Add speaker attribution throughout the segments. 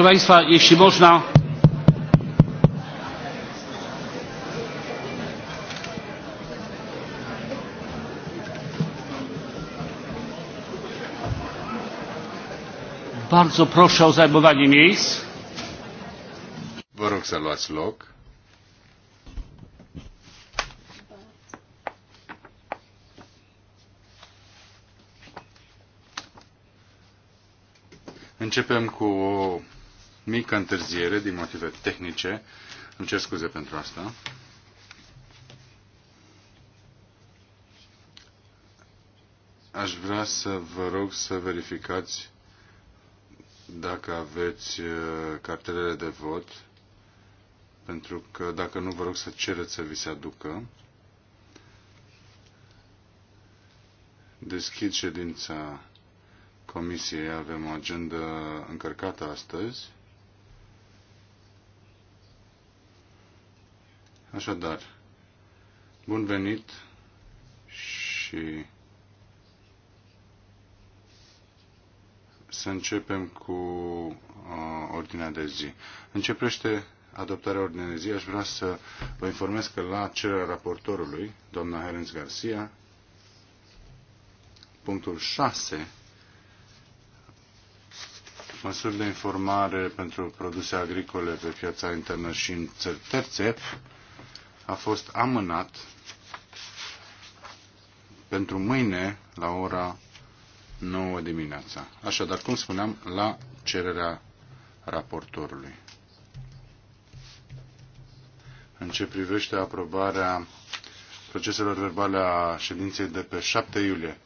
Speaker 1: Proszę Państwa, jeśli można. Bardzo proszę o zajmowanie miejsc.
Speaker 2: Vă rog să luați loc. Începem cu o mică întârziere din motive tehnice. Îmi cer scuze pentru asta. Aș vrea să vă rog să verificați dacă aveți uh, cartelele de vot, pentru că dacă nu, vă rog să cereți să vi se aducă. Deschid ședința comisiei, avem o agendă încărcată astăzi. Așadar, bun venit și să începem cu uh, ordinea de zi. Începește adoptarea ordinei de zi. Aș vrea să vă informez că la cererea raportorului, doamna Herenz Garcia, punctul 6 măsuri de informare pentru produse agricole pe piața internă și în țări terțe, a fost amânat pentru mâine la ora 9 dimineața. Așadar, cum spuneam, la cererea raportorului. În ce privește aprobarea proceselor verbale a ședinței de pe 7 iulie,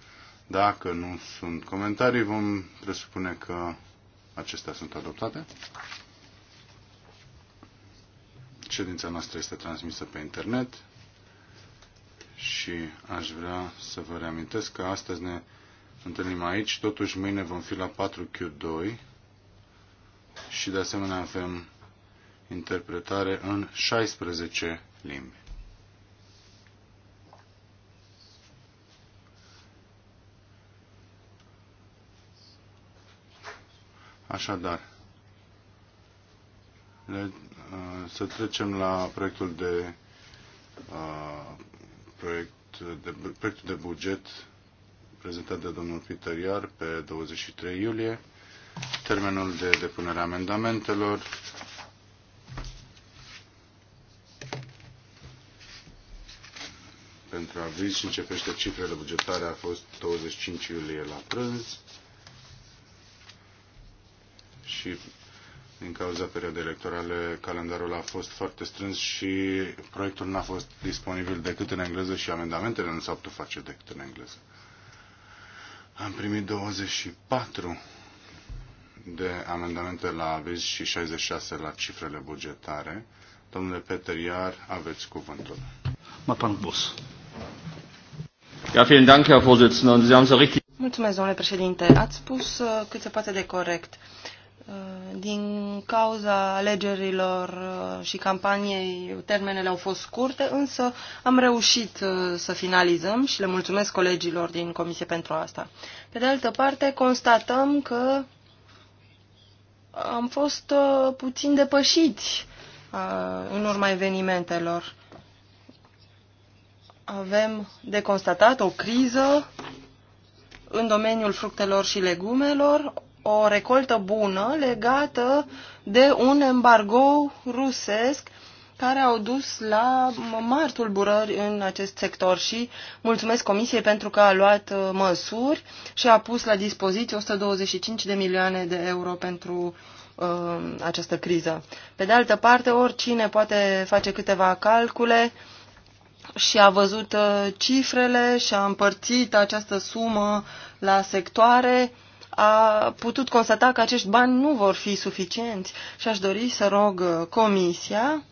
Speaker 2: dacă nu sunt comentarii, vom presupune că acestea sunt adoptate. Ședința noastră este transmisă pe internet și aș vrea să vă reamintesc că astăzi ne întâlnim aici, totuși mâine vom fi la 4Q2 și de asemenea avem interpretare în 16 limbi. Așadar, le Uh, să trecem la proiectul de uh, proiect de, proiectul de buget prezentat de domnul Peter Iar pe 23 iulie. Termenul de depunere a amendamentelor pentru aviz și începește cifrele bugetare a fost 25 iulie la prânz și din cauza perioadei electorale, calendarul a fost foarte strâns și proiectul n-a fost disponibil decât în engleză și amendamentele nu s-au putut face decât în engleză. Am primit 24 de amendamente la aviz și 66 la cifrele bugetare. Domnule Peter Iar, aveți cuvântul.
Speaker 1: Mă pan bus. Ja, vielen Dank, Herr Vorsitzender. Sie haben richtig
Speaker 3: Mulțumesc, domnule președinte. Ați spus uh, cât se poate de corect. Uh, din cauza alegerilor uh, și campaniei, termenele au fost scurte, însă am reușit uh, să finalizăm și le mulțumesc colegilor din comisie pentru asta. Pe de altă parte, constatăm că am fost puțin depășiți în urma evenimentelor. Avem de constatat o criză în domeniul fructelor și legumelor, o recoltă bună legată de un embargo rusesc care au dus la mari tulburări în acest sector și mulțumesc Comisiei pentru că a luat uh, măsuri și a pus la dispoziție 125 de milioane de euro pentru uh, această criză. Pe de altă parte, oricine poate face câteva calcule și a văzut uh, cifrele și a împărțit această sumă la sectoare a putut constata că acești bani nu vor fi suficienți și aș dori să rog uh, comisia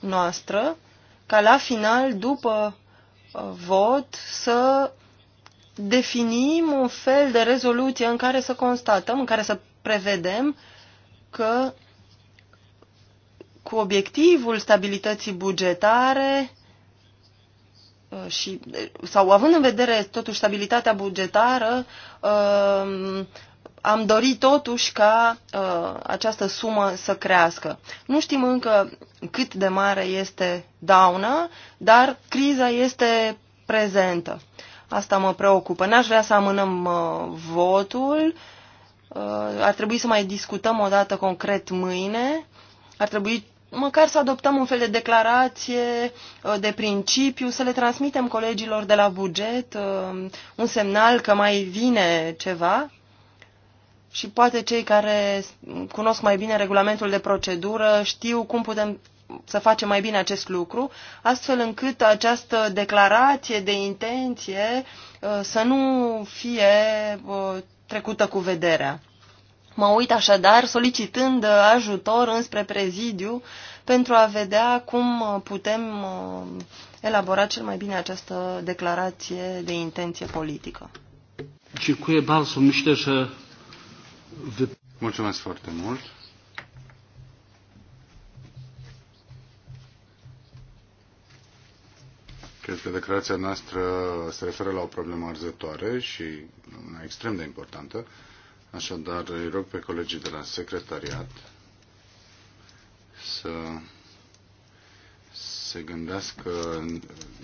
Speaker 3: noastră ca la final, după uh, vot, să definim un fel de rezoluție în care să constatăm, în care să prevedem că cu obiectivul stabilității bugetare Uh, și, uh, sau având în vedere totuși stabilitatea bugetară, um, am dorit totuși ca uh, această sumă să crească. Nu știm încă cât de mare este dauna, dar criza este prezentă. Asta mă preocupă. N-aș vrea să amânăm votul. Ar trebui să mai discutăm o dată concret mâine. Ar trebui măcar să adoptăm un fel de declarație uh, de principiu, să le transmitem colegilor de la buget uh, un semnal că mai vine ceva și poate cei care cunosc mai bine regulamentul de procedură știu cum putem să facem mai bine acest lucru, astfel încât această declarație de intenție uh, să nu fie trecută cu vederea. Mă uit așadar solicitând uh, ajutor înspre prezidiu pentru a vedea cum uh, putem uh, elabora cel mai bine această declarație de intenție politică.
Speaker 1: Mulțumesc foarte mult.
Speaker 2: Cred că declarația noastră se referă la o problemă arzătoare și una extrem de importantă. Așadar, îi rog pe colegii de la secretariat să se gândească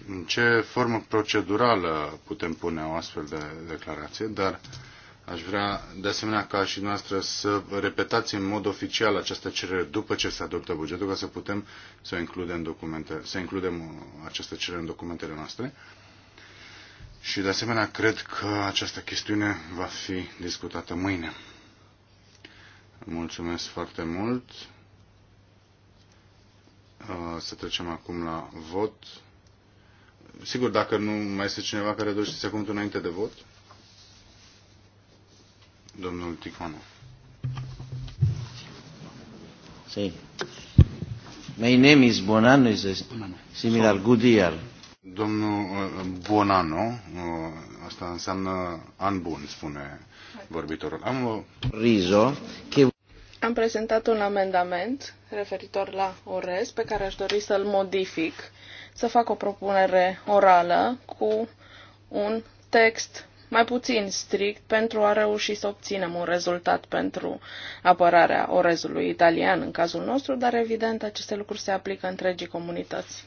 Speaker 2: în ce formă procedurală putem pune o astfel de declarație, dar aș vrea de asemenea ca și noastră să repetați în mod oficial această cerere după ce se adoptă bugetul, ca să putem să includem, documente, să includem uh, această cerere în documentele noastre. Și de asemenea cred că această chestiune va fi discutată mâine. Mulțumesc foarte mult. Uh, să trecem acum la vot. Sigur, dacă nu mai este cineva care dorește să cuvântul înainte de vot. Domnul Ticonu. Sí. My name is Bonanno, is similar good year. Domnul uh, Buonanno, uh, asta înseamnă an bun, spune vorbitorul. Am, Rizo, che...
Speaker 4: Am prezentat un amendament referitor la orez pe care aș dori să-l modific, să fac o propunere orală cu un text mai puțin strict pentru a reuși să obținem un rezultat pentru apărarea orezului italian în cazul nostru, dar evident aceste lucruri se aplică întregii comunități.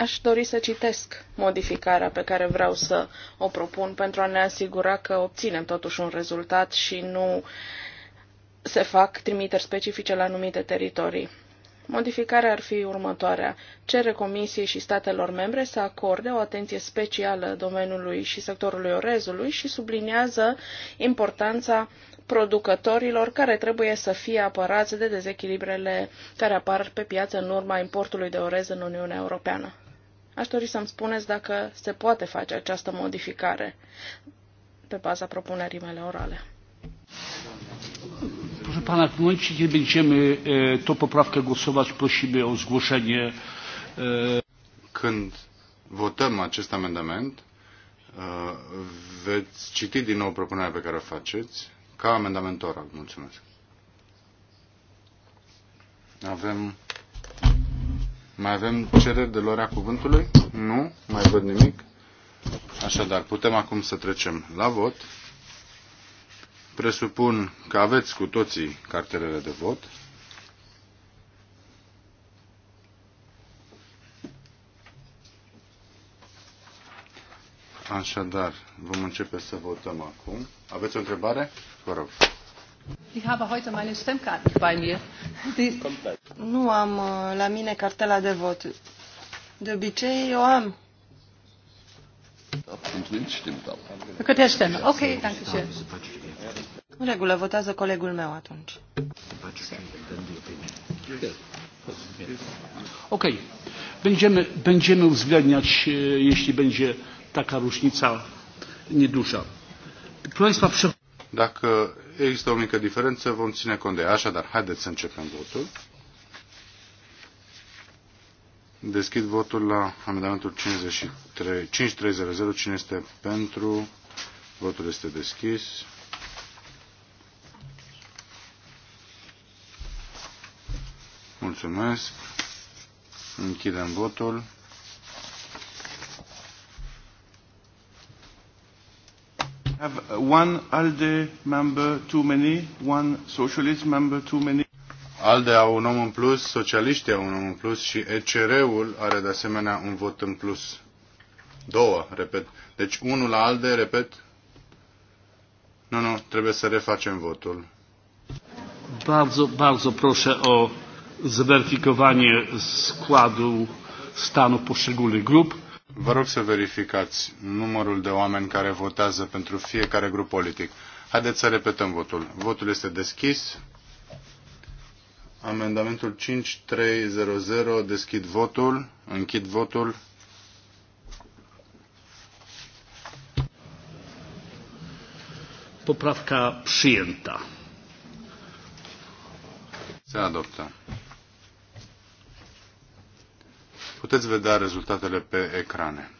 Speaker 4: Aș dori să citesc modificarea pe care vreau să o propun pentru a ne asigura că obținem totuși un rezultat și nu se fac trimiteri specifice la anumite teritorii. Modificarea ar fi următoarea. Cere Comisiei și statelor membre să acorde o atenție specială domeniului și sectorului orezului și subliniază importanța producătorilor care trebuie să fie apărați de dezechilibrele care apar pe piață în urma importului de orez în Uniunea Europeană. Aș dori să-mi spuneți dacă se poate face această modificare pe baza propunerii mele orale.
Speaker 1: Proszę Pana, w momencie, kiedy będziemy e, tą poprawkę głosować, prosimy o
Speaker 2: zgłoszenie. E... Când votăm acest amendament, e, veți citi din nou propunerea pe care o faceți, ca amendament oral. Mulțumesc. Avem mai avem cereri de luarea cuvântului? Nu, mai văd nimic. Așadar, putem acum să trecem la vot. Presupun că aveți cu toții cartelele de vot. Așadar, vom începe să votăm acum. Aveți o întrebare? Vă rog.
Speaker 3: Ich habe heute meine Stimmkarte bei mir. Die... Nu am uh, la mine cartela de vot. De obicei eu am.
Speaker 5: Câte stemmer? Ok, danke schön.
Speaker 3: În regulă, votează colegul meu atunci.
Speaker 1: Ok. Będziemy, będziemy uwzględniać, jeśli będzie taka różnica nieduża. Proszę Państwa,
Speaker 2: Dacă Există o mică diferență, vom ține cont de ea. Așadar, haideți să începem votul. Deschid votul la amendamentul 5300. Cine este pentru? Votul este deschis. Mulțumesc. Închidem votul. ALDE socialist ALDE au un om în plus, socialiștii au un om în plus și ECR-ul are de asemenea un vot în plus. Două, repet. Deci unul la ALDE, repet. Nu, nu, trebuie să refacem votul.
Speaker 1: Bardzo, bardzo proszę o zweryfikowanie
Speaker 2: składu stanu poszczególnych grup. Vă rog să verificați numărul de oameni care votează pentru fiecare grup politic. Haideți să repetăm votul. Votul este deschis. Amendamentul 5300, deschid votul, închid votul. Poprawka przyjęta. Se adoptă. Puteți vedea rezultatele pe ecrane.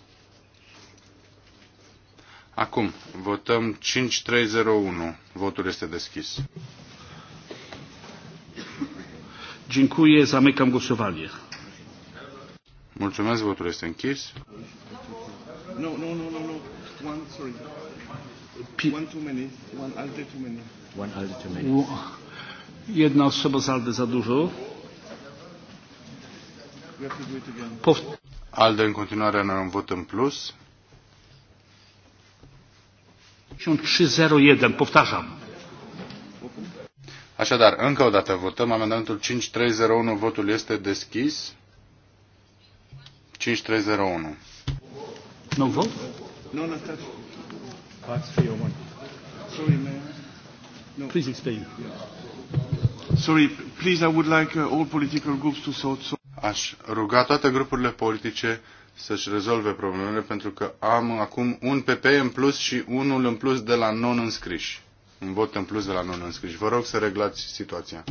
Speaker 2: Acum, votăm 5301. Votul este deschis. Dziękuję, zamykam głosowanie. Mulțumesc, votul este închis.
Speaker 5: No, no, no, no, no. One, sorry. One too many. One alde too many. One alde too many.
Speaker 1: Jedna osoba z alde za dużo.
Speaker 2: Alde, în continuare, noi un vot în plus. 5301, powtarzam. Așadar, încă o dată votăm amendamentul 5301, votul este deschis. 5301. No vot?
Speaker 1: No,
Speaker 5: no, Nu, 5301. Sorry,
Speaker 2: No. Please explain. Sorry, please, I would like uh, all political groups to sort. So Aș ruga toate grupurile politice să-și rezolve problemele, pentru că am acum un PP în plus și unul în plus de la non-înscriși. Un vot în plus de la non-înscriși. Vă rog să reglați situația.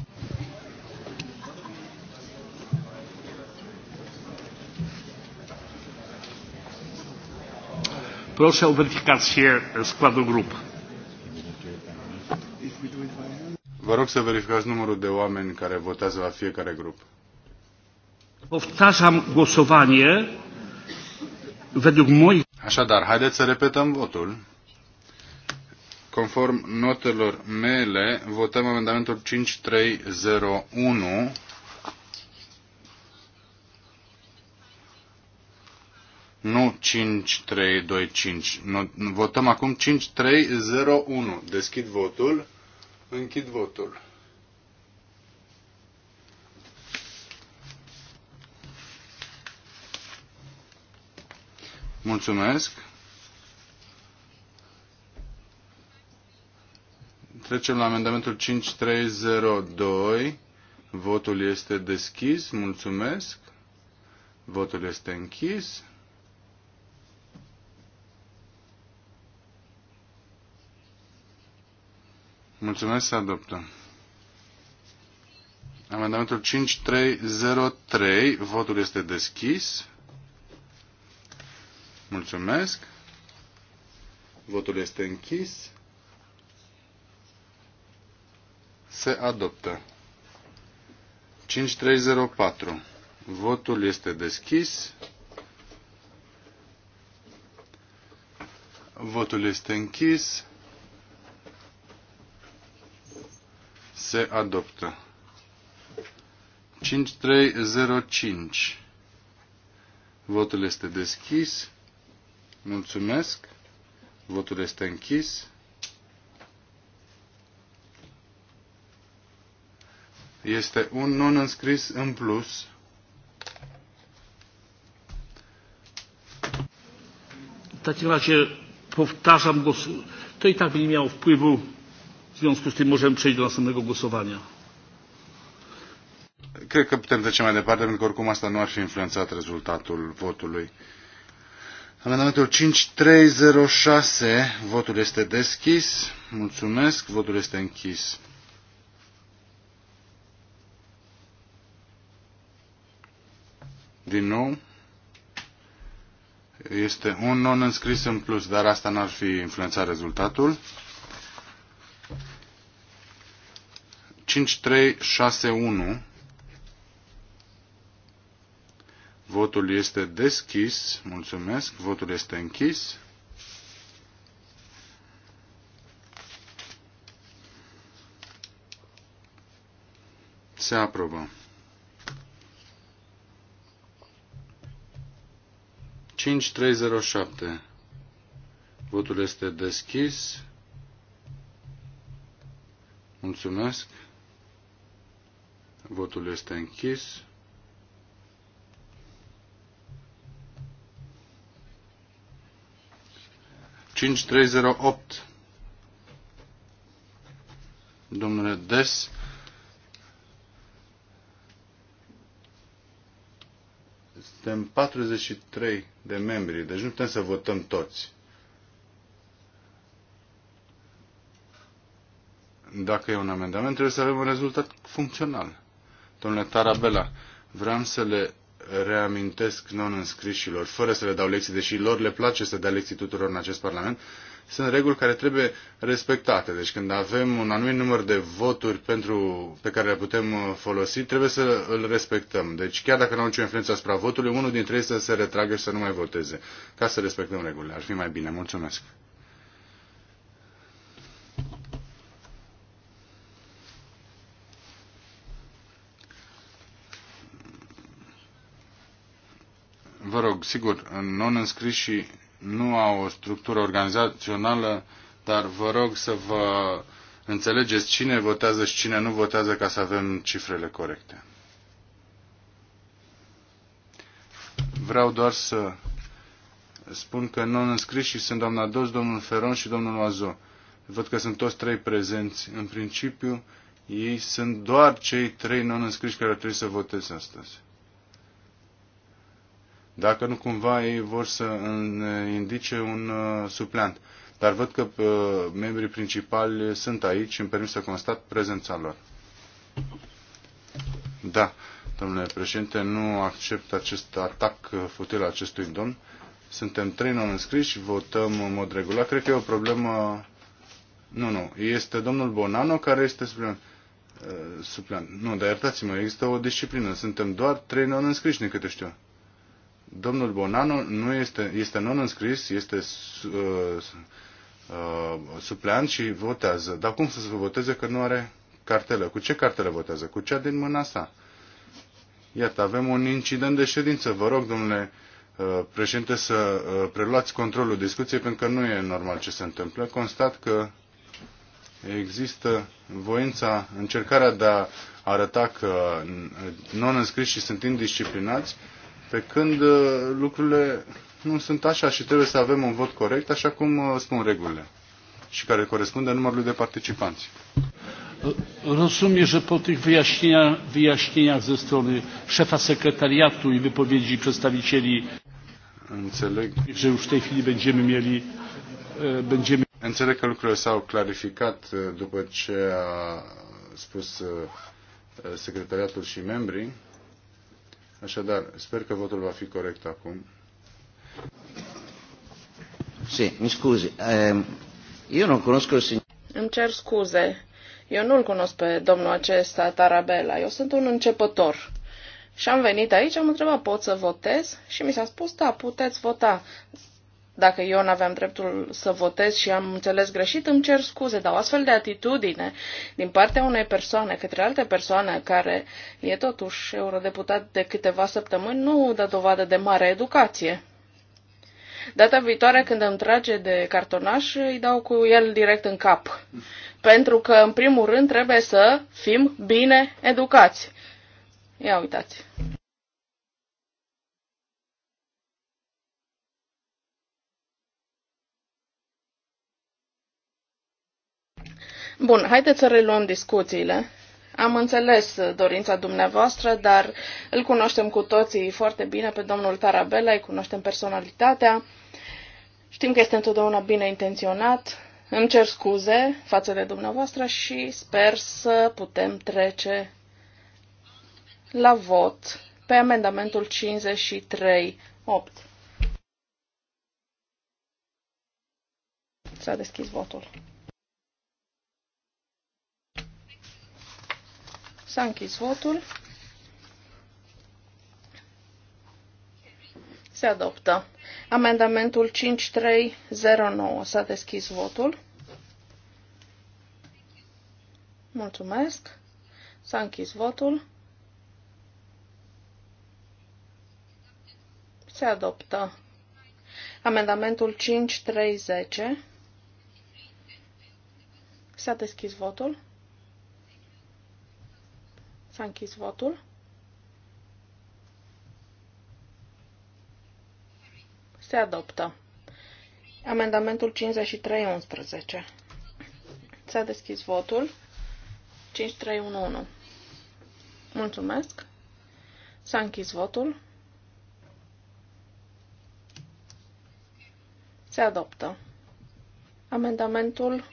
Speaker 2: Proszę verificați și składu grup. Vă rog să verificați numărul de oameni care votează la fiecare grup.
Speaker 1: Powtarzam głosowanie. Według moich...
Speaker 2: Așadar, haideți să repetăm votul. Conform notelor mele, votăm amendamentul 5301. Nu 5325. Nu, votăm acum 5301. Deschid votul. Închid votul. Mulțumesc. Trecem la amendamentul 5302. Votul este deschis. Mulțumesc. Votul este închis. Mulțumesc, se adoptă. Amendamentul 5303, votul este deschis. Mulțumesc. Votul este închis. Se adoptă. 5304. Votul este deschis. Votul este închis. Se adoptă. 5305. Votul este deschis. Mulțumesc. Votul este închis. Este un non înscris în plus.
Speaker 1: W takim razie powtarzam głos. To i tak by nie miało wpływu. W związku z tym możemy przejść do następnego głosowania.
Speaker 2: Cred că putem trece mai departe, pentru că oricum asta nu ar fi influențat rezultatul votului. Amendamentul 5306, votul este deschis. Mulțumesc, votul este închis. Din nou, este un non înscris în plus, dar asta n-ar fi influențat rezultatul. 5361 Votul este deschis. Mulțumesc. Votul este închis. Se aprobă. 5307. Votul este deschis. Mulțumesc. Votul este închis. 5308. Domnule Des. Suntem 43 de membri, deci nu putem să votăm toți. Dacă e un amendament, trebuie să avem un rezultat funcțional. Domnule Tarabela, vreau să le reamintesc non-înscrișilor, fără să le dau lecții, deși lor le place să dea lecții tuturor în acest Parlament, sunt reguli care trebuie respectate. Deci când avem un anumit număr de voturi pentru, pe care le putem uh, folosi, trebuie să îl respectăm. Deci chiar dacă nu au nicio influență asupra votului, unul dintre ei să se retragă și să nu mai voteze. Ca să respectăm regulile. Ar fi mai bine. Mulțumesc. vă rog, sigur, non-înscriși nu au o structură organizațională, dar vă rog să vă înțelegeți cine votează și cine nu votează ca să avem cifrele corecte. Vreau doar să spun că non-înscriși sunt doamna Dos, domnul Feron și domnul Oazo. Văd că sunt toți trei prezenți. În principiu, ei sunt doar cei trei non-înscriși care ar trebui să voteze astăzi dacă nu cumva ei vor să indice un uh, supleant. Dar văd că uh, membrii principali sunt aici și îmi permit să constat prezența lor. Da, domnule președinte, nu accept acest atac futil acestui domn. Suntem trei non înscriși, votăm în mod regulat. Cred că e o problemă... Nu, nu. Este domnul Bonano care este supleant. Uh, supleant. Nu, dar iertați-mă, există o disciplină. Suntem doar trei non înscriși, câte știu. Domnul Bonano nu este, este non-înscris, este uh, uh, supleant și votează. Dar cum să se voteze că nu are cartelă? Cu ce cartelă votează? Cu cea din mâna sa. Iată, avem un incident de ședință. Vă rog, domnule uh, președinte, să uh, preluați controlul discuției, pentru că nu e normal ce se întâmplă. Constat că există voința, încercarea de a arăta că non-înscriși și sunt indisciplinați, pe când uh, lucrurile nu sunt așa și trebuie să avem un vot corect, așa cum uh, spun regulile și care corespunde numărului de participanți.
Speaker 1: Rozumiem, że po tych wyjaśnieniach, wyjaśnieniach ze strony szefa sekretariatu i wypowiedzi przedstawicieli, Înțeleg. że już w tej chwili będziemy mieli, będziemy...
Speaker 2: Înțeleg că lucrurile s-au clarificat după ce a spus secretariatul și membrii. Așadar, sper că votul va fi corect acum.
Speaker 5: Sì, mi scusi, eh, io non conosco il signor...
Speaker 4: Îmi cer scuze, eu nu-l cunosc pe domnul acesta, Tarabella. Eu sunt un începător. Și am venit aici, am întrebat, pot să votez? Și mi s-a spus, da, puteți vota. Dacă eu nu aveam dreptul să votez și am înțeles greșit, îmi cer scuze, dar o astfel de atitudine din partea unei persoane către alte persoane care e totuși eurodeputat de câteva săptămâni nu dă dovadă de mare educație. Data viitoare când îmi trage de cartonaș, îi dau cu el direct în cap. Pentru că, în primul rând, trebuie să fim bine educați. Ia uitați. Bun, haideți să reluăm discuțiile. Am înțeles dorința dumneavoastră, dar îl cunoaștem cu toții foarte bine pe domnul Tarabella, îi cunoaștem personalitatea. Știm că este întotdeauna bine intenționat. Îmi cer scuze față de dumneavoastră și sper să putem trece la vot pe amendamentul 53.8. S-a deschis votul. S-a închis votul. Se adoptă. Amendamentul 5309. S-a deschis votul. Mulțumesc. S-a închis votul. Se adoptă. Amendamentul 5310. S-a deschis votul. S-a închis votul. Se adoptă. Amendamentul 5311. S-a deschis votul. 5311. Mulțumesc. S-a închis votul. Se adoptă. Amendamentul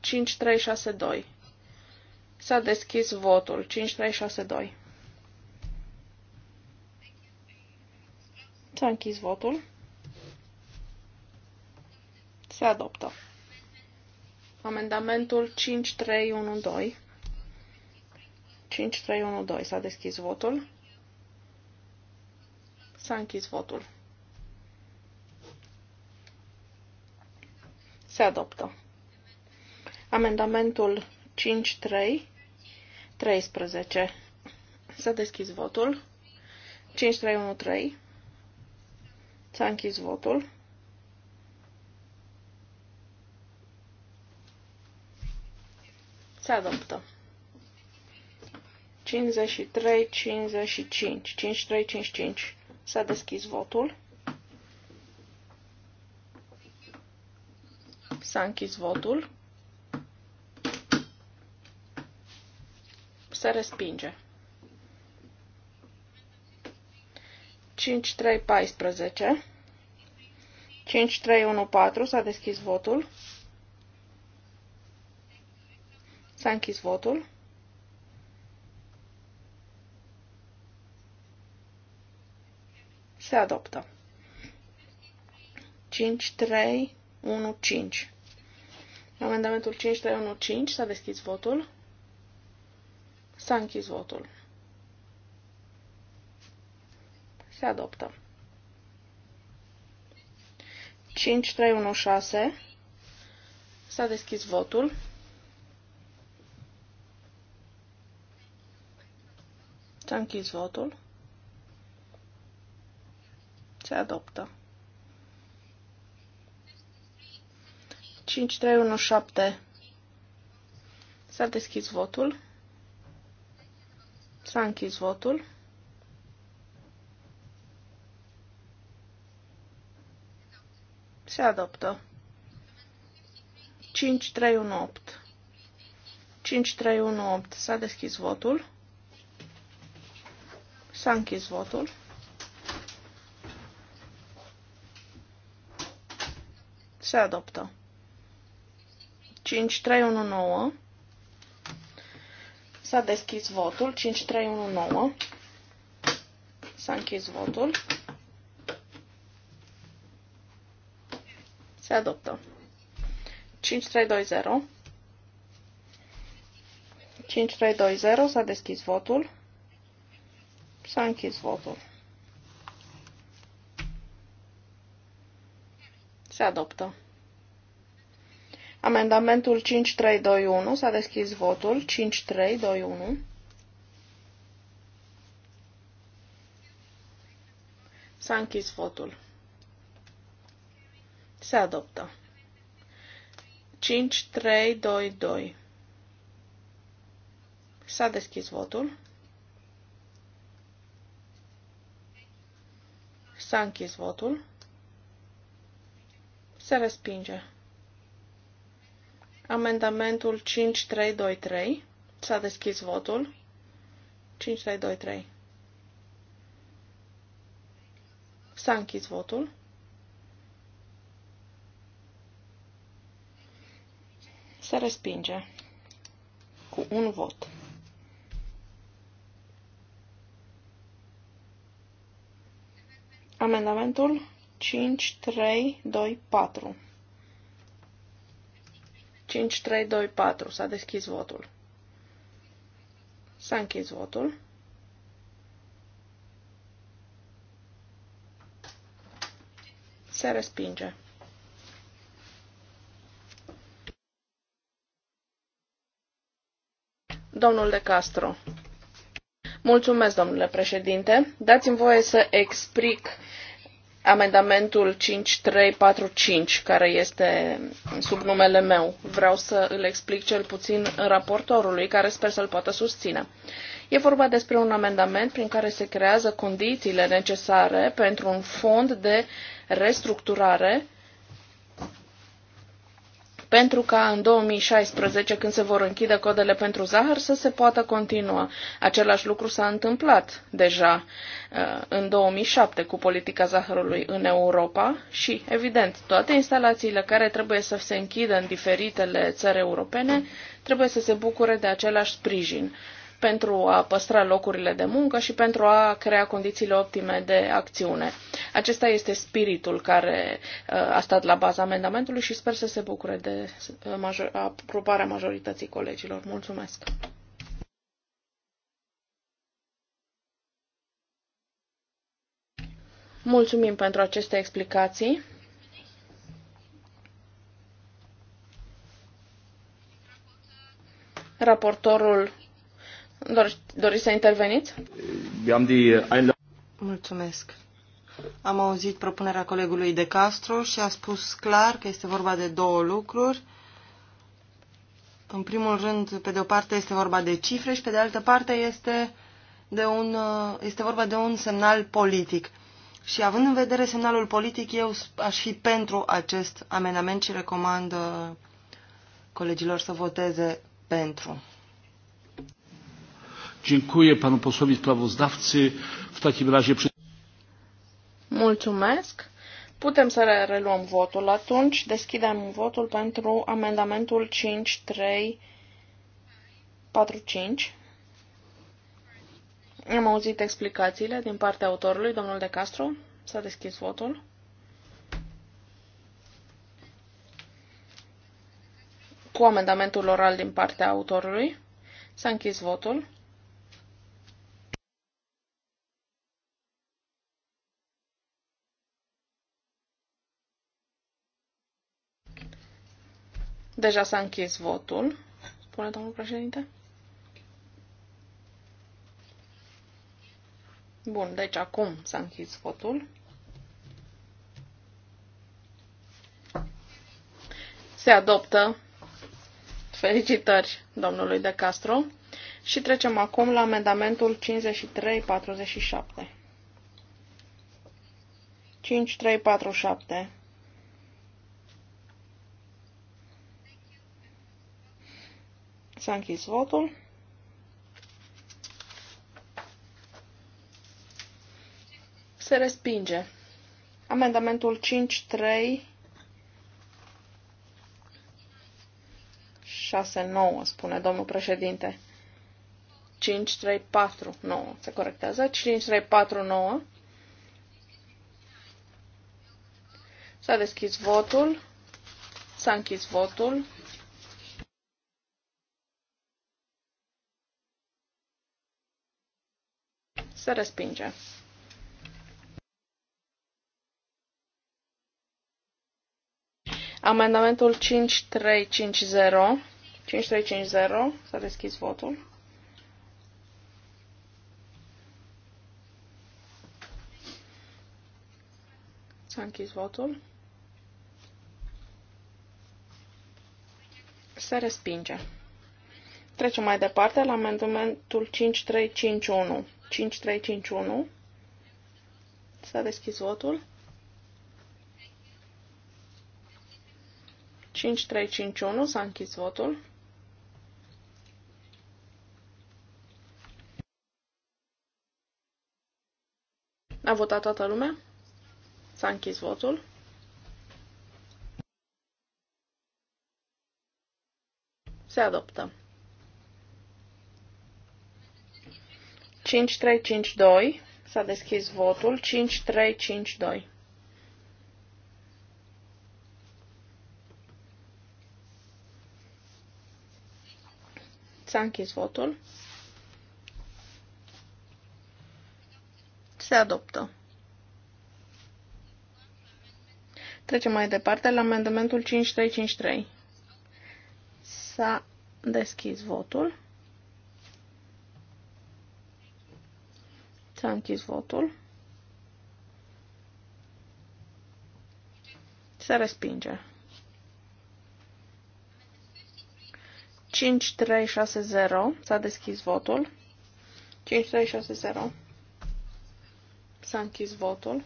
Speaker 4: 5362. S-a deschis votul. 5362. S-a închis votul. Se adoptă. Amendamentul 5312. 5312. S-a deschis votul. S-a închis votul. Se adoptă. Amendamentul 53 13. S-a deschis votul. 3 S-a închis votul. Se adoptă. 53, 55, 53, 55. S-a deschis votul. S-a închis votul. se respinge. 5314 5314 s-a deschis votul. S-a închis votul. Se adoptă. 5315 Amendamentul 5315 s-a deschis votul. S-a închis votul. Se adoptă. 6. S-a deschis votul. S-a închis votul. Se adoptă. 7. S-a deschis votul. S-a închis votul. Se adoptă. 5318. 5318. S-a deschis votul. S-a închis votul. Se adoptă. 5319. S-a deschis votul. 5319. S-a închis votul. Se adoptă. 5320. 5320. S-a deschis votul. S-a închis votul. Se adoptă. Amendamentul 5321. S-a deschis votul. 5321. S-a închis votul. Se adoptă. 5322. S-a deschis votul. S-a închis votul. Se respinge. Amendamentul 5323. S-a deschis votul. 5323. S-a închis votul. Se respinge cu un vot. Amendamentul 5324. 4. S-a deschis votul. S-a închis votul. Se respinge. Domnul De Castro. Mulțumesc, domnule președinte. Dați-mi voie să explic amendamentul 5345, care este sub numele meu. Vreau să îl explic cel puțin raportorului, care sper să-l poată susține. E vorba despre un amendament prin care se creează condițiile necesare pentru un fond de restructurare pentru ca în 2016, când se vor închide codele pentru zahăr, să se poată continua. Același lucru s-a întâmplat deja uh, în 2007 cu politica zahărului în Europa și, evident, toate instalațiile care trebuie să se închidă în diferitele țări europene trebuie să se bucure de același sprijin pentru a păstra locurile de muncă și pentru a crea condițiile optime de acțiune. Acesta este spiritul care uh, a stat la baza amendamentului și sper să se bucure de uh, major- aprobarea majorității colegilor. Mulțumesc! Mulțumim pentru aceste explicații. Raportorul
Speaker 3: Dor, doriți să interveniți? Mulțumesc. Am auzit propunerea colegului De Castro și a spus clar că este vorba de două lucruri. În primul rând, pe de o parte este vorba de cifre și pe de altă parte este, de un, uh, este vorba de un semnal politic. Și având în vedere semnalul politic, eu aș fi pentru acest amenament și recomand uh, colegilor să voteze pentru.
Speaker 1: Dziękuję panu posłowi sprawozdawcy. W takim razie...
Speaker 4: Mulțumesc. Putem să reluăm votul atunci. Deschidem votul pentru amendamentul 5345. Am auzit explicațiile din partea autorului, domnul De Castro. S-a deschis votul. Cu amendamentul oral din partea autorului. S-a închis votul. Deja s-a închis votul, spune domnul președinte. Bun, deci acum s-a închis votul. Se adoptă. Felicitări domnului De Castro. Și trecem acum la amendamentul 5347. 5347. S-a închis votul. Se respinge. Amendamentul 5369 spune domnul președinte. 5.3.4.9 se corectează. 5.3.4.9 S-a deschis votul. S-a închis votul. Se respinge. Amendamentul 5350. 5350. S-a deschis votul. S-a închis votul. Se respinge. Trecem mai departe la amendamentul 5351. 5351. S-a deschis votul. 5351 s-a închis votul. A votat toată lumea? S-a închis votul. Se adoptă. 5352. S-a deschis votul. 5352. S-a închis votul. Se adoptă. Trecem mai departe la amendamentul 5353. S-a deschis votul. 5-3. S-a închis votul. Se respinge. 5360. S-a deschis votul. 5360. S-a închis votul.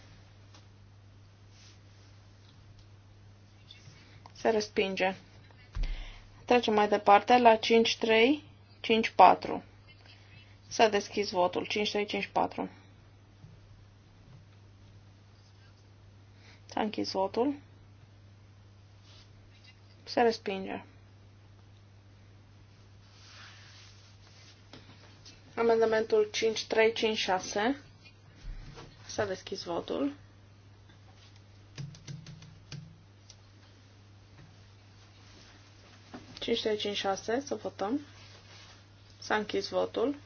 Speaker 4: Se respinge. Trecem mai departe la 5354. S-a deschis votul. 5354. S-a închis votul. Se respinge. Amendamentul 5356. S-a deschis votul. Cinci, trei, cinci, să votăm. S-a închis votul.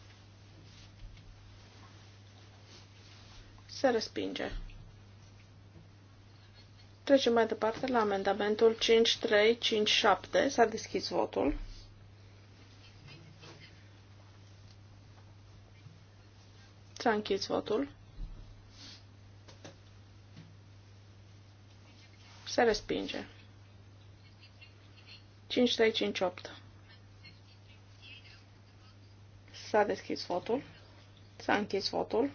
Speaker 4: Se respinge. Trecem mai departe la amendamentul 5357. S-a deschis votul. S-a închis votul. Se respinge. 5358. S-a deschis votul. S-a închis votul.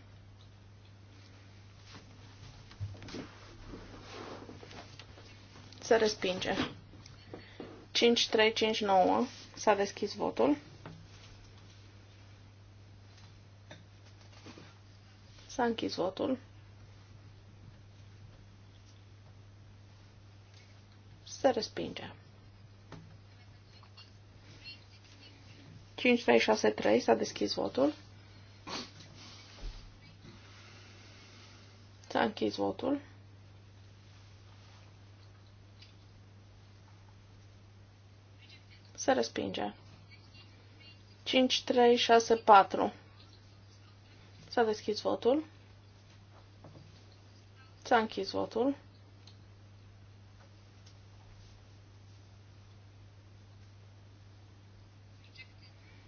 Speaker 4: se respinge. 5, 3, 5, 9 s-a deschis votul. S-a închis votul. Se respinge. 5, 3, 6, 3 s-a deschis votul. S-a închis votul. Se respinge. 5, 3, 6, 4. S-a deschis votul. S-a închis votul.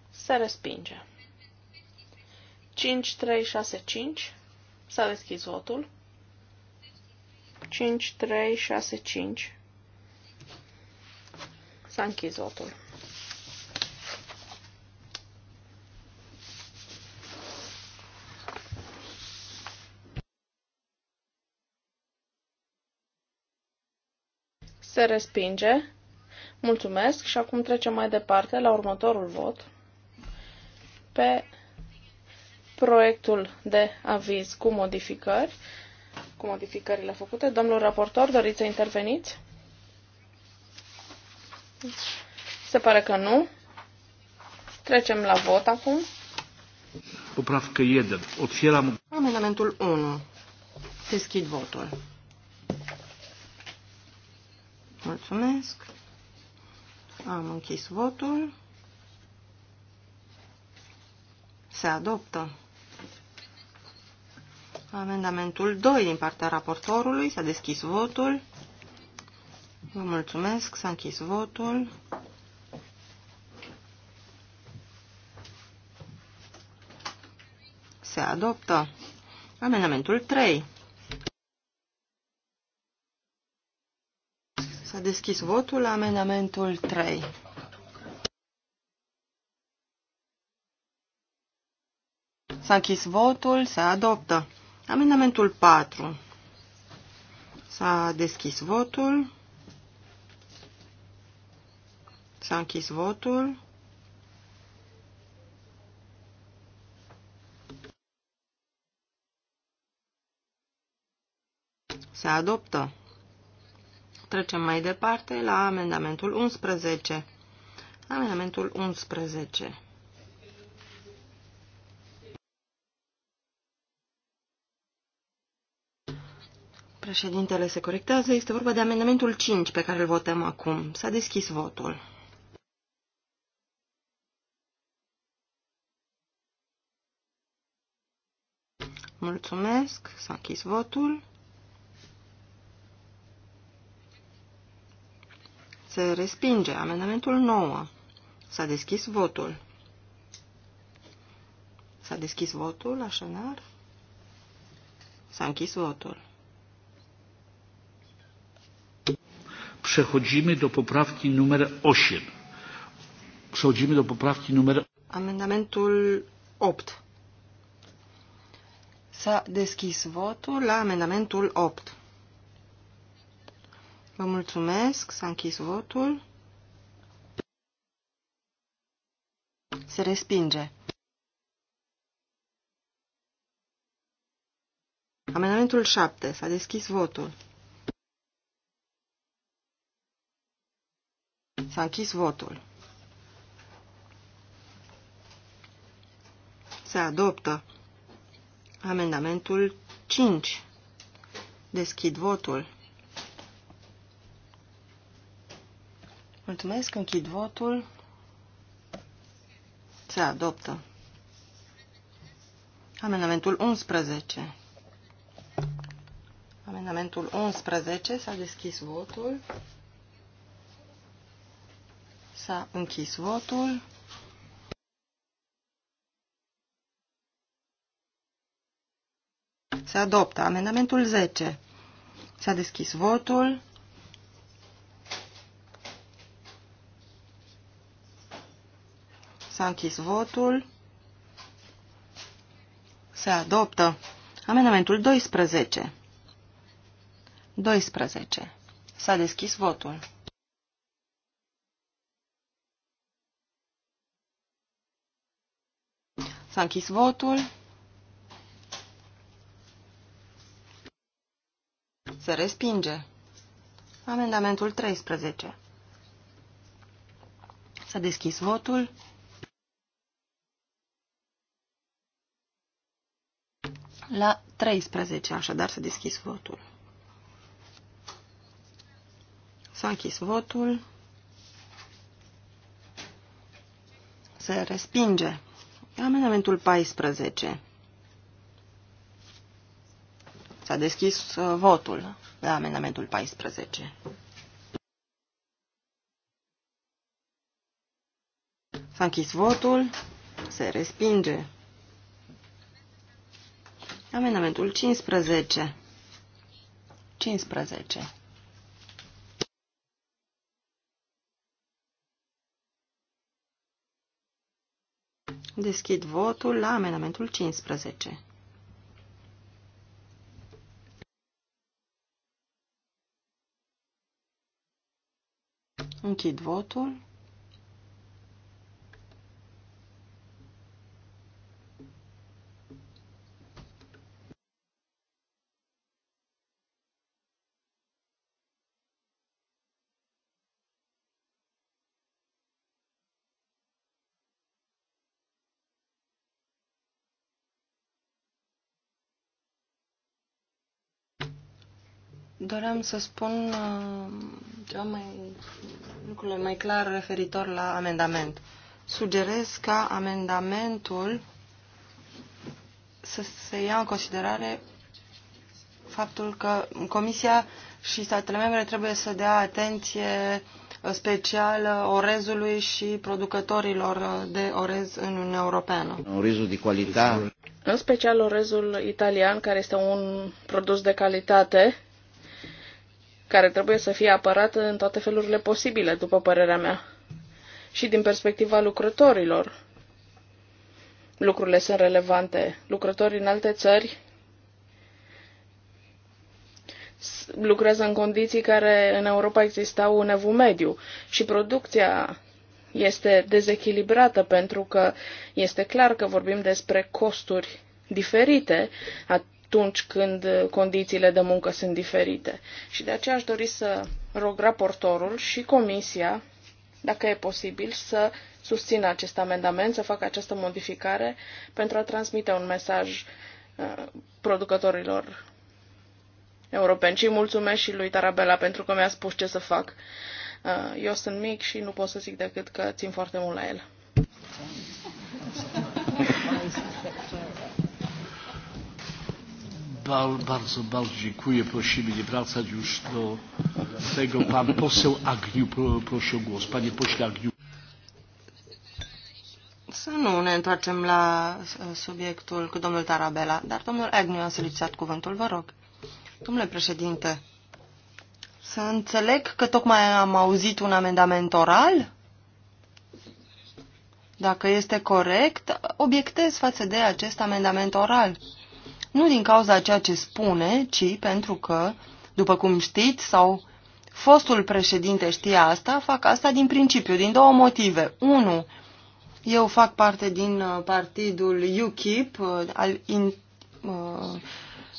Speaker 4: Se respinge. 5, 3, 6, 5. S-a deschis votul. 5, 3, 6, 5. S-a închis votul. Se respinge. Mulțumesc și acum trecem mai departe la următorul vot pe proiectul de aviz cu modificări, cu modificările făcute. Domnul raportor, doriți să interveniți? Se pare că nu. Trecem la vot
Speaker 3: acum.
Speaker 1: Poprafcă 1. Otwieram...
Speaker 3: Amendamentul 1. Deschid votul. Mulțumesc. Am închis votul. Se adoptă. Amendamentul 2 din partea raportorului. S-a deschis votul. Vă mulțumesc. S-a închis votul. Se adoptă. Amendamentul 3. S-a deschis votul la amendamentul 3. S-a închis votul, se adoptă. Amendamentul 4. S-a deschis votul. S-a închis votul. Se adoptă. Trecem mai departe la amendamentul 11. Amendamentul 11. Președintele se corectează. Este vorba de amendamentul 5 pe care îl votăm acum. S-a deschis votul. Mulțumesc. S-a închis votul. Se respinge. Amendamentul 9. S-a deschis votul. S-a deschis votul, așadar. S-a închis votul.
Speaker 1: Przechodzimy do poprawki numer 8. Przechodzimy do poprawki numer...
Speaker 3: Amendamentul 8. S-a deschis votul la amendamentul 8. Vă mulțumesc, s-a închis votul. Se respinge. Amendamentul 7. S-a deschis votul. S-a închis votul. Se adoptă amendamentul 5. Deschid votul. Mulțumesc, închid votul. Se adoptă. Amendamentul 11. Amendamentul 11 s-a deschis votul. S-a închis votul. Se adoptă amendamentul 10. S-a deschis votul. S-a închis votul. Se adoptă. Amendamentul 12. 12. S-a deschis votul. S-a închis votul. Se respinge. Amendamentul 13. S-a deschis votul. la 13, așadar să deschis votul. S-a închis votul. Se respinge. Amendamentul 14. S-a deschis uh, votul la amendamentul 14. S-a închis votul. Se respinge. Amendamentul 15. 15. Deschid votul la amendamentul 15. Închid votul. Doream să spun uh, ceva mai, lucrurile mai clar referitor la amendament. Sugerez ca amendamentul să se ia în considerare faptul că Comisia și statele membre trebuie să dea atenție uh, specială uh, orezului și producătorilor de orez în Uniunea Europeană.
Speaker 5: Orezul de calitate.
Speaker 3: În special orezul italian, care este un produs
Speaker 4: de calitate care trebuie să fie apărată în toate felurile posibile, după părerea mea. Și din perspectiva lucrătorilor, lucrurile sunt relevante. Lucrătorii în alte țări lucrează în condiții care în Europa existau un evu mediu și producția este dezechilibrată pentru că este clar că vorbim despre costuri diferite atunci când condițiile de muncă sunt diferite. Și de aceea aș dori să rog raportorul și comisia, dacă e posibil, să susțină acest amendament, să facă această modificare pentru a transmite un mesaj uh, producătorilor europeni. Și mulțumesc și lui Tarabela pentru că mi-a spus ce să fac. Uh, eu sunt mic și nu pot să zic decât că țin foarte mult la el.
Speaker 1: Bardzo, bardzo dziękuję. Prosimy nie wracać już do tego. Pan poseł Agniu prosi o głos. Panie pośle Agniu.
Speaker 3: Să nu ne întoarcem la subiectul cu domnul Tarabela, dar domnul Agniu a solicitat cuvântul, vă rog. Domnule președinte, să înțeleg că tocmai am auzit un amendament oral? Dacă este corect, obiectez față de acest amendament oral nu din cauza a ceea ce spune, ci pentru că, după cum știți, sau fostul președinte știe asta, fac asta din principiu, din două motive. Unu, eu fac parte din uh, partidul UKIP, uh, al in, uh,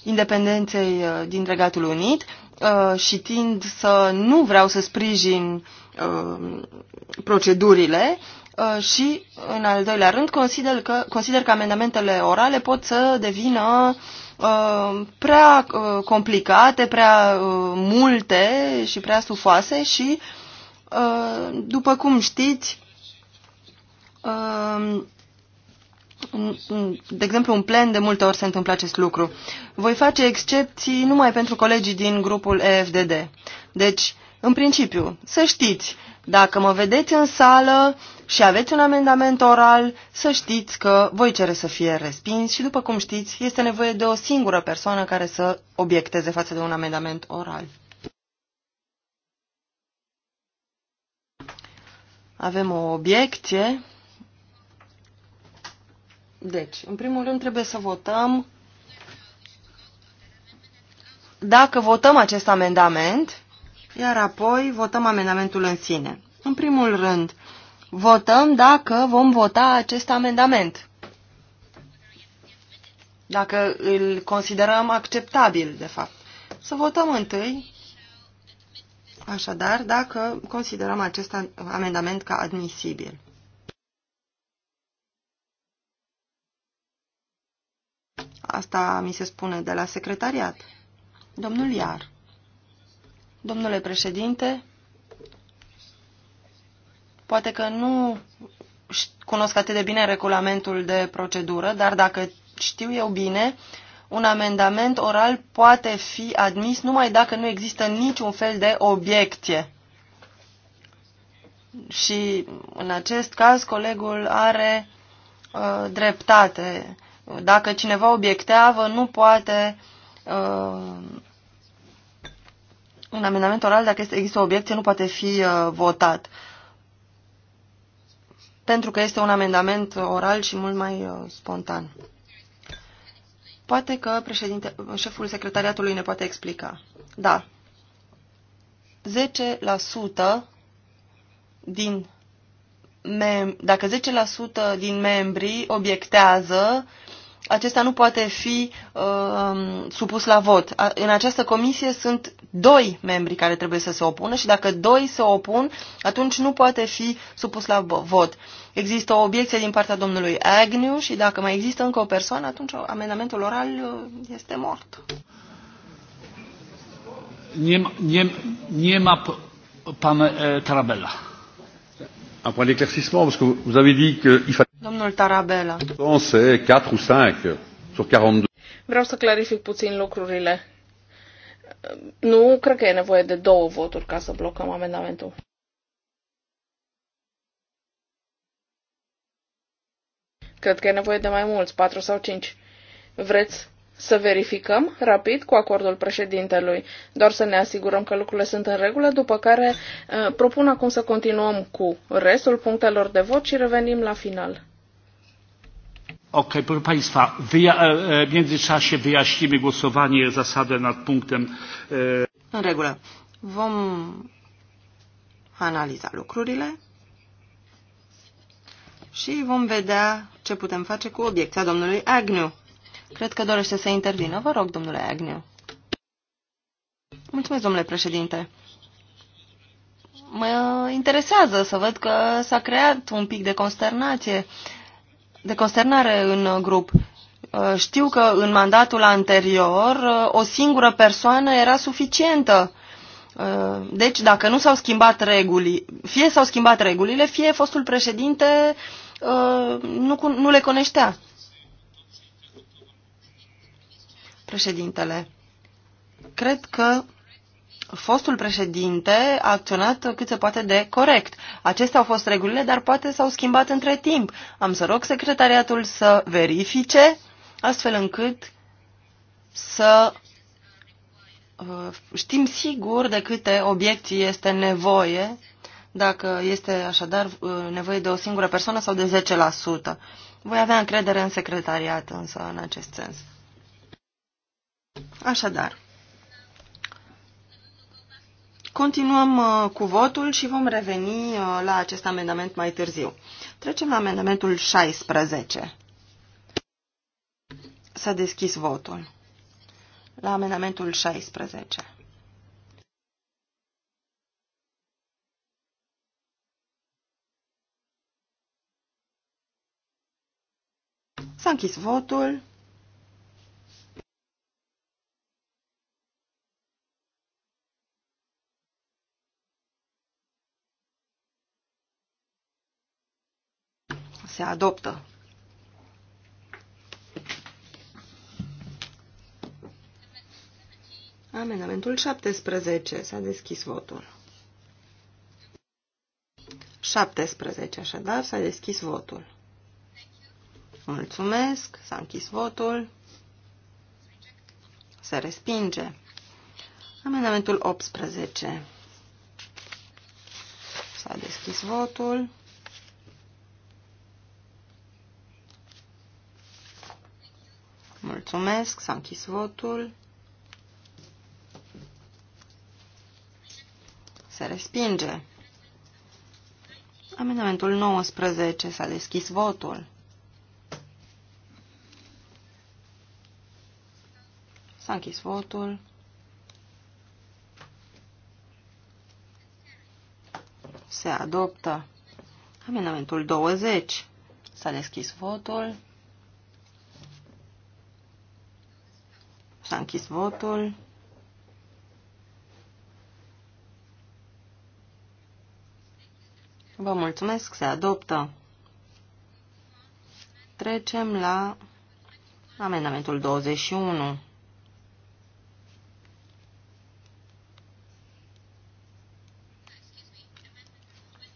Speaker 3: independenței uh, din Regatul Unit, uh, și tind să nu vreau să sprijin uh, procedurile, Uh, și, în al doilea rând, consider că, consider că amendamentele orale pot să devină uh, prea uh, complicate, prea multe și prea sufoase și, după cum știți, de exemplu, în plen de multe ori se întâmplă acest lucru. Voi face excepții numai pentru colegii din grupul EFDD. Deci, în principiu, să știți, dacă mă vedeți în sală și aveți un amendament oral, să știți că voi cere să fie respins și, după cum știți, este nevoie de o singură persoană care să obiecteze față de un amendament oral. Avem o obiecție. Deci, în primul rând trebuie să votăm dacă votăm acest amendament iar apoi votăm amendamentul în sine. În primul rând, votăm dacă vom vota acest amendament. Dacă îl considerăm acceptabil, de fapt. Să votăm întâi, așadar, dacă considerăm acest amendament ca admisibil. Asta mi se spune de la secretariat. Domnul Iar. Domnule președinte, poate că nu cunosc atât de bine regulamentul de procedură, dar dacă știu eu bine, un amendament oral poate fi admis numai dacă nu există niciun fel de obiecție. Și în acest caz colegul are uh, dreptate. Dacă cineva obiectează, nu poate uh, un amendament oral, dacă există o obiecție, nu poate fi uh, votat. Pentru că este un amendament oral și mult mai uh, spontan. Poate că președinte, șeful secretariatului ne poate explica. Da. 10% din mem dacă 10% din membrii obiectează, acesta nu poate fi uh, supus la vot. A, în această comisie sunt doi membri care trebuie să se opună și dacă doi se opun, atunci nu poate fi supus la vot. Există o obiecție din partea domnului Agnew și dacă mai există încă o persoană, atunci amendamentul oral uh, este mort.
Speaker 1: Nie, nie, nie ma pan e, Tarabella. Un point d'éclaircissement, parce que vous avez dit qu'il fallait...
Speaker 3: Domnul Tarabella.
Speaker 4: Vreau să clarific puțin lucrurile. Nu cred că e nevoie de două voturi ca să blocăm amendamentul. Cred că e nevoie de mai mulți, patru sau cinci. Vreți să verificăm rapid cu acordul președintelui, doar să ne asigurăm că lucrurile sunt în regulă, după care uh, propun acum să continuăm cu restul punctelor de vot și revenim la final.
Speaker 1: Okej, proszę Państwa, w międzyczasie wyjaśnimy głosowanie zasadę nad punktem. În regulă.
Speaker 3: Vom analiza lucrurile și vom vedea ce putem face cu obiecția domnului Agnew. Cred că dorește să intervină. Vă rog, domnule Agnew. Mulțumesc, domnule președinte. Mă interesează să văd că s-a creat un pic de consternație de consternare în grup. Uh, știu că în mandatul anterior uh, o singură persoană era suficientă. Uh, deci, dacă nu s-au schimbat reguli, fie s-au schimbat regulile, fie fostul președinte nu, nu le coneștea. Președintele, cred că fostul președinte a acționat cât se poate de corect. Acestea au fost regulile, dar poate s-au schimbat între timp. Am să rog secretariatul să verifice, astfel încât să uh, știm sigur de câte obiecții este nevoie, dacă este așadar uh, nevoie de o singură persoană sau de 10%. Voi avea încredere în secretariat însă în acest sens. Așadar, Continuăm uh, cu votul și vom reveni uh, la acest amendament mai târziu. Trecem la amendamentul 16. S-a deschis votul. La amendamentul 16. S-a închis votul. Se adoptă. Amendamentul 17. S-a deschis votul. 17, așadar, s-a deschis votul. Mulțumesc, s-a închis votul. Se respinge. Amendamentul 18. S-a deschis votul. Mulțumesc, s-a închis votul. Se respinge. Amendamentul 19 s-a deschis votul. S-a închis votul. Se adoptă. Amendamentul 20. S-a deschis votul. S-a închis votul. Vă mulțumesc, se adoptă. Trecem la amendamentul 21.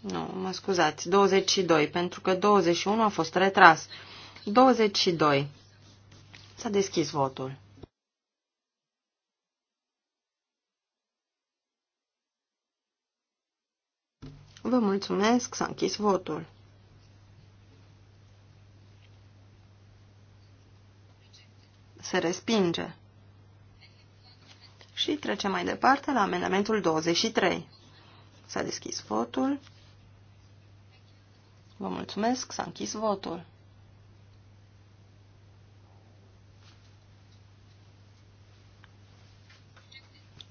Speaker 3: Nu, mă scuzați, 22, pentru că 21 a fost retras. 22. S-a deschis votul. Vă mulțumesc, s-a închis votul. Se respinge. Și trecem mai departe la amendamentul 23. S-a deschis votul. Vă mulțumesc, s-a închis votul.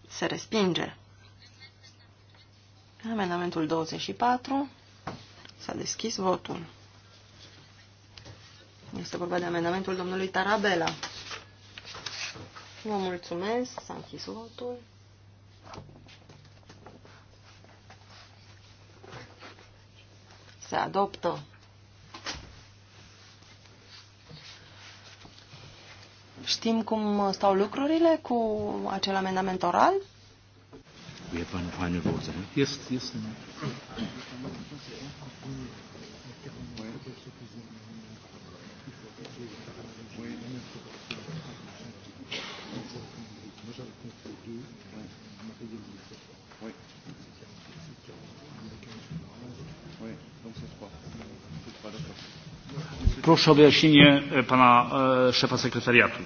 Speaker 3: Se respinge. Amendamentul 24. S-a deschis votul. Este vorba de amendamentul domnului Tarabela. Vă mulțumesc. S-a închis votul. Se adoptă. Știm cum stau lucrurile cu acel amendament oral?
Speaker 1: we have one final vote on Yes, yes. Proszę o wyjaśnienie pana e, szefa sekretariatu.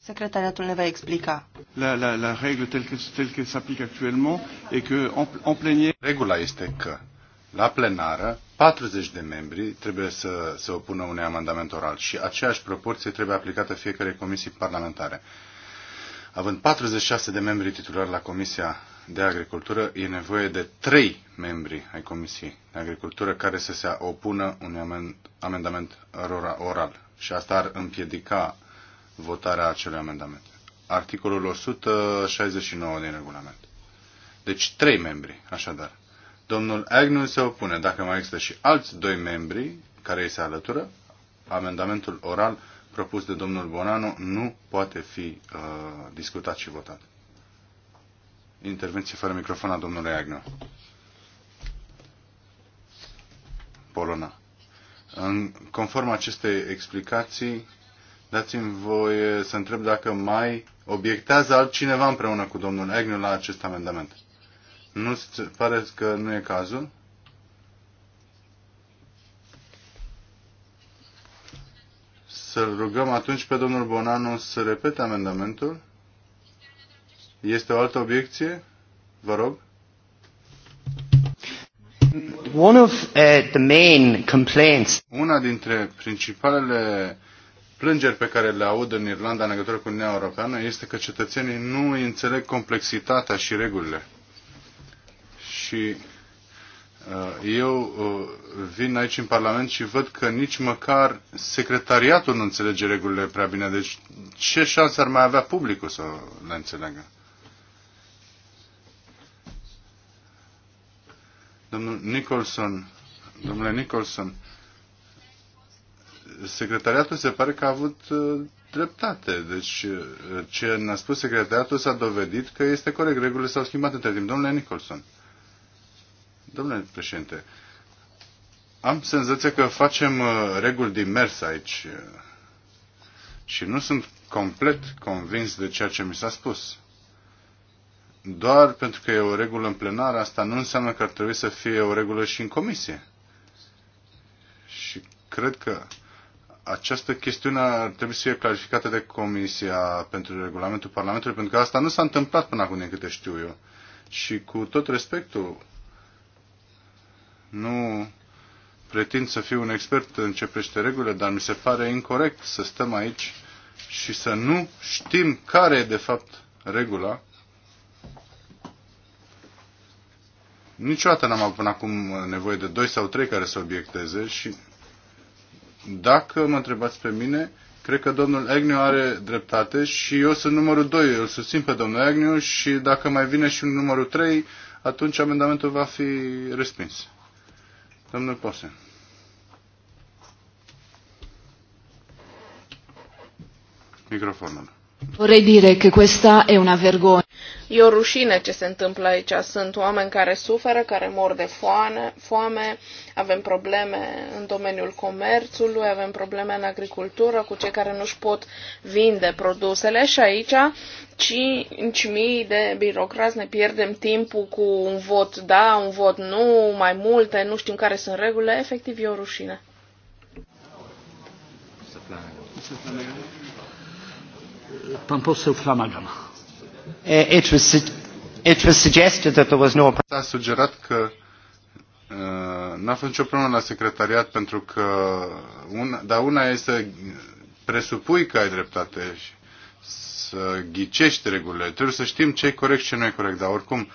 Speaker 2: Sekretariatul ne va explica la, la, la règle telle qu'elle telle qu s'applique actuellement et que en, en plénière... Regula este că la plenară 40 de membri trebuie să se opună unui amendament oral și aceeași proporție trebuie aplicată fiecare comisii parlamentare. Având 46 de membri titulari la Comisia de Agricultură, e nevoie de 3 membri ai Comisiei de Agricultură care să se opună unui amendament oral. Și asta ar împiedica votarea acelui amendament articolul 169 din regulament. Deci trei membri, așadar. Domnul Agnew se opune. Dacă mai există și alți doi membri care îi se alătură, amendamentul oral propus de domnul Bonano nu poate fi uh, discutat și votat. Intervenție fără microfon a domnului Agnew. Polona. În, conform acestei explicații, dați-mi voie să întreb dacă mai obiectează altcineva împreună cu domnul Agnew la acest amendament. Nu pare că nu e cazul? Să-l rugăm atunci pe domnul Bonanu să repete amendamentul. Este o altă obiecție? Vă rog. One of, uh, the main complaints. Una dintre principalele plângeri pe care le aud în Irlanda în legătură cu Uniunea Europeană este că cetățenii nu înțeleg complexitatea și regulile. Și uh, eu uh, vin aici în Parlament și văd că nici măcar secretariatul nu înțelege regulile prea bine. Deci ce șansă ar mai avea publicul să le înțeleagă? Domnul Nicholson, domnule Nicholson, uh, secretariatul se pare că a avut uh, dreptate. Deci uh, ce ne-a spus secretariatul s-a dovedit că este corect. Regulile s-au schimbat între timp. Domnule Nicholson. Domnule președinte, am senzația că facem uh, reguli din mers aici și nu sunt complet convins de ceea ce mi s-a spus. Doar pentru că e o regulă în plenar, asta nu înseamnă că ar trebui să fie o regulă și în comisie. Și cred că această chestiune ar trebui să fie clarificată de Comisia pentru Regulamentul Parlamentului, pentru că asta nu s-a întâmplat până acum, din câte știu eu. Și cu tot respectul, nu pretind să fiu un expert în ce prește regulile, dar mi se pare incorrect să stăm aici și să nu știm care e de fapt regula. Niciodată n-am avut până acum nevoie de doi sau trei care să obiecteze și dacă mă întrebați pe mine, cred că domnul Agnew are dreptate și eu sunt numărul 2, îl susțin pe domnul Agnew și dacă mai vine și numărul 3, atunci amendamentul va fi respins. Domnul Posen. Microfonul.
Speaker 5: Vorrei dire că questa è una vergogna.
Speaker 4: E o rușine ce se întâmplă aici. Sunt oameni care suferă, care mor de foame, foame, avem probleme în domeniul comerțului, avem probleme în agricultură cu cei care nu-și pot vinde produsele și aici 5.000 de birocrați ne pierdem timpul cu un vot da, un vot nu, mai multe, nu știm care sunt regulile, efectiv e o rușine.
Speaker 5: Să Pan
Speaker 1: poseł Flanagan. Eh, it was, suggested that there was no...
Speaker 2: S-a sugerat că eh, n-a fost nicio problemă la secretariat pentru că una, dar una este să presupui că ai dreptate și să ghicești regulile. Trebuie să știm ce e corect și ce nu e corect. Dar oricum,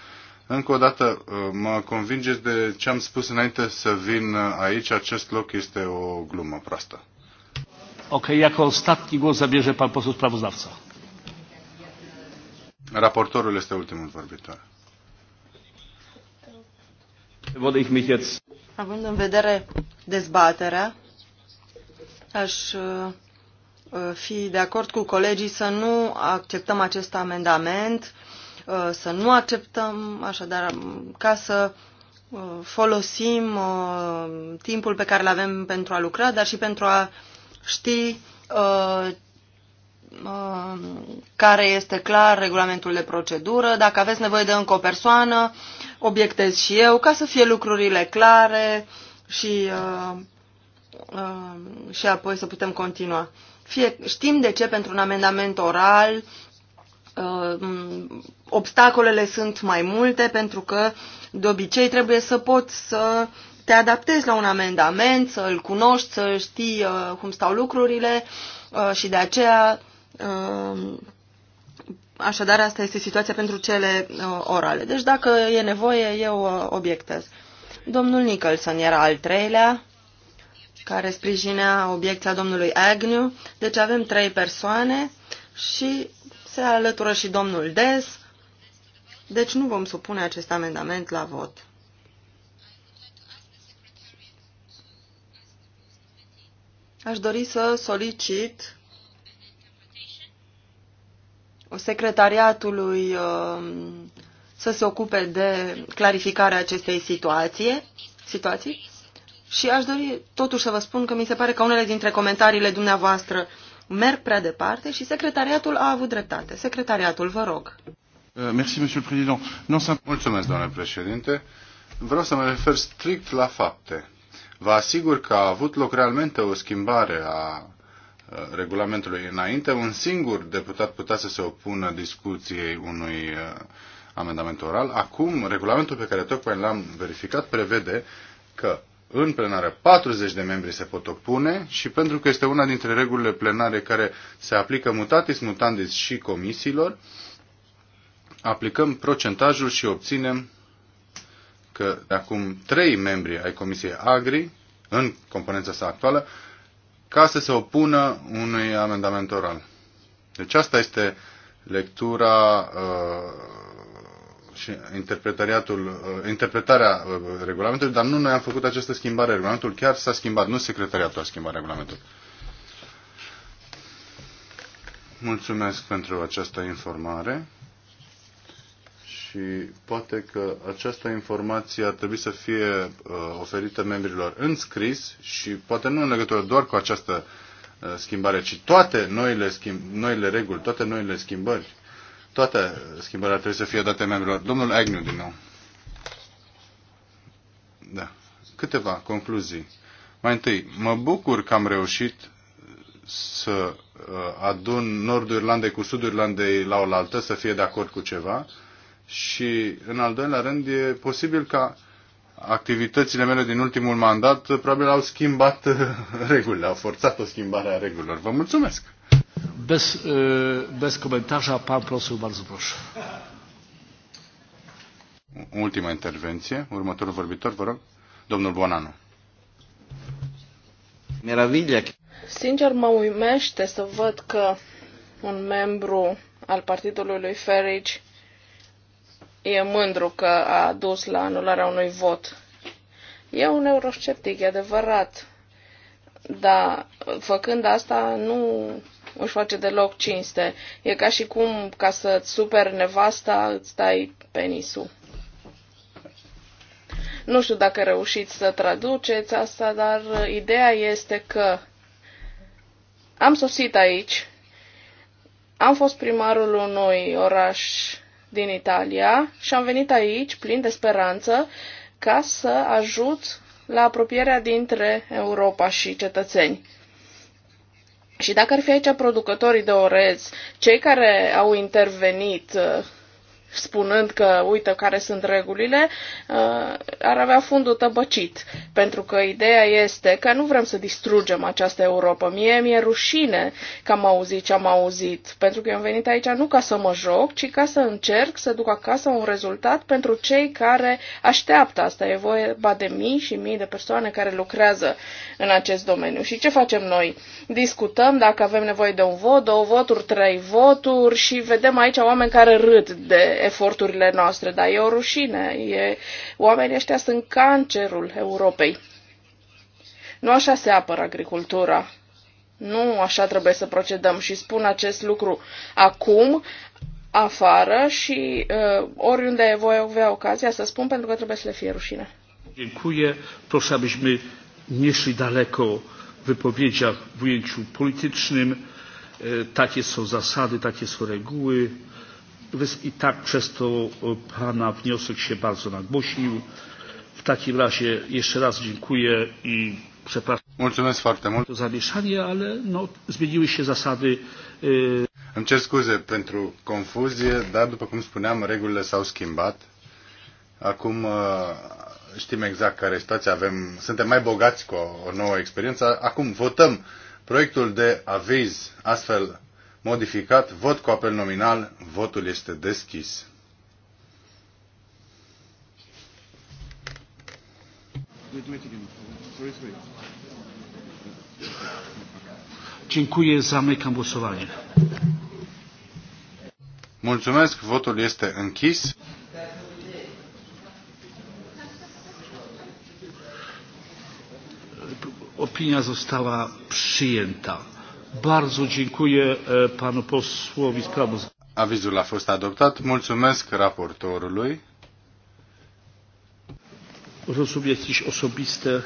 Speaker 2: încă o dată, eh, mă convingeți de ce am spus înainte să vin aici. Acest loc este o glumă proastă.
Speaker 1: Ok, jako ostatni głos zabierze pan poseł sprawozdawca.
Speaker 2: Raportorul este ultimul vorbitor.
Speaker 3: Având în vedere dezbaterea, aș uh, fi de acord cu colegii să nu acceptăm acest amendament, uh, să nu acceptăm, așadar, ca să uh, folosim timpul pe care îl avem pentru a lucra, dar și pentru a știi uh, uh, care este clar regulamentul de procedură, dacă aveți nevoie de încă o persoană, obiectez și eu, ca să fie lucrurile clare și, uh, uh, și apoi să putem continua. Fie, știm de ce pentru un amendament oral uh, obstacolele sunt mai multe pentru că de obicei trebuie să poți să uh, te adaptezi la un amendament, să-l cunoști, să știi uh, cum stau lucrurile uh, și de aceea, uh, așadar, asta este situația pentru cele uh, orale. Deci, dacă e nevoie, eu uh, obiectez. Domnul Nicholson era al treilea, care sprijinea obiecția domnului Agnew, deci avem trei persoane și se alătură și domnul Des, deci nu vom supune acest amendament la vot. Aș dori să solicit secretariatului um, să se ocupe de clarificarea acestei situații, situații și aș dori totuși să vă spun că mi se pare că unele dintre comentariile dumneavoastră merg prea departe și secretariatul a avut dreptate. Secretariatul, vă rog.
Speaker 2: Uh, Mulțumesc, domnule președinte. Vreau să mă refer strict la fapte. Vă asigur că a avut loc realmente o schimbare a regulamentului. Înainte, un singur deputat putea să se opună discuției unui amendament oral. Acum, regulamentul pe care tocmai l-am verificat prevede că în plenară 40 de membri se pot opune și pentru că este una dintre regulile plenare care se aplică mutatis mutandis și comisiilor, aplicăm procentajul și obținem că de acum trei membri ai Comisiei Agri, în componența sa actuală, ca să se opună unui amendament oral. Deci asta este lectura uh, și interpretariatul, uh, interpretarea uh, regulamentului, dar nu noi am făcut această schimbare. Regulamentul chiar s-a schimbat, nu secretariatul a schimbat regulamentul. Mulțumesc pentru această informare și poate că această informație ar trebui să fie uh, oferită membrilor în scris și poate nu în legătură doar cu această uh, schimbare, ci toate noile, schimb, noile reguli, toate noile schimbări, toate uh, schimbările ar trebui să fie date membrilor. Domnul Agnew, din nou. Da. Câteva concluzii. Mai întâi, mă bucur că am reușit uh, să uh, adun nordul Irlandei cu sudul Irlandei la oaltă, să fie de acord cu ceva și, în al doilea rând, e posibil ca activitățile mele din ultimul mandat uh, probabil au schimbat uh, regulile, au forțat o schimbare a regulilor. Vă mulțumesc!
Speaker 1: Bez, bez comentarza, pan prosul, bardzo proszę.
Speaker 2: Ultima intervenție, următorul vorbitor, vă rog, domnul Bonanu. Meraviglia.
Speaker 4: Sincer, mă uimește să văd că un membru al partidului lui Ferici e mândru că a dus la anularea unui vot. E un eurosceptic, e adevărat, dar făcând asta nu își face deloc cinste. E ca și cum, ca să-ți super nevasta, îți dai penisul. Nu știu dacă reușiți să traduceți asta, dar ideea este că am sosit aici, am fost primarul unui oraș din Italia și am venit aici plin de speranță ca să ajut la apropierea dintre Europa și cetățeni. Și dacă ar fi aici producătorii de orez, cei care au intervenit spunând că uită care sunt regulile, uh, ar avea fundul tăbăcit. Pentru că ideea este că nu vrem să distrugem această Europa. Mie mi-e rușine că am auzit ce am auzit. Pentru că eu am venit aici nu ca să mă joc, ci ca să încerc să duc acasă un rezultat pentru cei care așteaptă asta. E vorba de mii și mii de persoane care lucrează în acest domeniu. Și ce facem noi? Discutăm dacă avem nevoie de un vot, două voturi, trei voturi și vedem aici oameni care râd de eforturile noastre, dar e o rușine. E... Oamenii ăștia sunt cancerul Europei. Nu așa se apără agricultura. Nu așa trebuie să procedăm și spun acest lucru acum, afară și uh, oriunde voi avea ocazia să spun, pentru că trebuie să le fie rușine.
Speaker 1: Dziękuję. Proszę, abyśmy nie szli daleko w wypowiedziach w ujęciu politycznym. Takie są zasady, takie są reguły i tak przez to Pana wniosek się bardzo nagłośnił. W takim razie jeszcze raz dziękuję i przepraszam. foarte
Speaker 2: mult. To zamieszanie, ale no, zmieniły się zasady. Y... Îmi cer scuze pentru confuzie, dar după cum spuneam, regulile s-au schimbat. Acum știm exact care e situația, avem, suntem mai bogați cu o, o nouă experiență. Acum votăm proiectul de aviz astfel modificat, vot cu apel nominal, votul este deschis. Mulțumesc, votul este închis. Opinia została
Speaker 1: przyjęta. Bardzo dziękuję panu posłowi sprawozdawcy.
Speaker 2: Avizul a fost adoptat. Mulțumesc raportorului.
Speaker 1: Rozumiem jakieś osobiste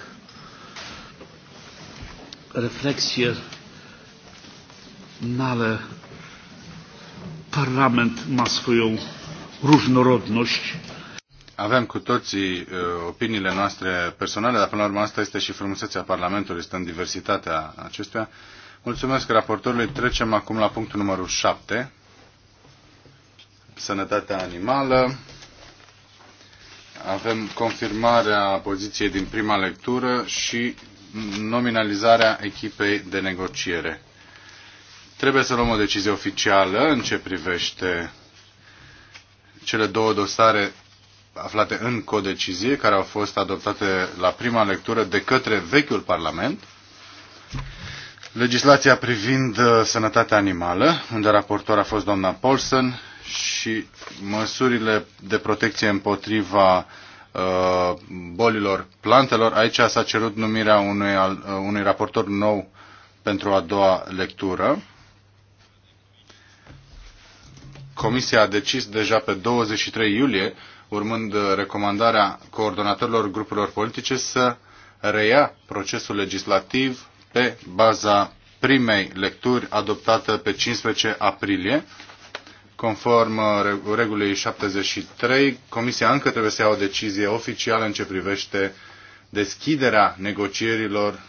Speaker 1: refleksje, no ale Parlament ma swoją różnorodność.
Speaker 2: Avem cu toții uh, opiniile noastre personale, dar până la urmă asta este și frumusețea Parlamentului, stă în diversitatea acestuia. Uh, Mulțumesc raportorului. Trecem acum la punctul numărul 7. Sănătatea animală. Avem confirmarea poziției din prima lectură și nominalizarea echipei de negociere. Trebuie să luăm o decizie oficială în ce privește cele două dosare aflate în codecizie, care au fost adoptate la prima lectură de către vechiul Parlament legislația privind uh, sănătatea animală, unde raportor a fost doamna Paulson și măsurile de protecție împotriva uh, bolilor plantelor. Aici s-a cerut numirea unui, uh, unui raportor nou pentru a doua lectură. Comisia a decis deja pe 23 iulie, urmând recomandarea coordonatorilor grupurilor politice, să reia procesul legislativ pe baza primei lecturi adoptată pe 15 aprilie. Conform uh, regulii 73, Comisia încă trebuie să ia o decizie oficială în ce privește deschiderea negocierilor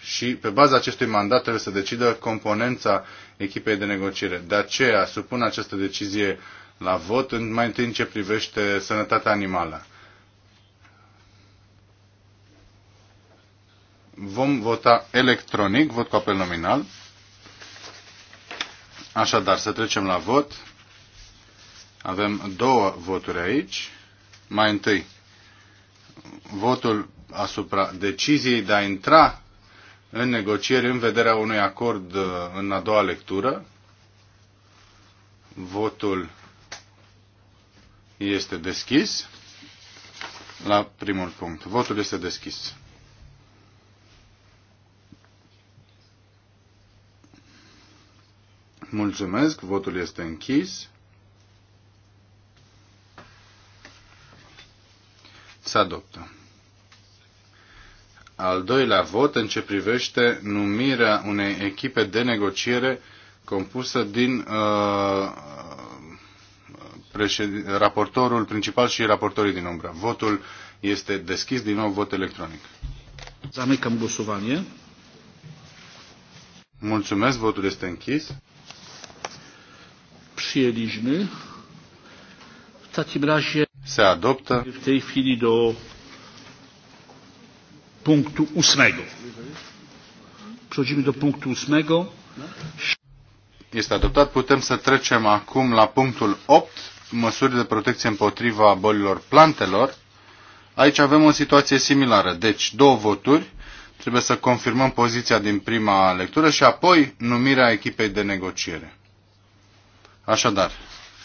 Speaker 2: și pe baza acestui mandat trebuie să decidă componența echipei de negociere. De aceea supun această decizie la vot, mai întâi în ce privește sănătatea animală. Vom vota electronic, vot cu apel nominal. Așadar, să trecem la vot. Avem două voturi aici. Mai întâi, votul asupra deciziei de a intra în negocieri în vederea unui acord uh, în a doua lectură. Votul este deschis la primul punct. Votul este deschis. Mulțumesc, votul este închis. Se adoptă. Al doilea vot în ce privește numirea unei echipe de negociere compusă din uh, raportorul principal și raportorii din umbra. Votul este deschis din nou, vot electronic.
Speaker 1: Zamecăm busuvanie.
Speaker 2: Mulțumesc, votul este închis przyjęliśmy. W takim razie se adoptă w tej chwili do
Speaker 1: punktu ósmego. Przechodzimy do punktu ósmego.
Speaker 2: Este adoptat. Putem să trecem acum la punctul 8, măsuri de protecție împotriva bolilor plantelor. Aici avem o situație similară. Deci, două voturi. Trebuie să confirmăm poziția din prima lectură și apoi numirea echipei de negociere. Așadar,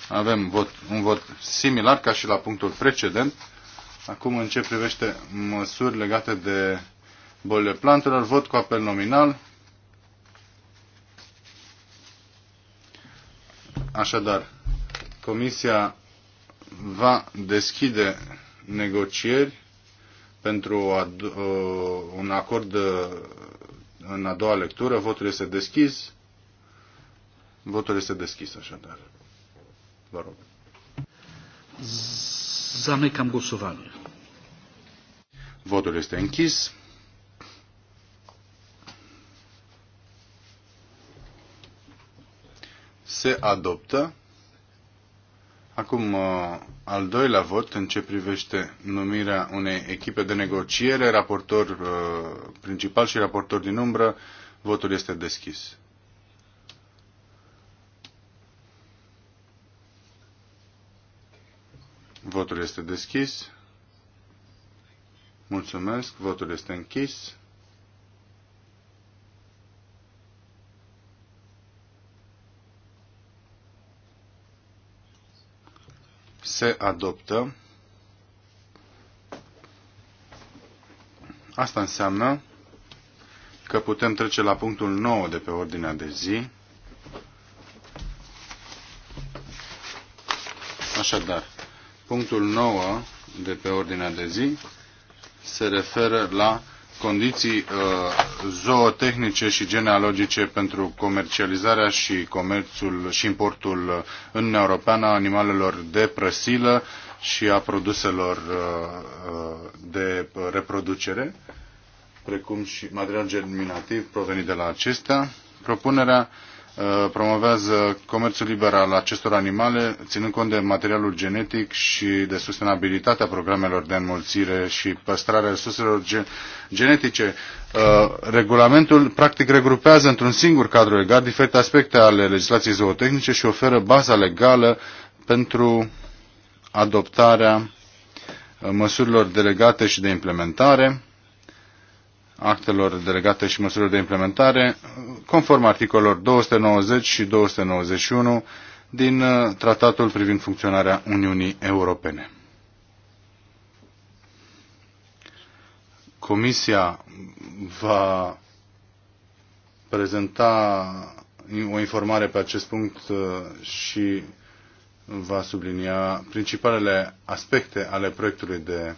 Speaker 2: avem vot, un vot similar ca și la punctul precedent. Acum, în ce privește măsuri legate de bolile plantelor, vot cu apel nominal. Așadar, Comisia va deschide negocieri pentru un acord în a doua lectură. Votul este deschis. Votul este deschis, așadar. Vă rog. Zamecam głosowanie. Votul este închis. Se adoptă. Acum, uh, al doilea vot în ce privește numirea unei echipe de negociere, raportor uh, principal și raportor din umbră, votul este deschis. Votul este deschis. Mulțumesc. Votul este închis. Se adoptă. Asta înseamnă că putem trece la punctul 9 de pe ordinea de zi. Așadar, Punctul 9 de pe ordinea de zi se referă la condiții uh, zootehnice și genealogice pentru comercializarea și comerțul și importul uh, în Uniunea Europeană a animalelor de prăsilă și a produselor uh, uh de reproducere, precum și material germinativ provenit de la acestea. Propunerea uh, Uh, promovează comerțul liber al acestor animale, ținând cont de materialul genetic și de sustenabilitatea programelor de înmulțire și păstrarea resurselor genetice. Uh, regulamentul practic regrupează într-un singur cadru legal diferite aspecte ale legislației zootehnice și oferă baza legală pentru adoptarea uh, măsurilor delegate și de implementare actelor delegate și măsurilor de implementare, conform articolelor 290 și 291 din uh, Tratatul privind funcționarea Uniunii Europene. Comisia va prezenta o informare pe acest punct uh, și va sublinia principalele aspecte ale proiectului de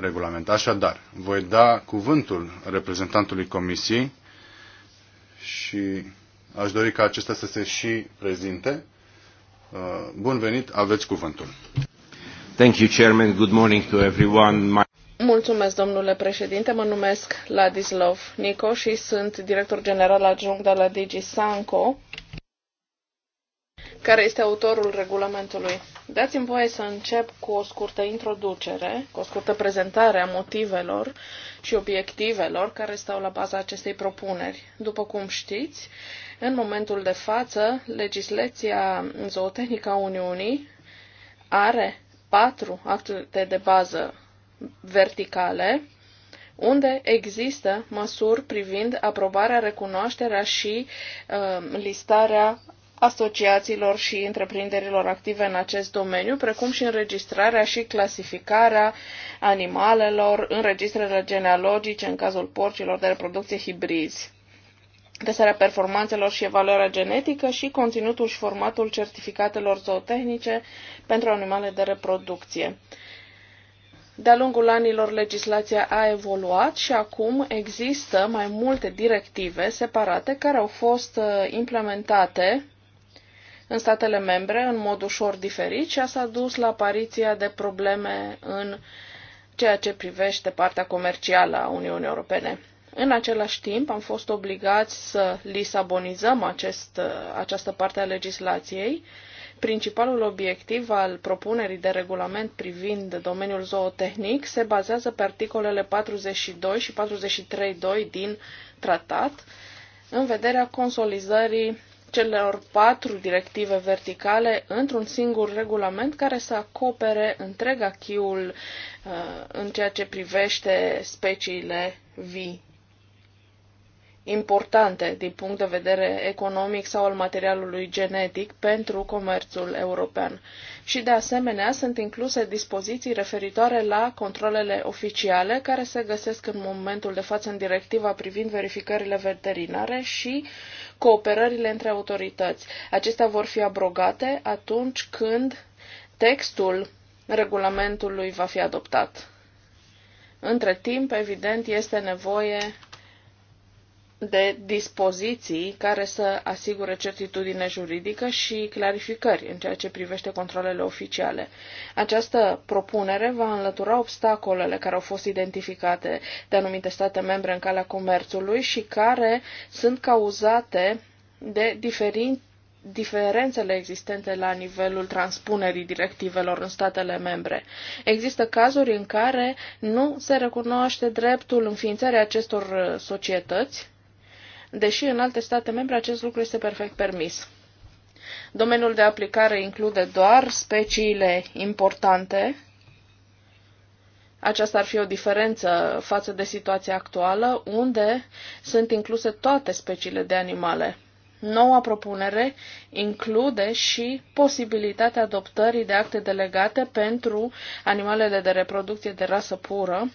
Speaker 2: regulament. Așadar, voi da cuvântul reprezentantului Comisiei și aș dori ca acesta să se și prezinte. Uh, bun venit, aveți cuvântul.
Speaker 1: Thank you, Chairman. Good morning to everyone. My...
Speaker 4: Mulțumesc, domnule președinte. Mă numesc Ladislav Nico și sunt director general adjunct de la DG Sanco, care este autorul regulamentului. Dați-mi voie să încep cu o scurtă introducere, cu o scurtă prezentare a motivelor și obiectivelor care stau la baza acestei propuneri. După cum știți, în momentul de față, legislația zootehnică a Uniunii are patru acte de bază verticale, unde există măsuri privind aprobarea, recunoașterea și uh, listarea asociațiilor și întreprinderilor active în acest domeniu, precum și înregistrarea și clasificarea animalelor în registrele genealogice în cazul porcilor de reproducție hibrizi testarea performanțelor și evaluarea genetică și conținutul și formatul certificatelor zootehnice pentru animale de reproducție. De-a lungul anilor, legislația a evoluat și acum există mai multe directive separate care au fost uh, implementate în statele membre în mod ușor diferit și asta a dus la apariția de probleme în ceea ce privește partea comercială a Uniunii Europene. În același timp, am fost obligați să lisabonizăm acest, această parte a legislației. Principalul obiectiv al propunerii de regulament privind domeniul zootehnic se bazează pe articolele 42 și 43.2 din tratat, în vederea consolidării celor patru directive verticale într-un singur regulament care să acopere întreg achiul uh, în ceea ce privește speciile vii importante din punct de vedere economic sau al materialului genetic pentru comerțul european. Și de asemenea sunt incluse dispoziții referitoare la controlele oficiale care se găsesc în momentul de față în directiva privind verificările veterinare și uh, cooperările între autorități. Acestea vor fi abrogate atunci când textul regulamentului va fi adoptat. Între timp, evident, este nevoie de dispoziții care să asigure certitudine juridică și clarificări în ceea ce privește controlele oficiale. Această propunere va înlătura obstacolele care au fost identificate de anumite state membre în calea comerțului și care sunt cauzate de diferite diferențele existente la nivelul transpunerii directivelor în statele membre. Există cazuri în care nu se recunoaște dreptul înființării acestor uh, societăți deși în alte state membre acest lucru este perfect permis. Domeniul de aplicare include doar speciile importante. Aceasta ar fi o diferență față de situația actuală, unde sunt incluse toate speciile de animale. Noua propunere include și posibilitatea adoptării de acte delegate pentru animalele de reproducție de rasă pură,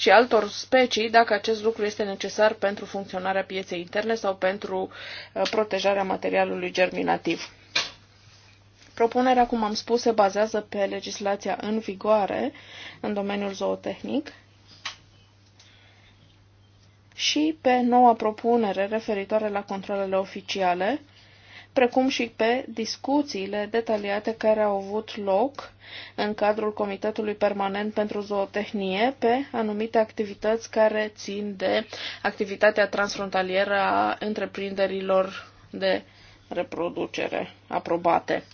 Speaker 4: și altor specii dacă acest lucru este necesar pentru funcționarea pieței interne sau pentru uh, protejarea materialului germinativ. Propunerea, cum am spus, se bazează pe legislația în vigoare în domeniul zootehnic și pe noua propunere referitoare la controlele oficiale precum și pe discuțiile detaliate care au avut loc în cadrul Comitetului Permanent pentru Zootehnie pe anumite activități care țin de activitatea transfrontalieră a întreprinderilor de reproducere aprobate.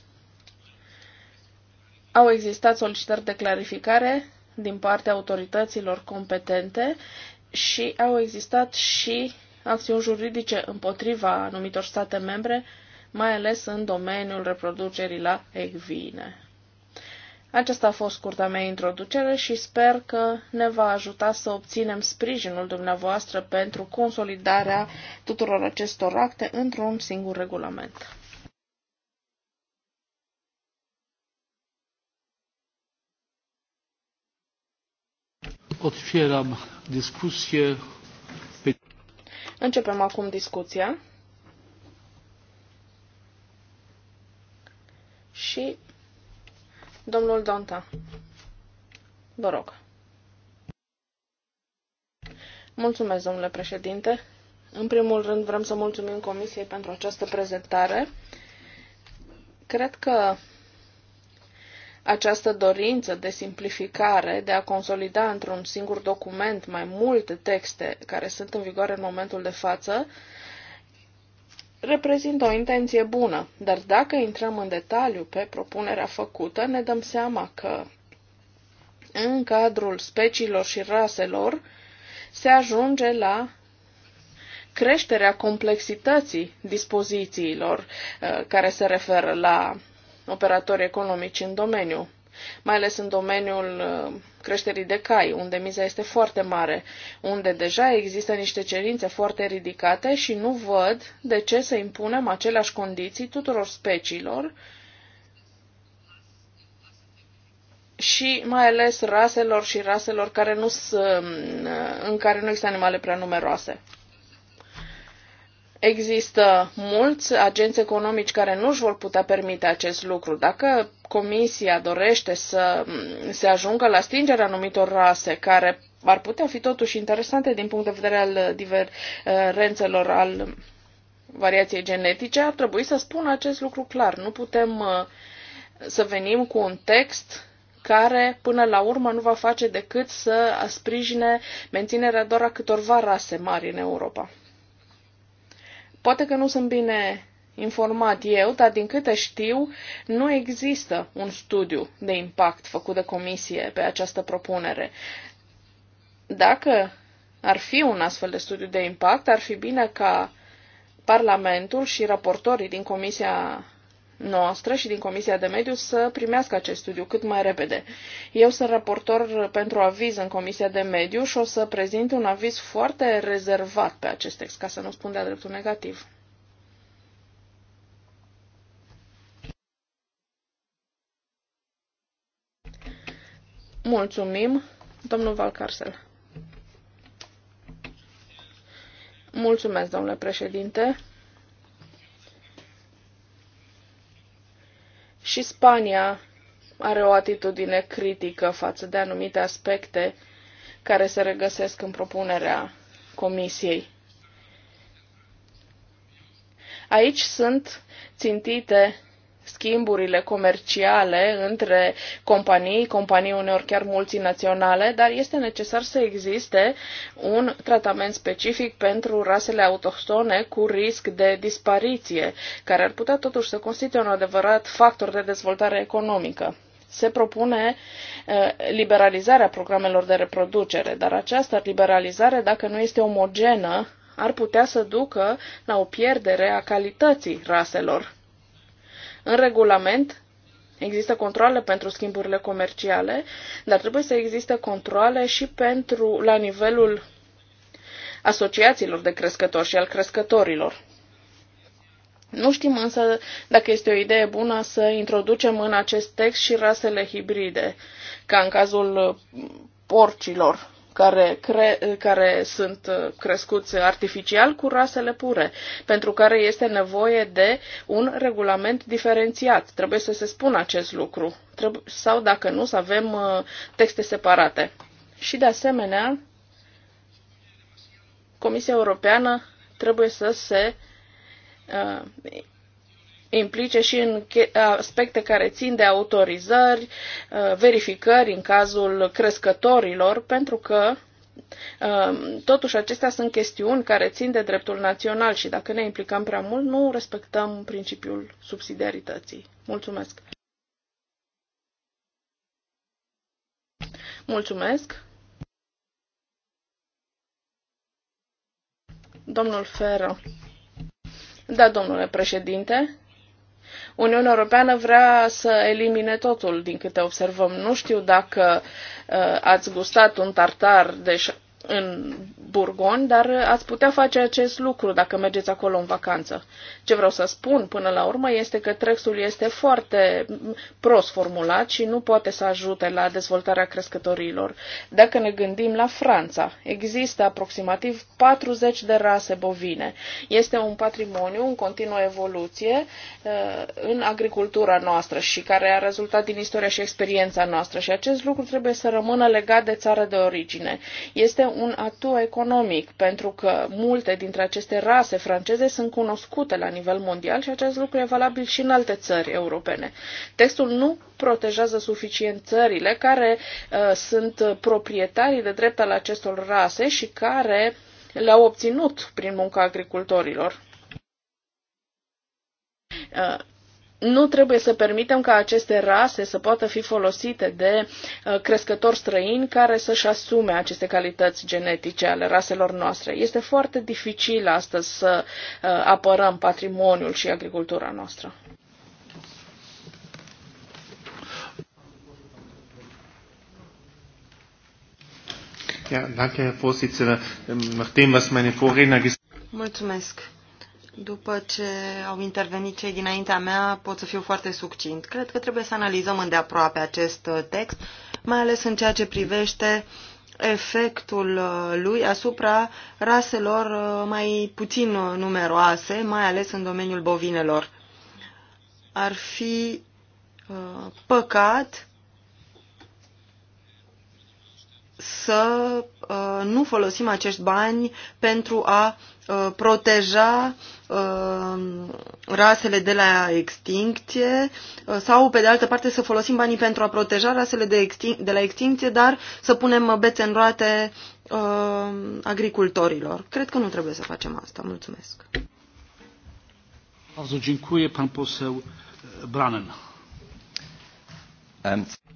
Speaker 4: Au existat solicitări de clarificare din partea autorităților competente și au existat și acțiuni juridice împotriva anumitor state membre mai ales în domeniul reproducerii la ecvine. Aceasta a fost scurta mea introducere și sper că ne va ajuta să obținem sprijinul dumneavoastră pentru consolidarea tuturor acestor acte într-un singur regulament. Începem acum discuția. și domnul Donta. Vă rog. Mulțumesc, domnule președinte. În primul rând, vrem să mulțumim Comisiei pentru această prezentare. Cred că această dorință de simplificare, de a consolida într-un singur document mai multe texte care sunt în vigoare în momentul de față, reprezintă o intenție bună, dar dacă intrăm în detaliu pe propunerea făcută, ne dăm seama că în cadrul speciilor și raselor se ajunge la creșterea complexității dispozițiilor uh, care se referă la operatori economici în domeniu, mai ales în domeniul uh, creșterii de cai, unde miza este foarte mare, unde deja există niște cerințe foarte ridicate și nu văd de ce să impunem aceleași condiții tuturor speciilor și mai ales raselor și raselor care nu în care nu există animale prea numeroase. Există mulți agenți economici care nu își vor putea permite acest lucru. Dacă Comisia dorește să se ajungă la stingerea anumitor rase care ar putea fi totuși interesante din punct de vedere al diferențelor, al variației genetice, ar trebui să spun acest lucru clar. Nu putem uh, să venim cu un text care până la urmă nu va face decât să sprijine menținerea doar a câtorva rase mari în Europa. Poate că nu sunt bine informat eu, dar din câte știu, nu există un studiu de impact făcut de comisie pe această propunere. Dacă ar fi un astfel de studiu de impact, ar fi bine ca Parlamentul și raportorii din Comisia noastră și din Comisia de Mediu să primească acest studiu cât mai repede. Eu sunt raportor pentru aviz în Comisia de Mediu și o să prezint un aviz foarte rezervat pe acest text, ca să nu spun de dreptul negativ. Mulțumim, domnul Valcarcel. Mulțumesc, domnule președinte. Și Spania are o atitudine critică față de anumite aspecte care se regăsesc în propunerea Comisiei. Aici sunt țintite schimburile comerciale între companii, companii uneori chiar multinaționale, dar este necesar să existe un tratament specific pentru rasele autohtone cu risc de dispariție, care ar putea totuși să constituie un adevărat factor de dezvoltare economică. Se propune eh, liberalizarea programelor de reproducere, dar această liberalizare, dacă nu este omogenă, ar putea să ducă la o pierdere a calității raselor în regulament există controle pentru schimburile comerciale, dar trebuie să existe controle și pentru la nivelul asociațiilor de crescători și al crescătorilor. Nu știm însă dacă este o idee bună să introducem în acest text și rasele hibride, ca în cazul porcilor care, cre- care sunt uh, crescuți artificial cu rasele pure, pentru care este nevoie de un regulament diferențiat. Trebuie să se spună acest lucru. Trebu- sau dacă nu, să avem uh, texte separate. Și de asemenea, Comisia Europeană trebuie să se uh, implice și în aspecte care țin de autorizări, uh, verificări în cazul crescătorilor, pentru că uh, Totuși, acestea sunt chestiuni care țin de dreptul național și dacă ne implicăm prea mult, nu respectăm principiul subsidiarității. Mulțumesc! Mulțumesc! Domnul Ferro. Da, domnule președinte, Uniunea Europeană vrea să elimine totul, din câte observăm. Nu știu dacă uh, ați gustat un tartar de în Burgon, dar ați putea face acest lucru dacă mergeți acolo în vacanță. Ce vreau să spun până la urmă este că trexul este foarte prost formulat și nu poate să ajute la dezvoltarea crescătorilor. Dacă ne gândim la Franța, există aproximativ 40 de rase bovine. Este un patrimoniu în continuă evoluție uh, în agricultura noastră și care a rezultat din istoria și experiența noastră și acest lucru trebuie să rămână legat de țară de origine. Este un atu economic, pentru că multe dintre aceste rase franceze sunt cunoscute la nivel mondial și acest lucru e valabil și în alte țări europene. Textul nu protejează suficient țările care uh, sunt proprietarii de drept al acestor rase și care le-au obținut prin munca agricultorilor. Uh, nu trebuie să permitem ca aceste rase să poată fi folosite de uh, crescători străini care să-și asume aceste calități genetice ale raselor noastre. Este foarte dificil astăzi să uh, apărăm patrimoniul și agricultura noastră.
Speaker 2: Ähm,
Speaker 3: Mulțumesc. După ce au intervenit cei dinaintea mea, pot să fiu foarte succint. Cred că trebuie să analizăm îndeaproape acest uh, text, mai ales în ceea ce privește efectul uh, lui asupra raselor uh, mai puțin numeroase, mai ales în domeniul bovinelor. Ar fi păcat să nu folosim acești bani pentru a proteja uh, Uh, rasele de la extincție uh, sau, pe de altă parte, să folosim banii pentru a proteja rasele de, extin- de la extincție, dar să punem bețe în roate uh, agricultorilor. Cred că nu trebuie să facem asta. Mulțumesc.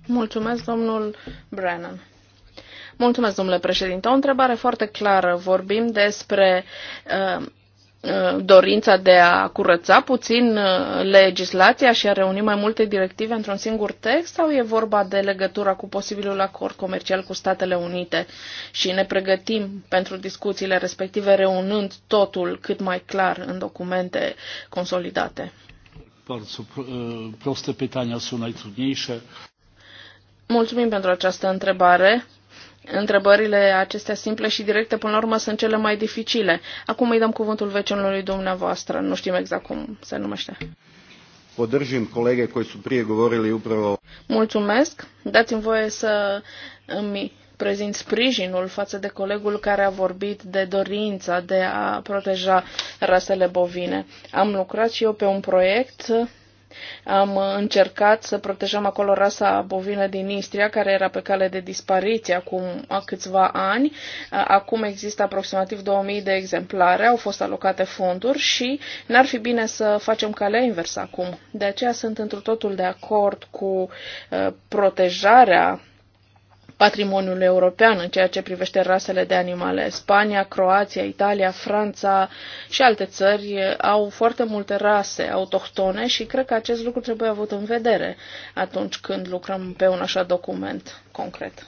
Speaker 4: Mulțumesc, domnul Brennan. Mulțumesc, domnule președinte. O întrebare foarte clară. Vorbim despre uh, Uh, dorința de a curăța puțin uh, legislația și a reuni mai multe directive într-un singur text sau e vorba de legătura cu posibilul acord comercial cu Statele Unite și ne pregătim pentru discuțiile respective reunând totul cât mai clar în documente consolidate?
Speaker 1: proste pytania są najtrudniejsze.
Speaker 4: Mulțumim pentru această întrebare. Întrebările acestea simple și directe, până la urmă, sunt cele mai dificile. Acum îi dăm cuvântul vecinului dumneavoastră. Nu știm exact cum se numește.
Speaker 2: Podržim colege koji su prije govorili upravo...
Speaker 4: Mulțumesc. Dați-mi voie să îmi prezint sprijinul față de colegul care a vorbit de dorința de a proteja rasele bovine. Am lucrat și eu pe un proiect am încercat să protejăm acolo rasa bovină din Istria, care era pe cale de dispariție acum câțiva ani. Acum există aproximativ 2000 de exemplare, au fost alocate fonduri și n-ar fi bine să facem calea inversă acum. De aceea sunt într totul de acord cu uh, protejarea patrimoniul european în ceea ce privește rasele de animale. Spania, Croația, Italia, Franța și alte țări au foarte multe rase autohtone și cred că acest lucru trebuie avut în vedere atunci când lucrăm pe un așa document concret.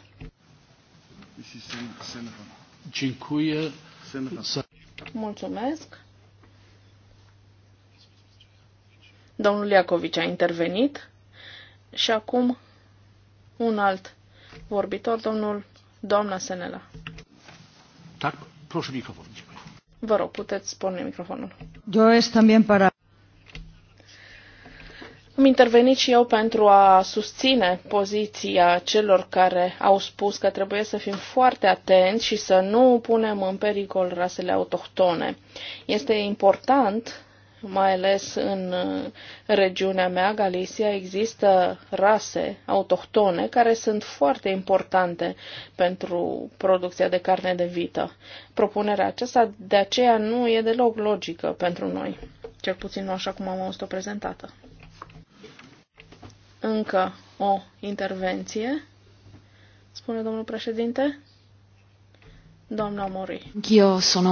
Speaker 4: Mulțumesc. Domnul Iacovici a intervenit și acum un alt vorbitor, domnul doamna Senela.
Speaker 1: Tak, proszę mikrofon.
Speaker 4: Vă rog, puteți spune microfonul.
Speaker 3: Eu este también para
Speaker 4: am intervenit și eu pentru a susține poziția celor care au spus că trebuie să fim foarte atenți și să nu punem în pericol rasele autohtone. Este important mai ales în uh, regiunea mea, Galicia, există rase autohtone care sunt foarte importante pentru producția de carne de vită. Propunerea aceasta de aceea nu e deloc logică pentru noi, cel puțin nu așa cum am auzit-o prezentată. Încă o intervenție, spune domnul președinte. Doamna Mori. Eu sunt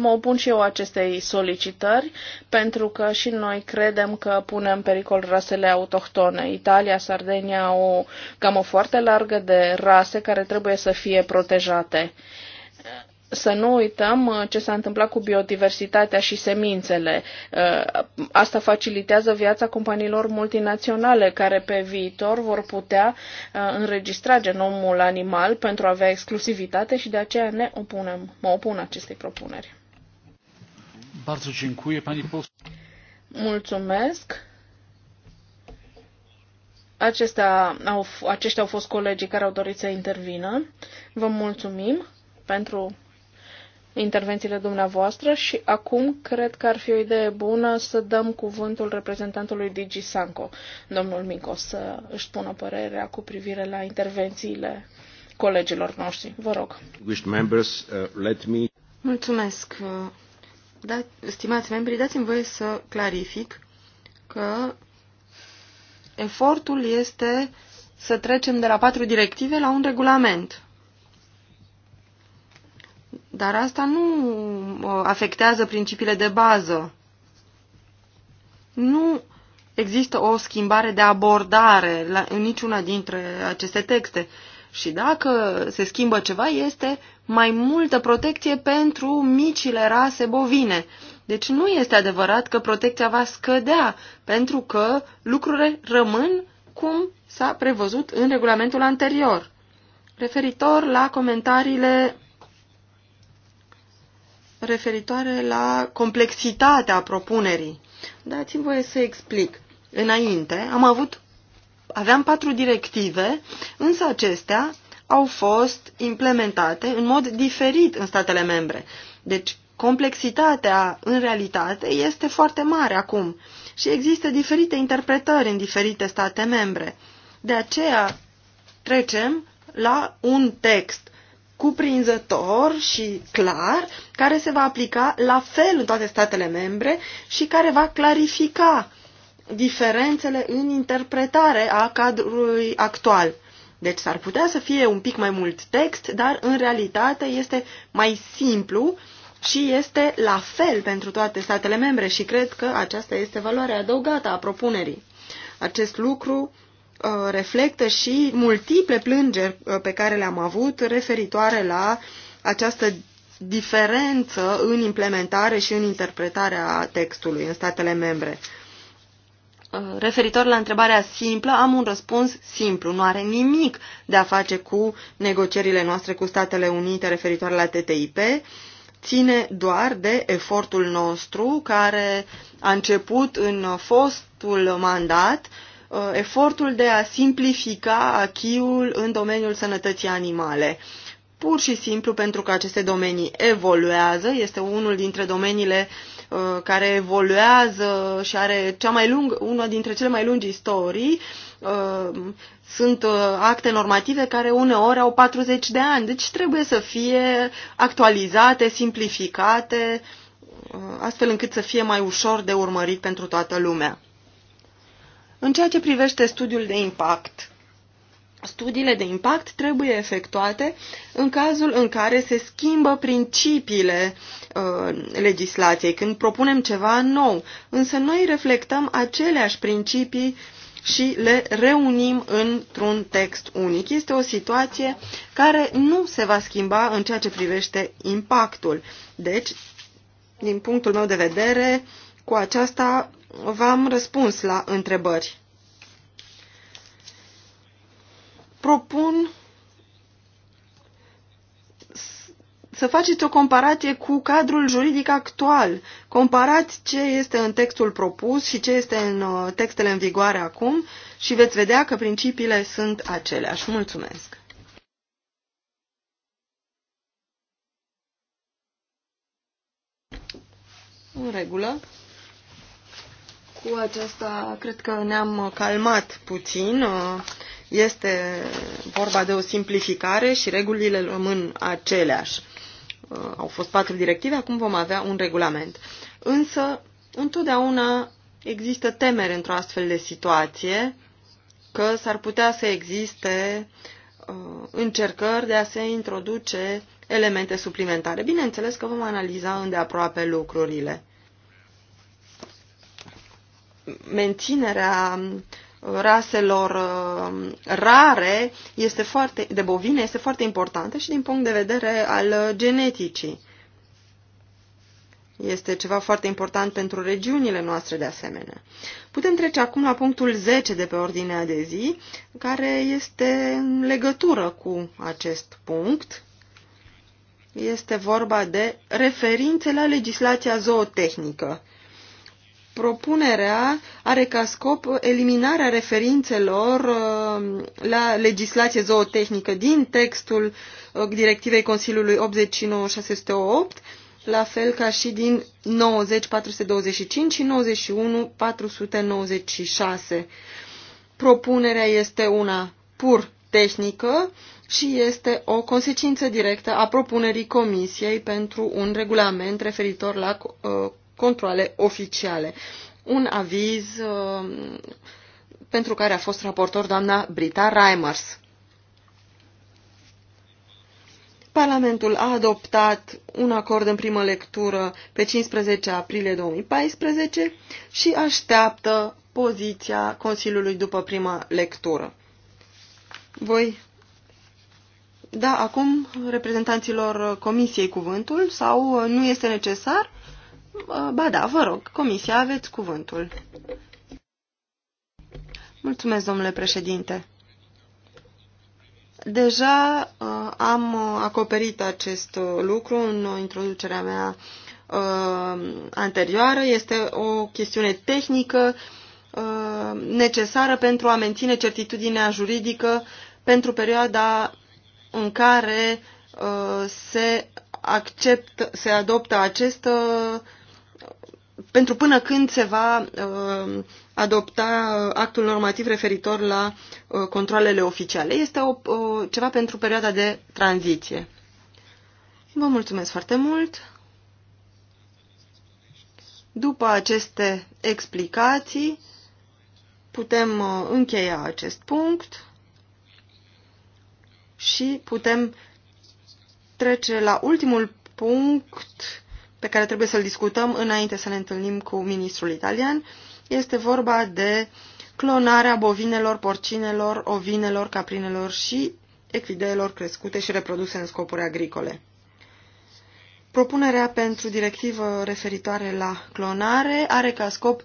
Speaker 4: Mă opun și eu acestei solicitări, pentru că și noi credem că punem în pericol rasele autohtone. Italia, Sardenia au o gamă foarte largă de rase care trebuie să fie protejate. Să nu uităm uh, ce s-a întâmplat cu biodiversitatea și semințele. Uh, asta facilitează viața companiilor multinaționale care pe viitor vor putea uh, înregistra genomul animal pentru a avea exclusivitate și de aceea ne opunem, mă opun acestei propuneri.
Speaker 1: Bardzo dziękuję, pani poseł.
Speaker 4: Mulțumesc. Acestea au, aceștia au fost colegii care au dorit să intervină. Vă mulțumim pentru intervențiile dumneavoastră și acum cred că ar fi o idee bună să dăm cuvântul reprezentantului Digi Sanco, domnul Mico, să își spună părerea cu privire la intervențiile colegilor noștri. Vă rog.
Speaker 1: Uh,
Speaker 3: Mulțumesc, uh, da, stimați membri, dați-mi voie să clarific că efortul este să trecem de la patru directive la un regulament. Dar asta nu uh, afectează principiile de bază. Nu există o schimbare de abordare la, în niciuna dintre aceste texte. Și dacă se schimbă ceva, este mai multă protecție pentru micile rase bovine. Deci nu este adevărat că protecția va scădea, pentru că lucrurile rămân cum s-a prevăzut în regulamentul anterior. Referitor la comentariile referitoare la complexitatea propunerii. Dați-mi voie să explic. Înainte am avut aveam patru directive, însă acestea au fost implementate în mod diferit în statele membre. Deci, complexitatea în realitate este foarte mare acum și există diferite interpretări în diferite state membre. De aceea trecem la un text cuprinzător și clar, care se va aplica la fel în toate statele membre și care va clarifica diferențele în interpretare a cadrului actual. Deci s-ar putea să fie un pic mai mult text, dar în realitate este mai simplu și este la fel pentru toate statele membre și cred că aceasta este valoarea adăugată a propunerii. Acest lucru uh, reflectă și multiple plângeri uh, pe care le-am avut referitoare la această diferență în implementare și în interpretarea textului în statele membre. Uh, referitor la întrebarea simplă, am un răspuns simplu. Nu are nimic de a face cu negocierile noastre cu Statele Unite referitor la TTIP. Ține doar de efortul nostru care a început în fostul mandat, uh, efortul de a simplifica achiul în domeniul sănătății animale. Pur și simplu pentru că aceste domenii evoluează, este unul dintre domeniile uh, Uh, care evoluează și are cea mai lungă, una dintre cele mai lungi istorii, uh, sunt uh, acte normative care uneori au 40 de ani, deci trebuie să fie actualizate, simplificate, astfel încât să fie mai ușor de urmărit pentru toată lumea. În ceea ce privește studiul de impact, Studiile de impact trebuie efectuate în cazul în care se schimbă principiile uh, legislației, când propunem ceva nou, însă noi reflectăm aceleași principii și le reunim într-un text unic. Este o situație care nu se va schimba în ceea ce privește impactul. Deci, din punctul meu de vedere, cu aceasta v-am răspuns la întrebări. propun să faceți o comparație cu cadrul juridic actual. Comparați ce este în textul propus și ce este în uh, textele în vigoare acum și veți vedea că principiile sunt aceleași. Mulțumesc! În regulă. Cu aceasta cred că ne-am calmat puțin. Uh, este vorba de o simplificare și regulile rămân aceleași. Uh, au fost patru directive, acum vom avea un regulament. Însă, întotdeauna există temeri într-o astfel de situație că s-ar putea să existe uh, încercări de a se introduce elemente suplimentare. Bineînțeles că vom analiza îndeaproape lucrurile. Menținerea raselor uh, rare este foarte, de bovine este foarte importantă și din punct de vedere al geneticii. Este ceva foarte important pentru regiunile noastre de asemenea. Putem trece acum la punctul 10 de pe ordinea de zi, care este în legătură cu acest punct. Este vorba de referințe la legislația zootehnică. Propunerea are ca scop eliminarea referințelor uh, la legislație zootehnică din textul uh, directivei Consiliului 89608, la fel ca și din 90.425 și 91.496. Propunerea este una pur tehnică și este o consecință directă a propunerii Comisiei pentru un regulament referitor la uh, controle oficiale. Un aviz uh, pentru care a fost raportor doamna Brita Reimers. Parlamentul a adoptat un acord în primă lectură pe 15 aprilie 2014 și așteaptă poziția Consiliului după prima lectură. Voi da acum reprezentanților Comisiei cuvântul sau nu este necesar? Uh, ba da, vă rog, comisia, aveți cuvântul. Mulțumesc, domnule președinte. Deja uh, am acoperit acest lucru în introducerea mea uh, anterioară. Este o chestiune tehnică uh, necesară pentru a menține certitudinea juridică pentru perioada în care uh, se accept, se adoptă acest uh, pentru până când se va uh, adopta uh, actul normativ referitor la uh, controlele oficiale. Este o, uh, ceva pentru perioada de tranziție. Vă mulțumesc foarte mult. După aceste explicații, putem uh, încheia acest punct și putem trece la ultimul punct pe care trebuie să-l discutăm înainte să ne întâlnim cu ministrul italian. Este vorba de clonarea bovinelor, porcinelor, ovinelor, caprinelor și echideelor crescute și reproduse în scopuri agricole. Propunerea pentru directivă referitoare la clonare are ca scop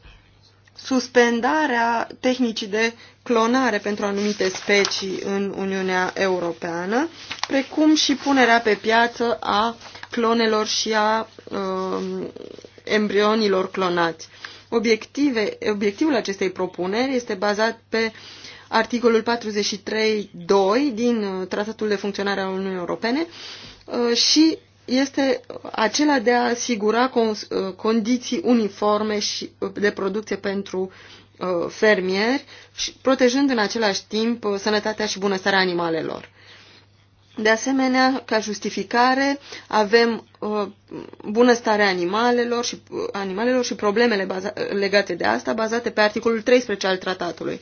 Speaker 3: suspendarea tehnicii de clonare pentru anumite specii în Uniunea Europeană, precum și punerea pe piață a clonelor și a uh, embrionilor clonați. Obiective, obiectivul acestei propuneri este bazat pe articolul 43.2 din uh, Tratatul de Funcționare a Uniunii Europene uh, și este acela de a asigura uh, condiții uniforme și de producție pentru fermieri, protejând în același timp sănătatea și bunăstarea animalelor. De asemenea, ca justificare, avem uh, bunăstarea animalelor și, uh, animalelor și problemele baza, legate de asta, bazate pe articolul 13 al tratatului.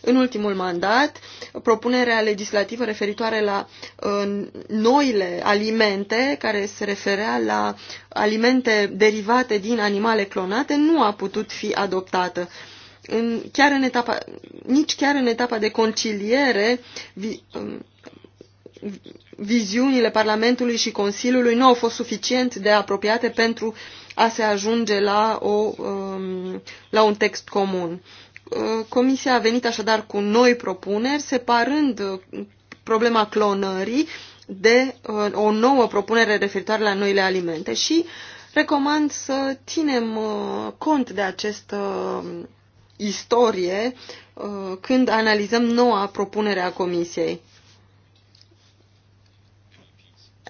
Speaker 3: În ultimul mandat, propunerea legislativă referitoare la uh, noile alimente, care se referea la alimente derivate din animale clonate, nu a putut fi adoptată. În, chiar în etapa, nici chiar în etapa de conciliere vi, uh, viziunile Parlamentului și Consiliului nu au fost suficient de apropiate pentru a se ajunge la, o, um, la un text comun. Uh, Comisia a venit așadar cu noi propuneri, separând uh, problema clonării de uh, o nouă propunere referitoare la noile alimente și recomand să ținem cont de această um, istorie când analizăm noua propunere a Comisiei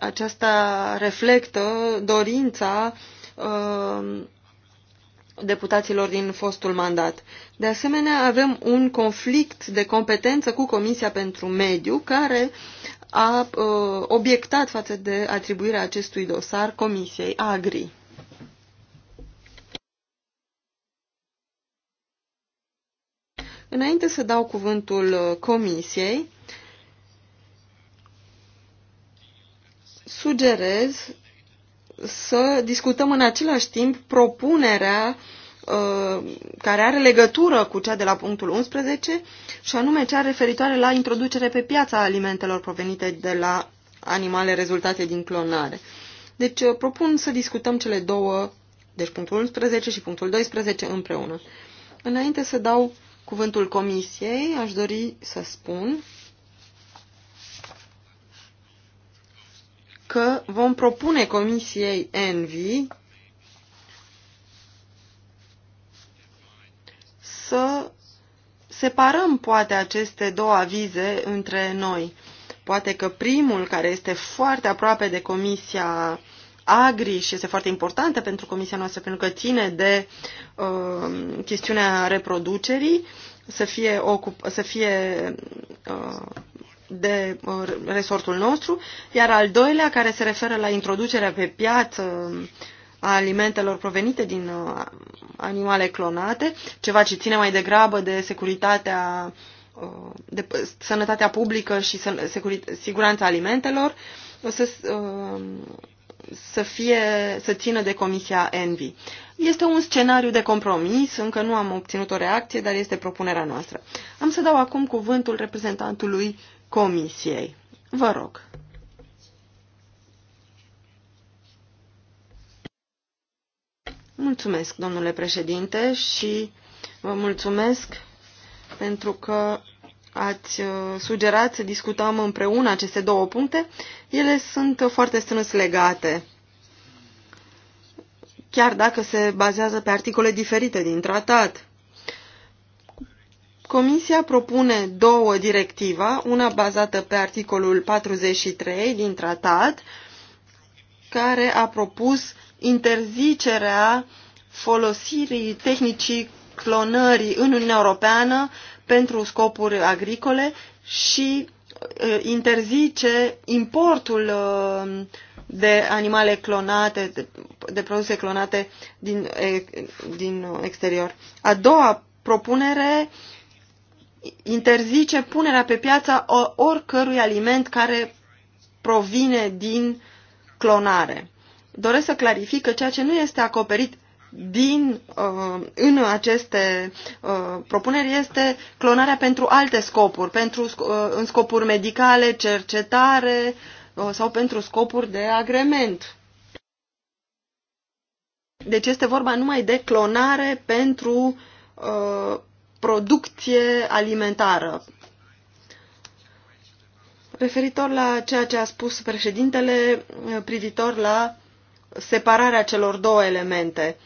Speaker 3: aceasta reflectă dorința uh, deputaților din fostul mandat. De asemenea, avem un conflict de competență cu Comisia pentru Mediu, care a uh, obiectat față de atribuirea acestui dosar Comisiei Agri. Înainte să dau cuvântul uh, Comisiei, sugerez să discutăm în același timp propunerea uh, care are legătură cu cea de la punctul 11 și anume cea referitoare la introducere pe piața alimentelor provenite de la animale rezultate din clonare. Deci uh, propun să discutăm cele două, deci punctul 11 și punctul 12 împreună. Înainte să dau cuvântul comisiei, aș dori să spun că vom propune Comisiei Envi să separăm poate aceste două avize între noi. Poate că primul, care este foarte aproape de Comisia Agri și este foarte importantă pentru Comisia noastră, pentru că ține de uh, chestiunea reproducerii, să fie, ocup- să fie uh, de uh, resortul nostru, iar al doilea, care se referă la introducerea pe piață a alimentelor provenite din uh, animale clonate, ceva ce ține mai degrabă de securitatea, uh, de sănătatea publică și siguranța alimentelor, să, să, fie, să țină de Comisia Envi. Este un scenariu de compromis, încă nu am obținut o reacție, dar este propunerea noastră. Am să dau acum cuvântul reprezentantului Comisiei. Vă rog. Mulțumesc, domnule președinte, și vă mulțumesc pentru că ați uh, sugerat să discutăm împreună aceste două puncte. Ele sunt foarte strâns legate, chiar dacă se bazează pe articole diferite din tratat. Comisia propune două directiva, una bazată pe articolul 43 din tratat, care a propus interzicerea folosirii tehnicii clonării în Uniunea Europeană pentru scopuri agricole și interzice importul de animale clonate, de, de produse clonate din, din exterior. A doua propunere uh, interzice punerea pe piață oricărui aliment care provine din clonare. Doresc să clarific că ceea ce nu este acoperit din, uh, în aceste uh, propuneri este clonarea pentru alte scopuri, pentru, uh, în scopuri medicale, cercetare uh, sau pentru scopuri de agrement. Deci este vorba numai de clonare pentru uh, producție alimentară. Referitor la ceea ce a spus președintele, eh, privitor la separarea celor două elemente,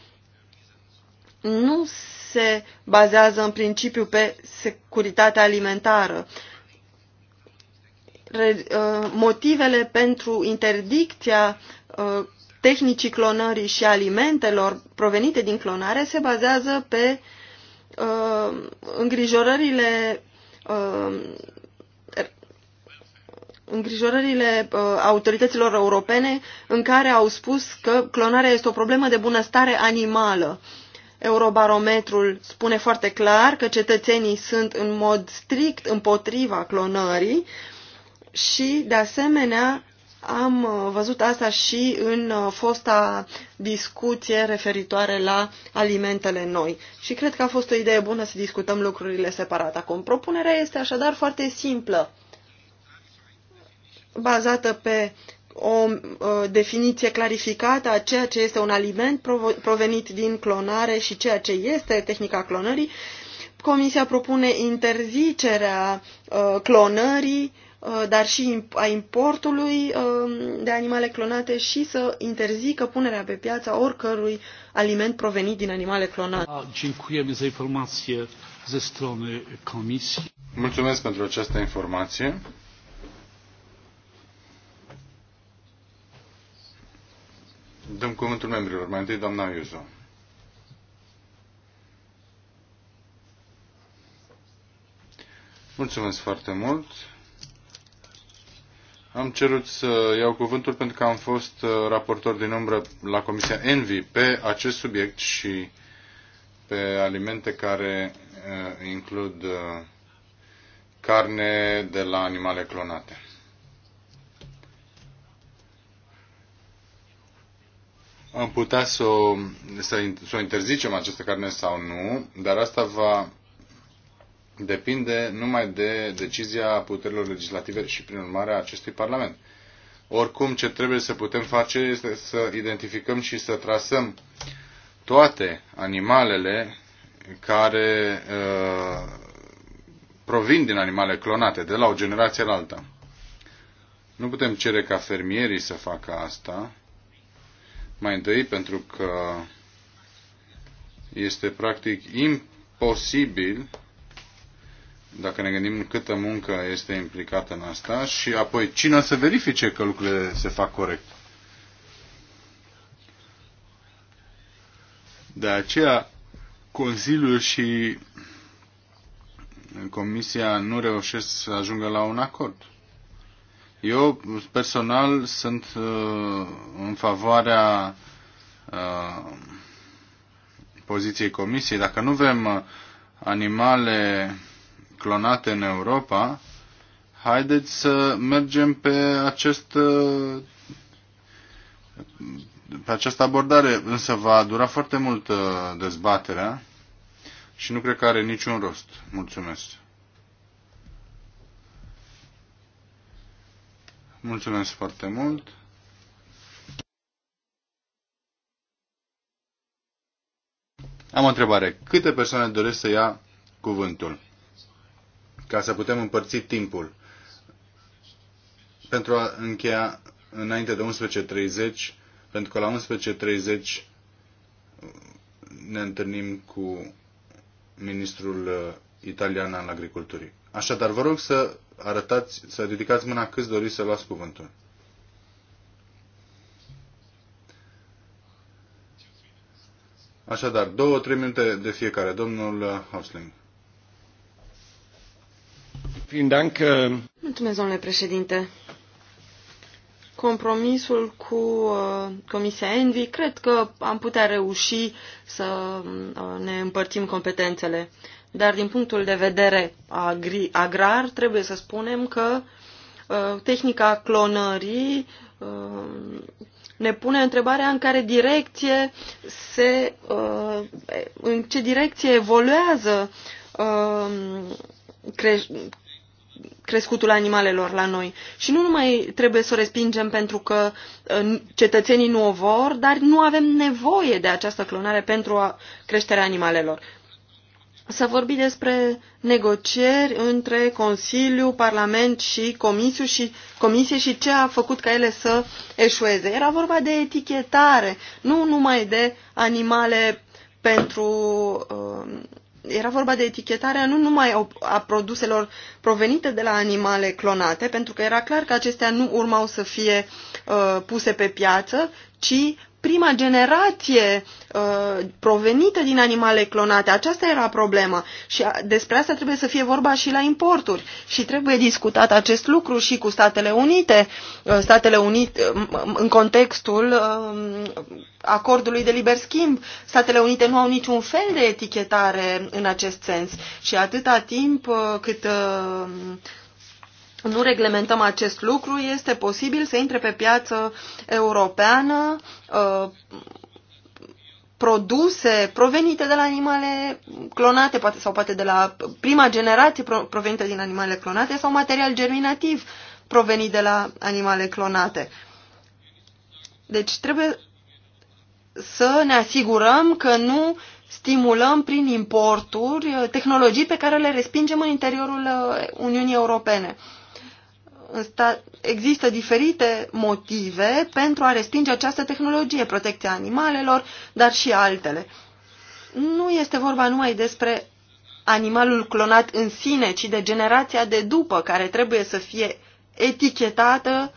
Speaker 3: nu se bazează în principiu pe securitatea alimentară. Re, eh, motivele pentru interdicția eh, tehnicii clonării și alimentelor provenite din clonare se bazează pe uh, uh, îngrijorările uh, îngrijorările uh, autorităților europene în care au spus că clonarea este o problemă de bunăstare animală. Eurobarometrul spune foarte clar că cetățenii sunt în mod strict împotriva clonării și, de asemenea, am uh, văzut asta și în uh, fosta discuție referitoare la alimentele noi. Și cred că a fost o idee bună să discutăm lucrurile separat acum. Propunerea este așadar foarte simplă, bazată pe o uh, definiție clarificată a ceea ce este un aliment provenit din clonare și ceea ce este tehnica clonării. Comisia propune interzicerea clonării Uh, dar și a importului um, de animale clonate și să interzică punerea pe piață oricărui aliment provenit din animale clonate.
Speaker 1: Dziękujemy za informację ze strony Komisji. Mulțumesc pentru
Speaker 2: această informație. Dăm cuvântul membrilor. Mai întâi, doamna Iuzo. Mulțumesc foarte mult. Am cerut să iau cuvântul pentru că am fost uh, raportor din umbră la Comisia Envi pe acest subiect și pe alimente care uh, includ uh, carne de la animale clonate. Am putea să o, să, să o interzicem această carne sau nu, dar asta va depinde numai de decizia puterilor legislative și, prin urmare, a acestui Parlament. Oricum, ce trebuie să putem face este să identificăm și să trasăm toate animalele care uh, provin din animale clonate, de la o generație la alta. Nu putem cere ca fermierii să facă asta, mai întâi pentru că este practic imposibil dacă ne gândim câtă muncă este implicată în asta și apoi cine o să verifice că lucrurile se fac corect. De aceea, Consiliul și Comisia nu reușesc să ajungă la un acord. Eu personal sunt uh, în favoarea uh, poziției Comisiei. Dacă nu vrem uh, animale uh, clonate în Europa, haideți să mergem pe acest pe această abordare, însă va dura foarte mult uh, dezbaterea și nu cred că are niciun rost. Mulțumesc. Mulțumesc foarte mult. Am o întrebare. Câte persoane doresc să ia cuvântul? ca să putem împărți timpul. Pentru a încheia înainte de 11.30, pentru că la 11.30 ne întâlnim cu ministrul uh, italian al agriculturii. Așadar, vă rog să arătați, să ridicați mâna câți doriți să luați cuvântul. Așadar, două, trei minute de fiecare. Domnul uh, Hausling. Äh,
Speaker 3: domnule președinte. Compromisul cu uh, Comisia Envi, cred că am putea reuși să uh, ne împărțim competențele. Dar din punctul de vedere agrar, trebuie să spunem că uh, tehnica clonării ne pune întrebarea în care direcție se, în ce direcție evoluează crescutul animalelor la noi. Și nu numai trebuie să o respingem pentru că cetățenii nu o vor, dar nu avem nevoie de această clonare pentru a creșterea animalelor. Să vorbi despre negocieri între Consiliu, Parlament și, Comisiu și Comisie și ce a făcut ca ele să eșueze. Era vorba de etichetare, nu numai de animale pentru uh, era vorba de etichetarea nu numai a produselor provenite de la animale clonate, pentru că era clar că acestea nu urmau să fie uh, puse pe piață, ci prima generație uh, provenită din animale clonate. Aceasta era problema și a, uh, despre asta trebuie să fie vorba și la importuri și trebuie discutat acest lucru și cu Statele Unite, uh, Statele Unite uh, în contextul uh, acordului de liber schimb. Statele Unite nu au niciun fel de etichetare în acest sens și atâta timp uh, cât uh, nu reglementăm acest lucru, este posibil să intre pe piață europeană uh, produse provenite de la animale clonate poate, sau poate de la prima generație provenite din animale clonate sau material germinativ provenit de la animale clonate. Deci trebuie să ne asigurăm că nu stimulăm prin importuri uh, tehnologii pe care le respingem în interiorul uh, Uniunii Europene există diferite motive pentru a respinge această tehnologie, protecția animalelor, dar și altele. Nu este vorba numai despre animalul clonat în sine, ci de generația de după, care trebuie să fie etichetată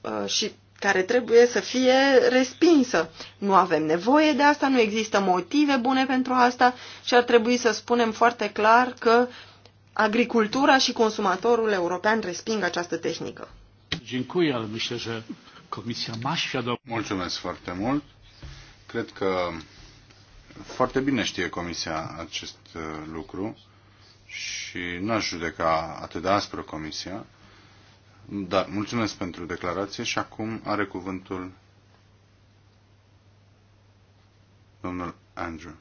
Speaker 3: uh, și care trebuie să fie respinsă. Nu avem nevoie de asta, nu există motive bune pentru asta și ar trebui să spunem foarte clar că agricultura și consumatorul european resping această tehnică.
Speaker 2: Mulțumesc foarte mult. Cred că foarte bine știe Comisia acest lucru și n-aș judeca atât de aspru Comisia. Dar mulțumesc pentru declarație și acum are cuvântul domnul Andrew.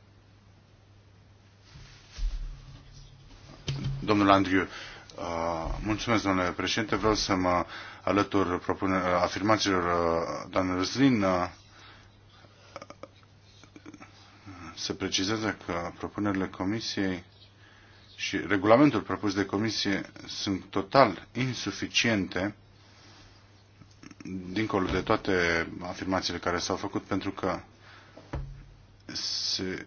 Speaker 2: Domnul Andriu, uh, mulțumesc, domnule președinte. Vreau să mă alătur propune, afirmațiilor uh, doamnei Răzlin. Uh, se precizează că propunerile comisiei și regulamentul propus de comisie sunt total insuficiente dincolo de toate afirmațiile care s-au făcut, pentru că se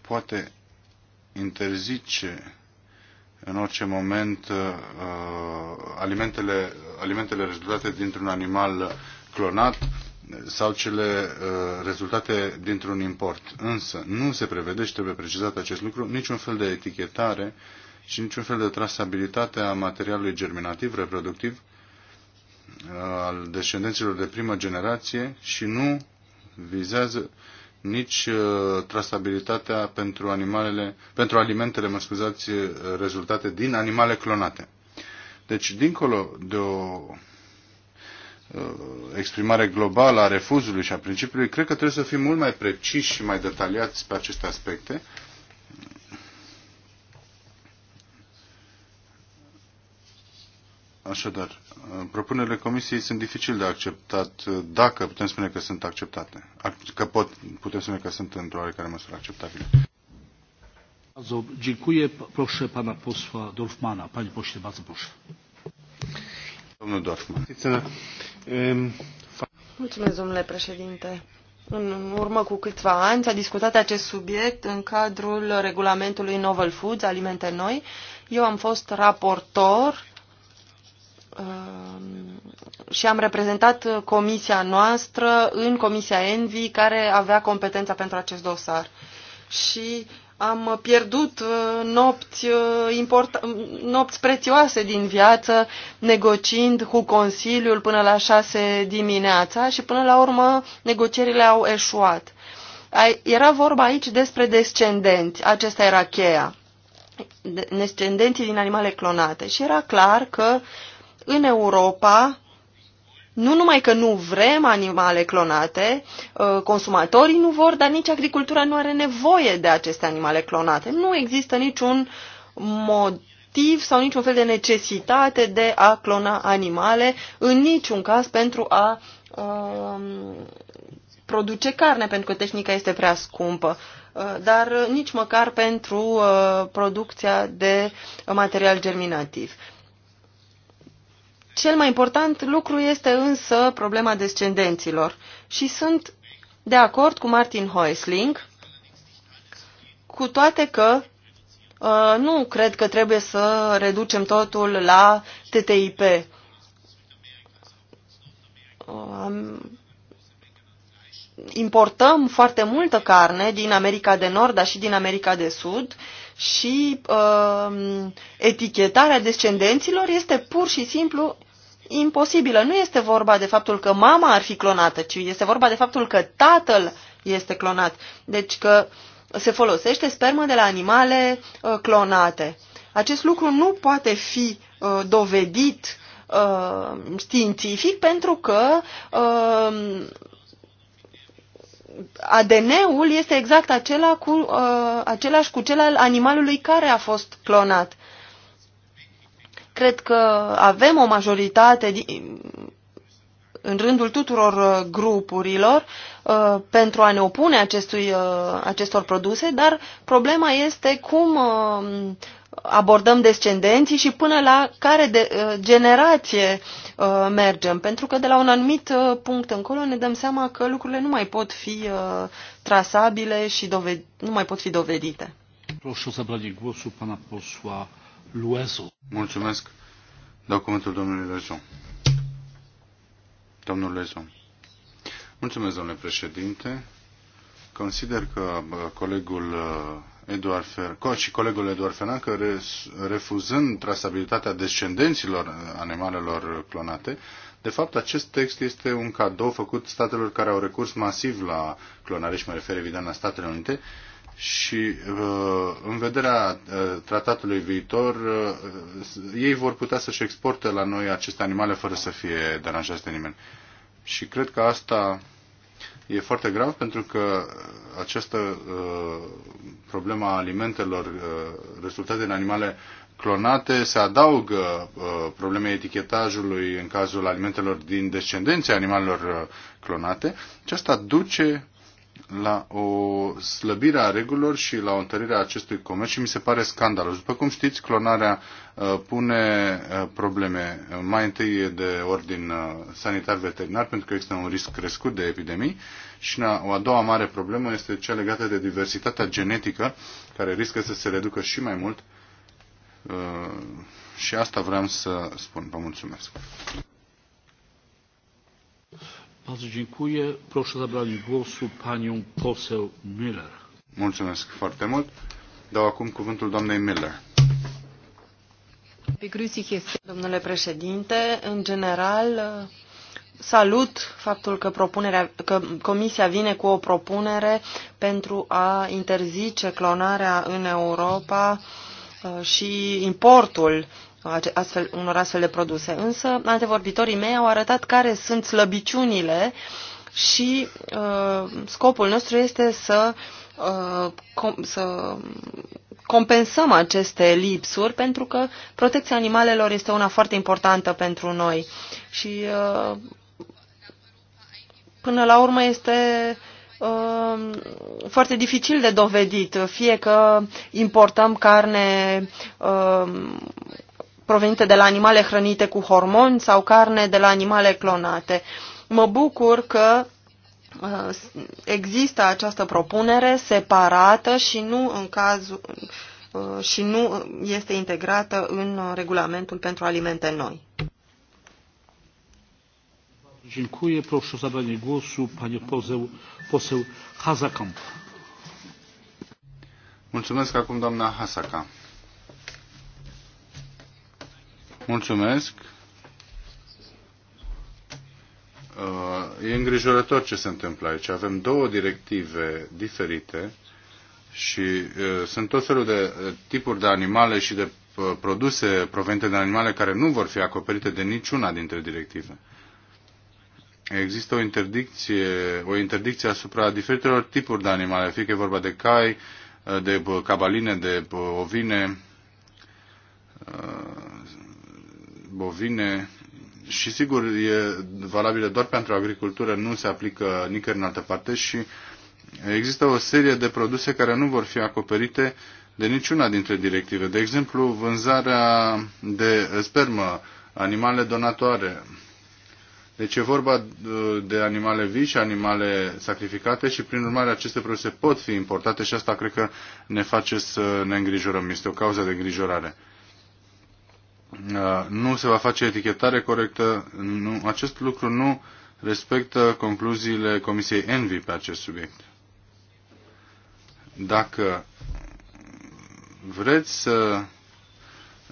Speaker 2: poate interzice în orice moment uh, uh, alimentele, alimentele rezultate dintr-un animal clonat sau cele uh, rezultate dintr-un import. Însă nu se prevede, și trebuie precizat acest lucru, niciun fel de etichetare și niciun fel de trasabilitate a materialului germinativ, reproductiv, al descendenților de primă generație și nu vizează, nici uh, trasabilitatea pentru, animalele, pentru alimentele mă scuzați, uh, rezultate din animale clonate. Deci, dincolo de o uh, exprimare globală a refuzului și a principiului, cred că trebuie să fim mult mai preciși și mai detaliați pe aceste aspecte Așadar, propunerile comisiei sunt dificil de acceptat uh, dacă putem spune că sunt acceptate, că pot, putem spune că sunt într-o oarecare măsură acceptabile.
Speaker 1: Dziękuję. Proszę pana posła Dorfmana. Panie pośle, bardzo proszę.
Speaker 2: Domnul Dorfman.
Speaker 3: Mulțumesc, domnule președinte. În urmă cu câțiva ani s-a discutat acest subiect în cadrul regulamentului Novel Foods, Alimente Noi. Eu am fost raportor Um, și am reprezentat comisia noastră în comisia Envi, care avea competența pentru acest dosar. Și am pierdut uh, nopți, uh, import, um, nopți prețioase din viață, negociind cu Consiliul până la șase dimineața și până la urmă negocierile au eșuat. Era vorba aici despre descendenți, acesta era cheia, descendenții din animale clonate și era clar că uh, în Europa nu numai că nu vrem animale clonate, ă, consumatorii nu vor, dar nici agricultura nu are nevoie de aceste animale clonate. Nu există niciun motiv sau niciun fel de necesitate de a clona animale, în niciun caz pentru a um, produce carne, pentru că tehnica este prea scumpă ă, dar nici măcar pentru ă, producția de material germinativ. Cel mai important lucru este însă problema descendenților și sunt de acord cu Martin Heusling, cu toate că uh, nu cred că trebuie să reducem totul la TTIP. Um, importăm foarte multă carne din America de Nord, dar și din America de Sud și uh, etichetarea descendenților este pur și simplu imposibilă. Nu este vorba de faptul că mama ar fi clonată, ci este vorba de faptul că tatăl este clonat. Deci că se folosește spermă de la animale uh, clonate. Acest lucru nu poate fi uh, dovedit uh, științific pentru că uh, ADN-ul este exact acela cu, uh, același cu cel al animalului care a fost clonat. Cred că avem o majoritate din, în rândul tuturor uh, grupurilor uh, pentru a ne opune acestui, uh, acestor produse, dar problema este cum uh, abordăm descendenții și până la care de, uh, generație uh, mergem. Pentru că de la un anumit uh, punct încolo ne dăm seama că lucrurile nu mai pot fi trasabile și doved, nu mai pot fi dovedite.
Speaker 1: pana
Speaker 2: Mulțumesc. Dau cuvântul domnului Lezon. Domnul Lezon. Mulțumesc, domnule președinte. Consider că colegul Eduard și colegul Eduard Fernan că refuzând trasabilitatea descendenților uh, animalelor clonate, de fapt acest text este un cadou făcut statelor care au recurs masiv la clonare și mă refer evident la Statele Unite și uh, în vederea uh, tratatului viitor ei vor putea să-și exporte la noi aceste animale fără să fie deranjați de nimeni. Și cred că asta e foarte grav pentru că această uh, problema alimentelor uh, rezultate din animale clonate se adaugă uh, problemei etichetajului în cazul alimentelor din descendenții animalelor uh, clonate. Aceasta duce la o slăbire a regulilor și la o întărire a acestui comerț și mi se pare scandalos. După cum știți, clonarea uh, pune uh, probleme mai întâi de ordin uh, sanitar veterinar, pentru că există un risc crescut de epidemii și o a doua mare problemă este cea legată de diversitatea genetică, care riscă să se reducă și mai mult. Și asta vreau să spun. Vă mulțumesc.
Speaker 1: Bardzo dziękuję. Proszę o zabranie głosu panią
Speaker 2: poseł Miller. Mulțumesc foarte mult. Dau acum cuvântul doamnei Miller.
Speaker 3: Domnule președinte, în general salut faptul că, propunerea, că Comisia vine cu o propunere pentru a interzice clonarea în Europa uh, și importul astfel, unor astfel de produse. Însă, antevorbitorii mei au arătat care sunt slăbiciunile și uh, scopul nostru este să, uh, com să compensăm aceste lipsuri pentru că protecția animalelor este una foarte importantă pentru noi și uh, până la urmă este uh, foarte dificil de dovedit, fie că importăm carne uh, provenite de la animale hrănite cu hormoni sau carne de la animale clonate. Mă bucur că uh, există această propunere separată și nu în cazul uh, și nu este integrată în regulamentul pentru alimente noi.
Speaker 1: Dziękuję. Proszę o zabranie głosu poseł, poseł Hazakamp.
Speaker 2: Mulțumesc acum doamna Hasaka. Mulțumesc. Uh, e îngrijorător ce se întâmplă aici. Avem două directive diferite și uh, sunt tot felul de uh, tipuri de animale și de produse provenite de animale care nu vor fi acoperite de niciuna dintre directive. Există o interdicție, o interdicție asupra diferitelor tipuri de animale, fie că e vorba de cai, de cabaline, de ovine bovine și sigur e valabilă doar pentru agricultură, nu se aplică nicăieri în altă parte și există o serie de produse care nu vor fi acoperite de niciuna dintre directive. De exemplu, vânzarea de spermă, animale donatoare. Deci e vorba uh, de animale vii și animale sacrificate și prin urmare aceste produse pot fi importate și asta cred că ne face să ne îngrijorăm. Este o cauză de îngrijorare. Uh, nu se va face etichetare corectă, nu, acest lucru nu respectă concluziile Comisiei Envi pe acest subiect. Dacă vreți să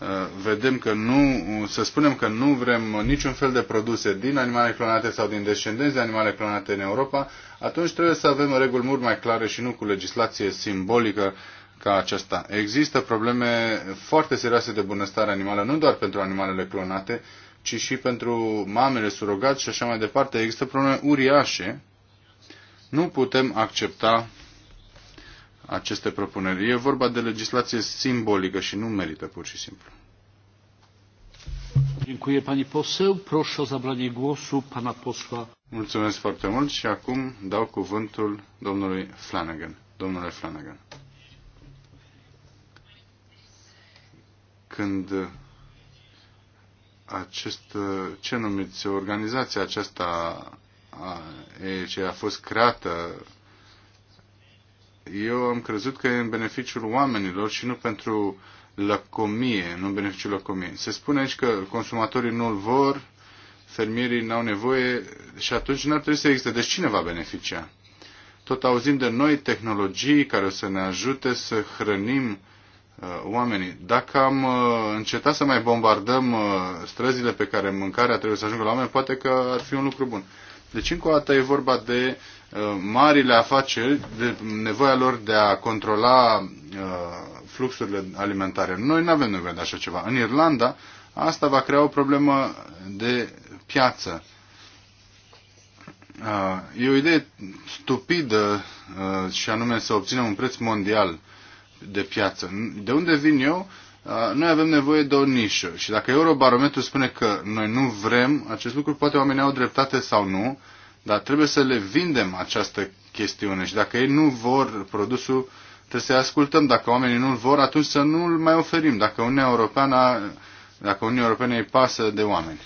Speaker 2: uh, vedem că nu, să spunem că nu vrem niciun fel de produse din animale clonate sau din descendenți de animale clonate în Europa, atunci trebuie să avem reguli mult mai clare și nu cu legislație simbolică ca acesta. Există probleme foarte serioase de bunăstare animală, nu doar pentru animalele clonate, ci și pentru mamele surogat și așa mai departe. Există probleme uriașe. Nu putem accepta aceste propuneri. E vorba de legislație simbolică și nu merită pur și simplu.
Speaker 1: Dziękuję pani poseł. Proszę o zabranie głosu pana posła.
Speaker 2: Mulțumesc foarte mult și acum dau cuvântul domnului Flanagan. Domnule Flanagan. când acest, ce numiți, organizația aceasta a ce a fost creată, eu am crezut că e în beneficiul oamenilor și nu pentru lăcomie, nu în beneficiul lăcomiei. Se spune aici că consumatorii nu-l vor, fermierii n-au nevoie și atunci n-ar trebui să existe. Deci cine va beneficia? Tot auzim de noi tehnologii care o să ne ajute să hrănim Uh, oamenii. Dacă am uh, încetat să mai bombardăm uh, străzile pe care mâncarea trebuie să ajungă la oameni, poate că ar fi un lucru bun. Deci, încă o dată, e vorba de marile afaceri, de nevoia lor de a controla fluxurile alimentare. Noi nu avem nevoie de așa ceva. În Irlanda, asta va crea o problemă de piață. E o idee stupidă și anume să obținem un preț mondial de piață. De unde vin eu, noi avem nevoie de o nișă. Și dacă Eurobarometru spune că noi nu vrem acest lucru, poate oamenii au dreptate sau nu, dar trebuie să le vindem această chestiune. Și dacă ei nu vor produsul, trebuie să-i ascultăm. Dacă oamenii nu-l vor, atunci să nu-l mai oferim. Dacă Uniunea Europeană, dacă Uniunea Europeană îi pasă de oameni.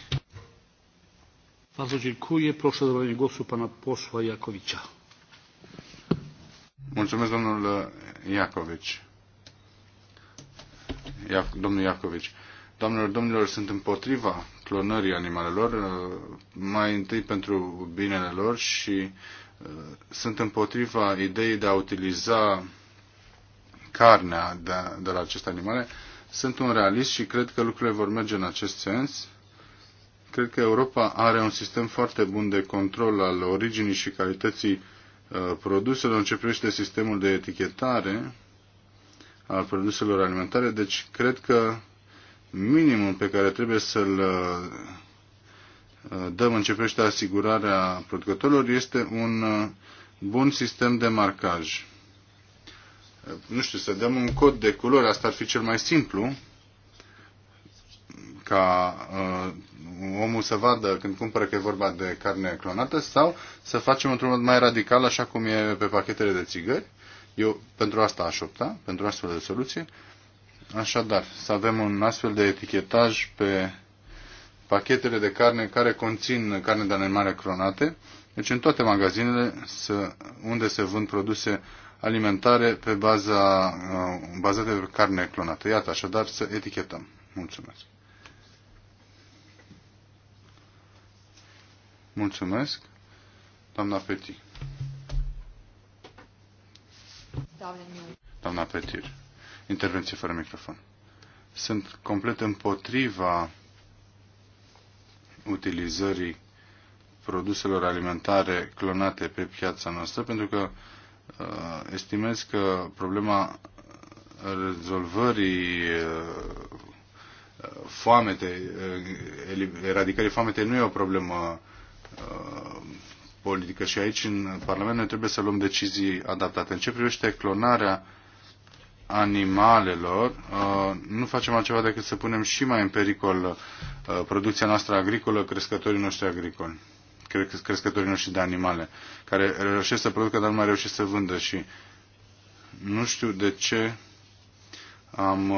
Speaker 1: Bardzo dziękuję. Proszę de la głosu pana posła Jakowicza.
Speaker 2: Mulțumesc, domnul Iacovici. Ia, domnul Iacovici. Doamnelor, domnilor, sunt împotriva clonării animalelor, uh, mai întâi pentru binele lor și uh, sunt împotriva ideii de a utiliza carnea de, de la aceste animale. Sunt un realist și cred că lucrurile vor merge în acest sens. Cred că Europa are un sistem foarte bun de control al originii și calității Uh, produselor, în ce privește sistemul de etichetare al produselor alimentare. Deci, cred că minimul pe care trebuie să-l uh, dăm în ce privește asigurarea producătorilor este un uh, bun sistem de marcaj. Nu știu, să dăm un cod de culori, asta ar fi cel mai simplu, ca uh, omul să vadă când cumpără că e vorba de carne clonată sau să facem într-un mod mai radical, așa cum e pe pachetele de țigări. Eu pentru asta aș opta, pentru astfel de soluție. Așadar, să avem un astfel de etichetaj pe pachetele de carne care conțin carne de animale clonate, deci în toate magazinele să, unde se vând produse alimentare pe baza, uh, bazate pe carne clonată. Iată, așadar, să etichetăm. Mulțumesc. Mulțumesc. Doamna Petir. Doamna Petir. Intervenție fără microfon. Sunt complet împotriva utilizării produselor alimentare clonate pe piața noastră, pentru că uh, estimez că problema rezolvării uh, foamete, uh, eradicării foamete nu e o problemă Uh, politică și aici în Parlament noi trebuie să luăm decizii adaptate. În ce privește clonarea animalelor, uh, nu facem altceva decât să punem și mai în pericol uh, producția noastră agricolă, crescătorii noștri agricoli, crescătorii noștri de animale, care reușesc să producă, dar nu mai reușesc să vândă și nu știu de ce am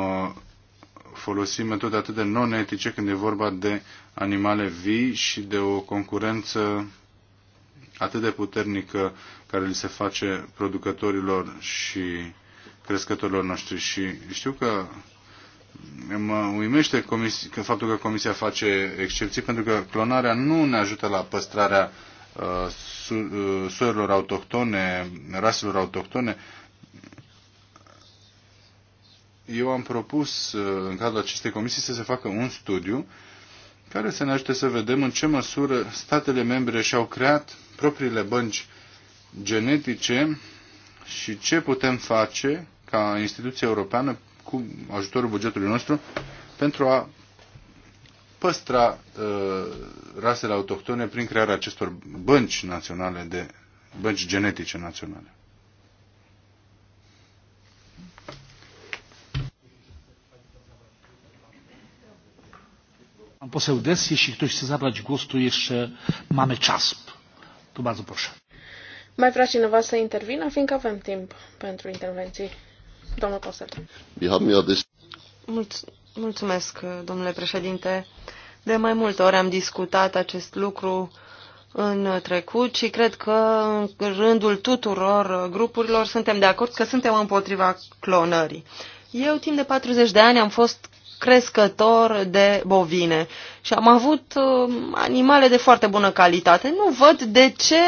Speaker 2: folosim metode atât de non-etice când e vorba de animale vii și de o concurență atât de puternică care li se face producătorilor și crescătorilor noștri. Și știu că mă uimește că faptul că Comisia face excepții, pentru că clonarea nu ne ajută la păstrarea uh, uh soiurilor autohtone, raselor autohtone, eu am propus uh, în cadrul acestei comisii să se facă un studiu care să ne ajute să vedem în ce măsură statele membre și-au creat propriile bănci genetice și ce putem face ca instituție europeană cu ajutorul bugetului nostru pentru a păstra uh, rasele autohtone prin crearea acestor bănci naționale de bănci genetice naționale.
Speaker 1: Pan poseł Des, jeśli ktoś chce zabrać głos, to jeszcze mamy czas. To bardzo proszę.
Speaker 4: Mai vrea cineva să intervină, fiindcă avem timp pentru intervenții. Domnul Posel.
Speaker 3: Mulțumesc, domnule președinte. De mai multe ori am discutat acest lucru în trecut și cred că în rândul tuturor grupurilor suntem de acord că suntem împotriva clonării. Eu timp de 40 de ani am fost crescător de bovine și am avut uh, animale de foarte bună calitate. Nu văd de ce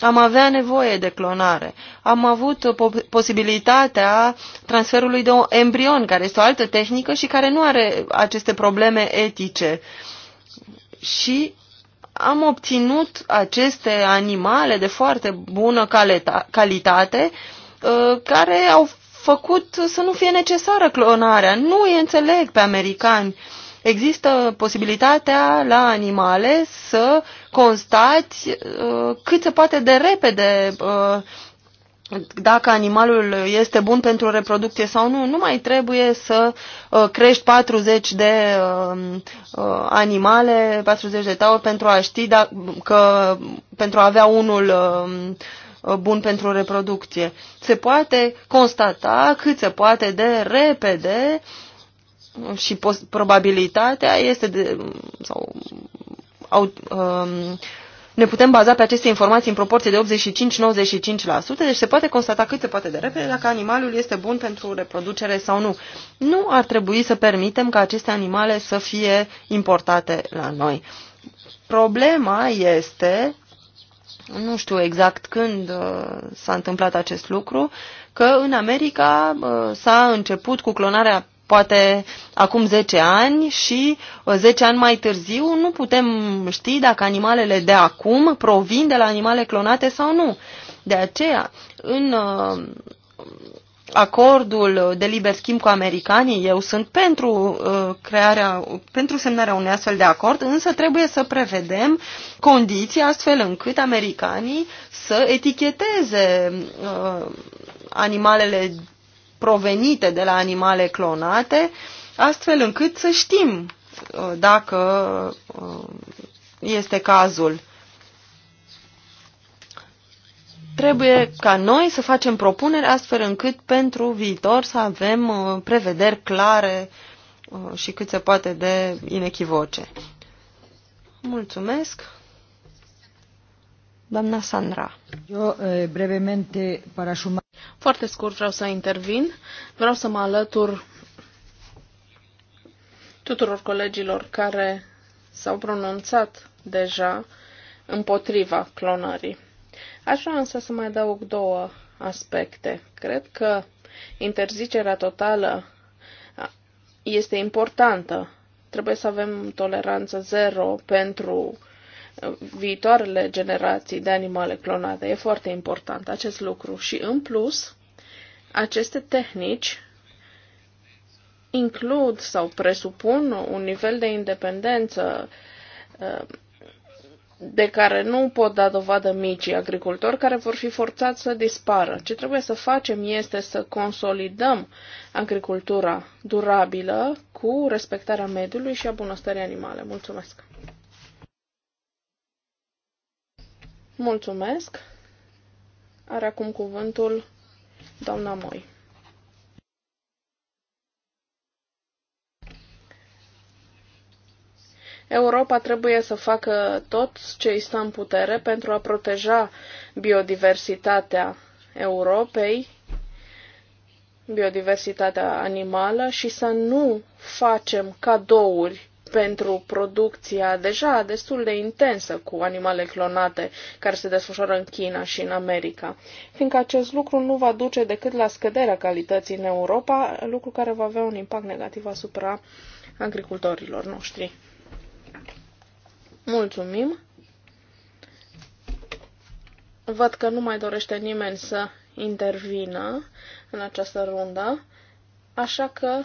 Speaker 3: am avea nevoie de clonare. Am avut uh, po posibilitatea transferului de un embrion, care este o altă tehnică și care nu are aceste probleme etice. Și am obținut aceste animale de foarte bună calitate uh, care au făcut să nu fie necesară clonarea. Nu îi înțeleg pe americani. Există posibilitatea la animale să constați uh, cât se poate de repede uh, dacă animalul este bun pentru reproducție sau nu, nu mai trebuie să uh, crești 40 de uh, uh, animale, 40 de tauri pentru a ști dacă, pentru a avea unul Uh, bun pentru reproducție. Se poate constata cât se poate de repede și probabilitatea este de, sau au, um, ne putem baza pe aceste informații în proporție de 85-95%, deci se poate constata cât se poate de repede dacă animalul este bun pentru reproducere sau nu. Nu ar trebui să permitem ca aceste animale să fie importate la noi. Problema este nu știu exact când uh, s-a întâmplat acest lucru, că în America uh, s-a început cu clonarea poate acum 10 ani și 10 uh, ani mai târziu nu putem ști dacă animalele de acum provin de la animale clonate sau nu. De aceea, în acordul de liber schimb cu americanii, eu sunt pentru, uh, crearea, pentru semnarea unui astfel de acord, însă trebuie să prevedem condiții astfel încât americanii să eticheteze uh, animalele provenite de la animale clonate, astfel încât să știm uh, dacă este cazul. Trebuie ca noi să facem propuneri astfel încât pentru viitor să avem uh, prevederi clare uh, și cât se poate de inechivoce. Mulțumesc. Doamna Sandra. Eu uh, brevemente parașuma...
Speaker 4: Foarte scurt vreau să intervin. Vreau să mă alătur tuturor colegilor care s-au pronunțat deja împotriva clonării. Aș vrea însă să mai adaug două aspecte. Cred că interzicerea totală este importantă. Trebuie să avem toleranță zero pentru viitoarele generații de animale clonate. E foarte important acest lucru. Și în plus, aceste tehnici includ sau presupun un nivel de independență uh, de care nu pot da dovadă micii agricultori care vor fi forțați să dispară. Ce trebuie să facem este să consolidăm agricultura durabilă cu respectarea mediului și a bunăstării animale. Mulțumesc! Mulțumesc! Are acum cuvântul doamna Moi. Europa trebuie să facă tot ce îi stă în putere pentru a proteja biodiversitatea Europei, biodiversitatea animală și să nu facem cadouri pentru producția deja destul de intensă cu animale clonate care se desfășoară în China și în America, fiindcă acest lucru nu va duce decât la scăderea calității în Europa, lucru care va avea un impact negativ asupra agricultorilor noștri. Mulțumim. Văd că nu mai dorește nimeni să intervină în această rundă, așa că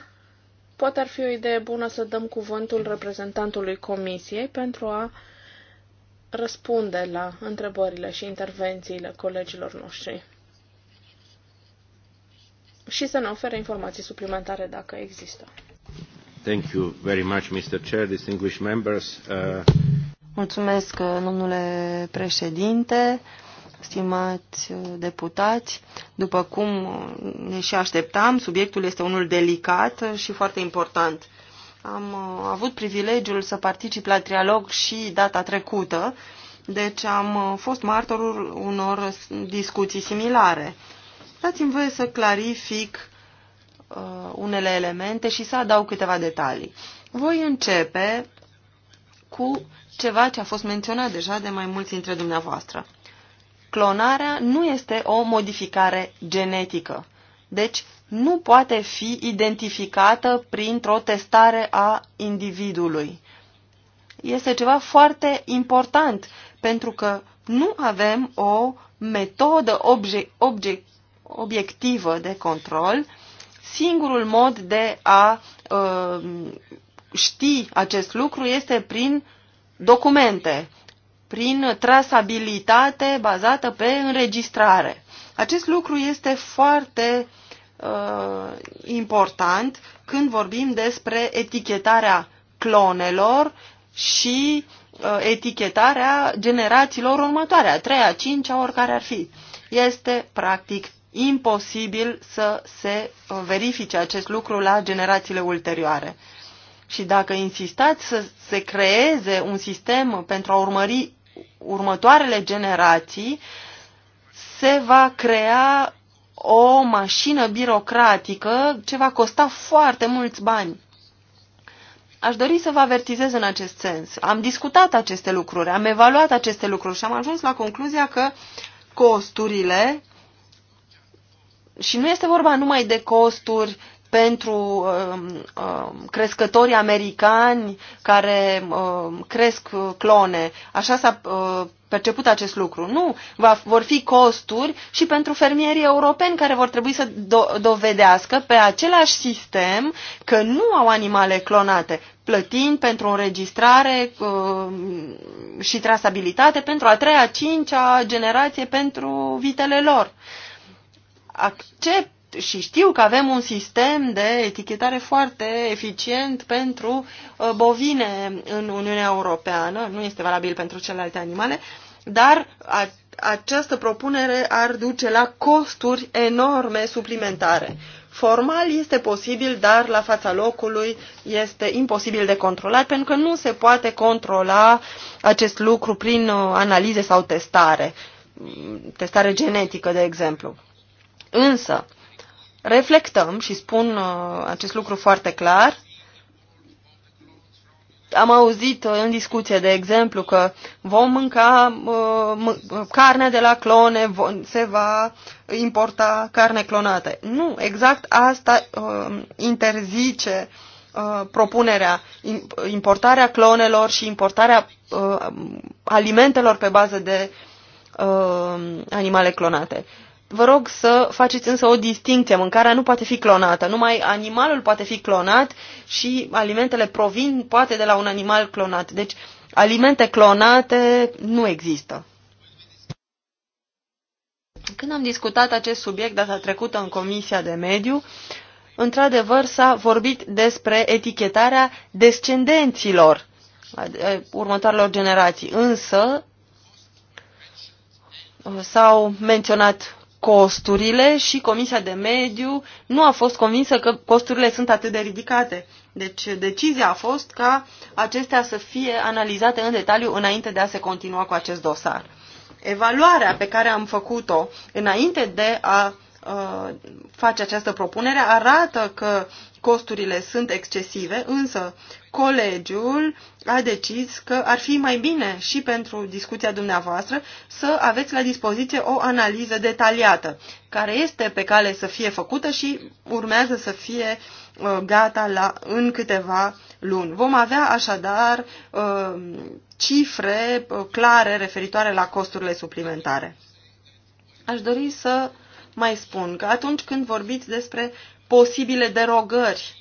Speaker 4: poate ar fi o idee bună să dăm cuvântul reprezentantului Comisiei pentru a răspunde la întrebările și intervențiile colegilor noștri și să ne ofere informații suplimentare dacă există.
Speaker 1: Thank you very much, Mr. Chair, distinguished members. Uh...
Speaker 3: Mulțumesc, uh, domnule președinte, stimați uh, deputați. După cum uh, ne și așteptam, subiectul este unul delicat și foarte important. Am avut privilegiul să particip la trialog și data trecută, deci am fost martorul unor discuții similare. Dați-mi voie să clarific uh, unele elemente și să adaug câteva detalii. Voi începe cu ceva ce a fost menționat deja de mai mulți dintre dumneavoastră. Clonarea nu este o modificare genetică, deci nu poate fi identificată printr-o testare a individului. Este ceva foarte important, pentru că nu avem o metodă obje obje obiectivă de control uh, singurul mod de a uh, ști acest lucru este prin documente, prin trasabilitate bazată pe înregistrare. Acest lucru este foarte uh, important când vorbim despre etichetarea clonelor și uh, etichetarea generațiilor următoare, a treia, a cincea, oricare ar fi. Este practic imposibil să se uh, verifice acest lucru la generațiile ulterioare. Și dacă insistați să se creeze un sistem pentru a urmări următoarele generații, se va crea o mașină birocratică ce va costa foarte mulți bani. Aș dori să vă avertizez în acest sens. Am discutat aceste lucruri, am evaluat aceste lucruri și am ajuns la concluzia că costurile și nu este vorba numai de costuri pentru um, um, crescătorii americani care um, cresc clone. Așa s-a uh, perceput acest lucru. Nu, va, vor fi costuri și pentru fermierii europeni care vor trebui să do- dovedească pe același sistem că nu au animale clonate, plătind pentru înregistrare uh, și trasabilitate pentru a treia, cincea generație pentru vitele lor. Uh, accept și știu că avem un sistem de etichetare foarte eficient pentru uh, bovine în Uniunea Europeană, nu este valabil pentru celelalte animale, dar a, această propunere ar duce la costuri enorme suplimentare. Formal este posibil, dar la fața locului este imposibil de controlat, pentru că nu se poate controla acest lucru prin uh, analize sau testare, testare genetică, de exemplu. Însă, reflectăm și spun uh, acest lucru foarte clar. Am auzit uh, în discuție, de exemplu, că vom mânca uh, carne de la clone, se va importa carne clonată. Nu, exact asta interzice propunerea, importarea clonelor și importarea alimentelor pe bază de animale clonate. Vă rog să faceți însă o distinție. Mâncarea nu poate fi clonată. Numai animalul poate fi clonat și alimentele provin poate de la un animal clonat. Deci alimente clonate nu există. Când am discutat acest subiect data trecută în Comisia de Mediu, într-adevăr s-a vorbit despre etichetarea descendenților eh, următoarelor generații. Însă s-au menționat costurile și Comisia de Mediu nu a fost convinsă că costurile sunt atât de ridicate. Deci decizia a fost ca acestea să fie analizate în detaliu înainte de a se continua cu acest dosar. Evaluarea pe care am făcut-o înainte de a uh, face această propunere arată că costurile sunt excesive, însă colegiul a decis că ar fi mai bine și pentru discuția dumneavoastră să aveți la dispoziție o analiză detaliată, care este pe cale să fie făcută și urmează să fie uh, gata la, în câteva luni. Vom avea așadar uh, cifre uh, clare referitoare la costurile suplimentare. Aș dori să mai spun că atunci când vorbiți despre posibile derogări.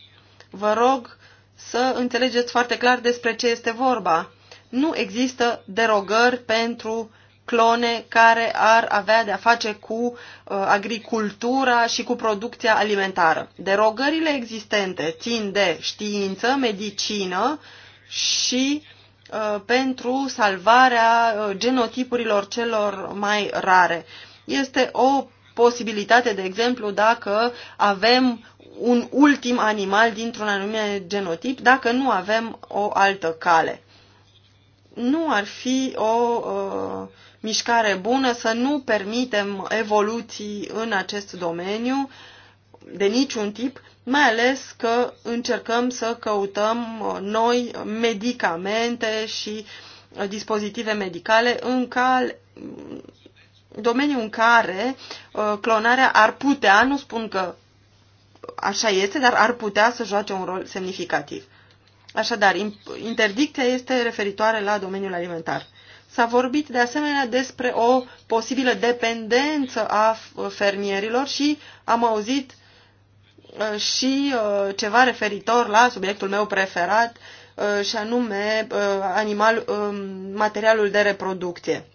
Speaker 3: Vă rog să înțelegeți foarte clar despre ce este vorba. Nu există derogări pentru clone care ar avea de-a face cu uh, agricultura și cu producția alimentară. Derogările existente țin de știință, medicină și uh, pentru salvarea uh, genotipurilor celor mai rare. Este o posibilitate, de exemplu, dacă avem un ultim animal dintr-un anume genotip, dacă nu avem o altă cale. Nu ar fi o uh, mișcare bună să nu permitem evoluții în acest domeniu de niciun tip, mai ales că încercăm să căutăm uh, noi medicamente și uh, dispozitive medicale în, cal, domeniu în care uh, clonarea ar putea, nu spun că așa este, dar ar putea să joace un rol semnificativ. Așadar, interdicția este referitoare la domeniul alimentar. S-a vorbit de asemenea despre o posibilă dependență a fermierilor și am auzit uh, și uh, ceva referitor la subiectul meu preferat, și anume animal, um, materialul de reproducție.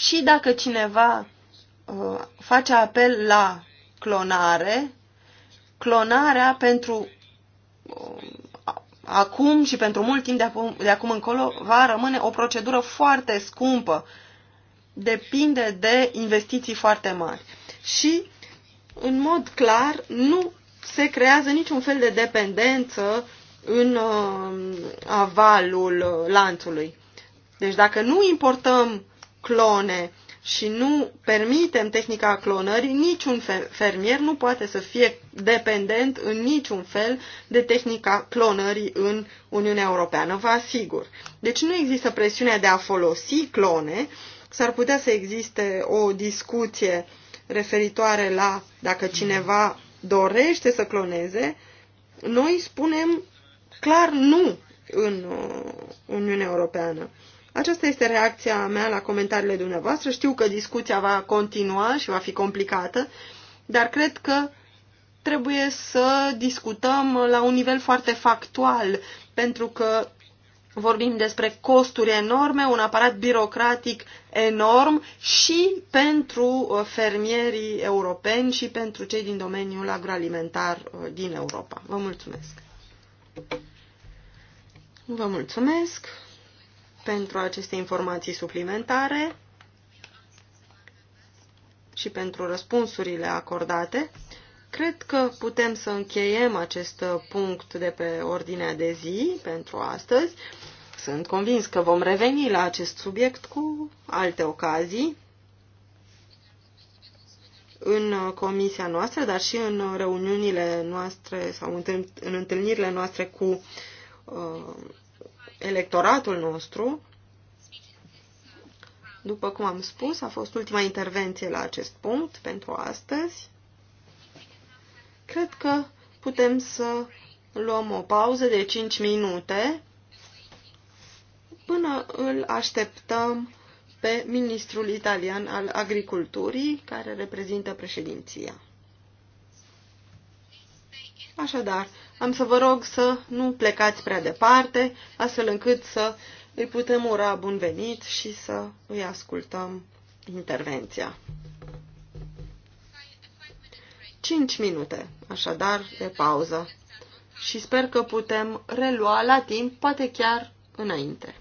Speaker 3: Și dacă cineva uh, face apel la clonare, clonarea pentru uh, acum și pentru mult timp de acum, de acum încolo va rămâne o procedură foarte scumpă. Depinde de investiții foarte mari. Și, în mod clar, nu se creează niciun fel de dependență în uh, avalul uh, lanțului. Deci dacă nu importăm clone și nu permitem tehnica clonării, niciun fermier nu poate să fie dependent în niciun fel de tehnica clonării în Uniunea Europeană, vă asigur. Deci nu există presiunea de a folosi clone, s-ar putea să existe o discuție referitoare la dacă cineva dorește să cloneze, noi spunem clar nu în uh, Uniunea Europeană. Aceasta este reacția mea la comentariile dumneavoastră. Știu că discuția va continua și va fi complicată, dar cred că trebuie să discutăm la un nivel foarte factual, pentru că vorbim despre costuri enorme, un aparat birocratic enorm și pentru uh, fermierii europeni și pentru cei din domeniul agroalimentar uh, din Europa. Vă mulțumesc! Vă mulțumesc! pentru aceste informații suplimentare și pentru răspunsurile acordate. Cred că putem să încheiem acest punct de pe ordinea de zi pentru astăzi. Sunt convins că vom reveni la acest subiect cu alte ocazii în comisia noastră, dar și în reuniunile noastre sau în întâlnirile noastre cu uh, electoratul nostru. După cum am spus, a fost ultima intervenție la acest punct pentru astăzi. Cred că putem să luăm o pauză de 5 minute până îl așteptăm pe ministrul italian al agriculturii, care reprezintă președinția. Așadar, am să vă rog să nu plecați prea departe, astfel încât să îi putem ura bun venit și să îi ascultăm intervenția. Cinci minute, așadar, de pauză. Și sper că putem relua la timp, poate chiar înainte.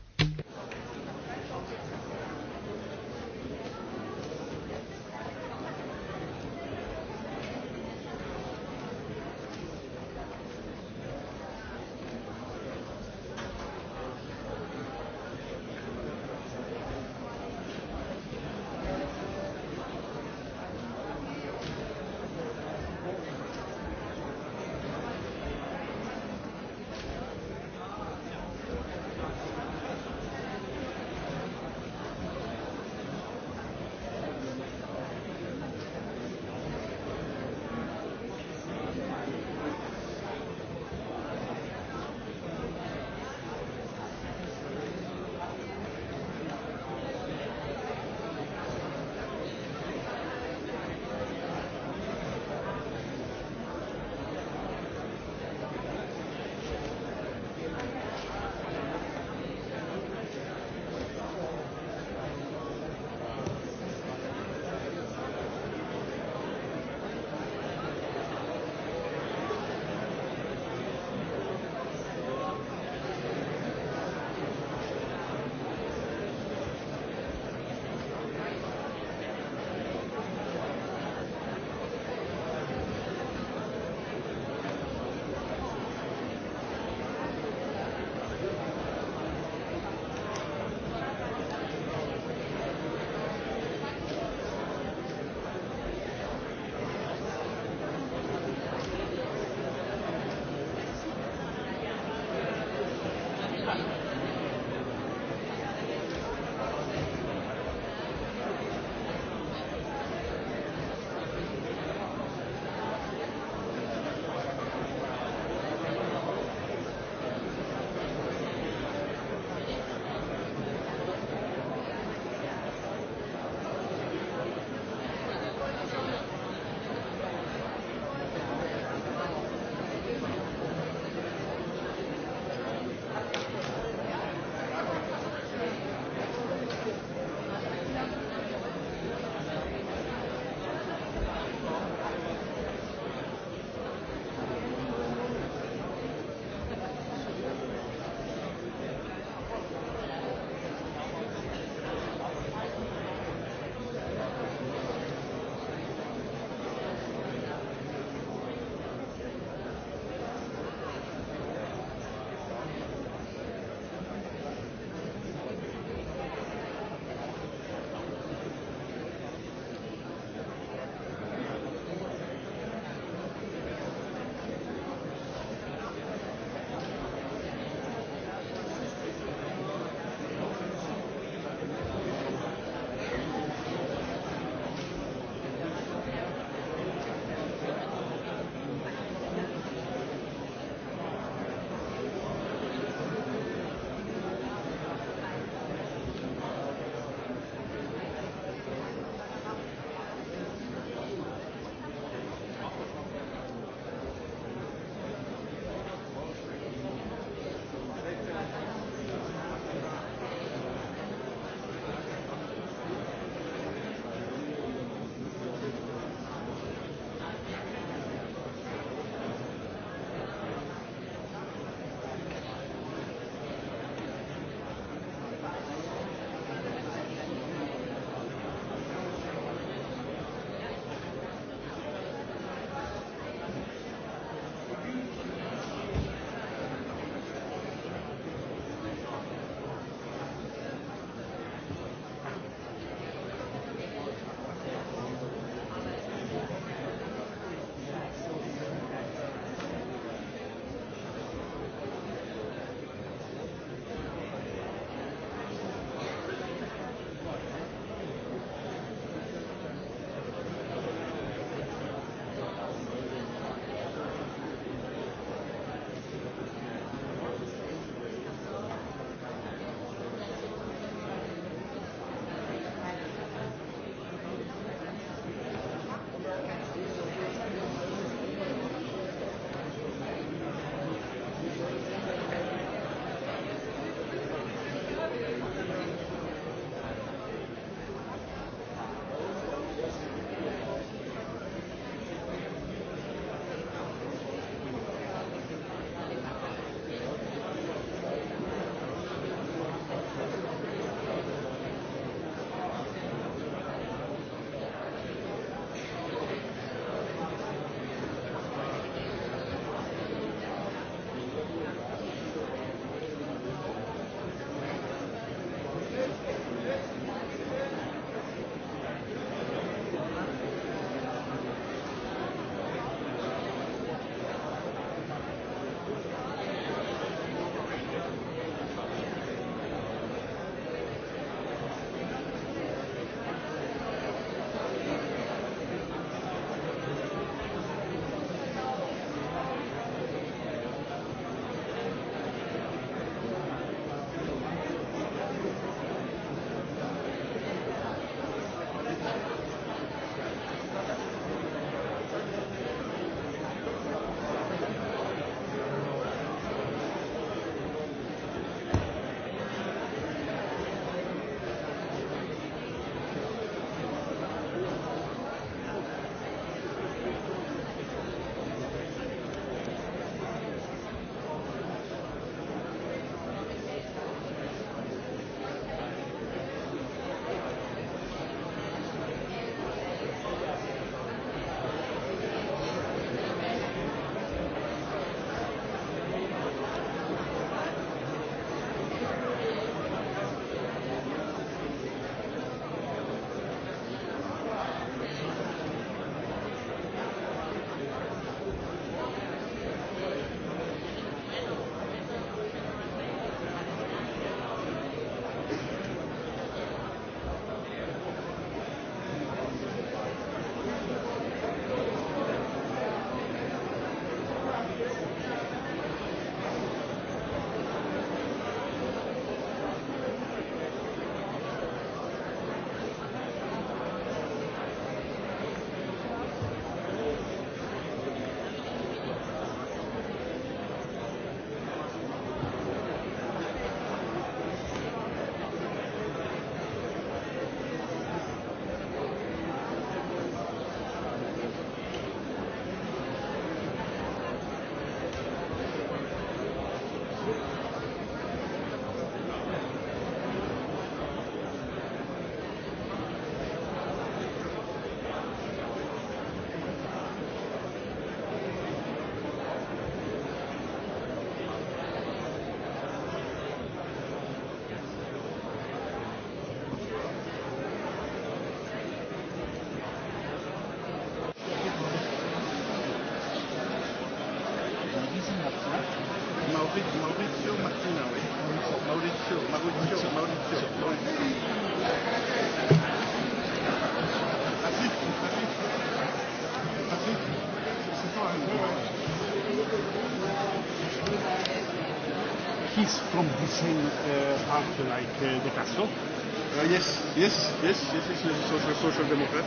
Speaker 1: Castro? Uh, yes, yes,
Speaker 5: yes, yes, yes, yes, social, social democrat.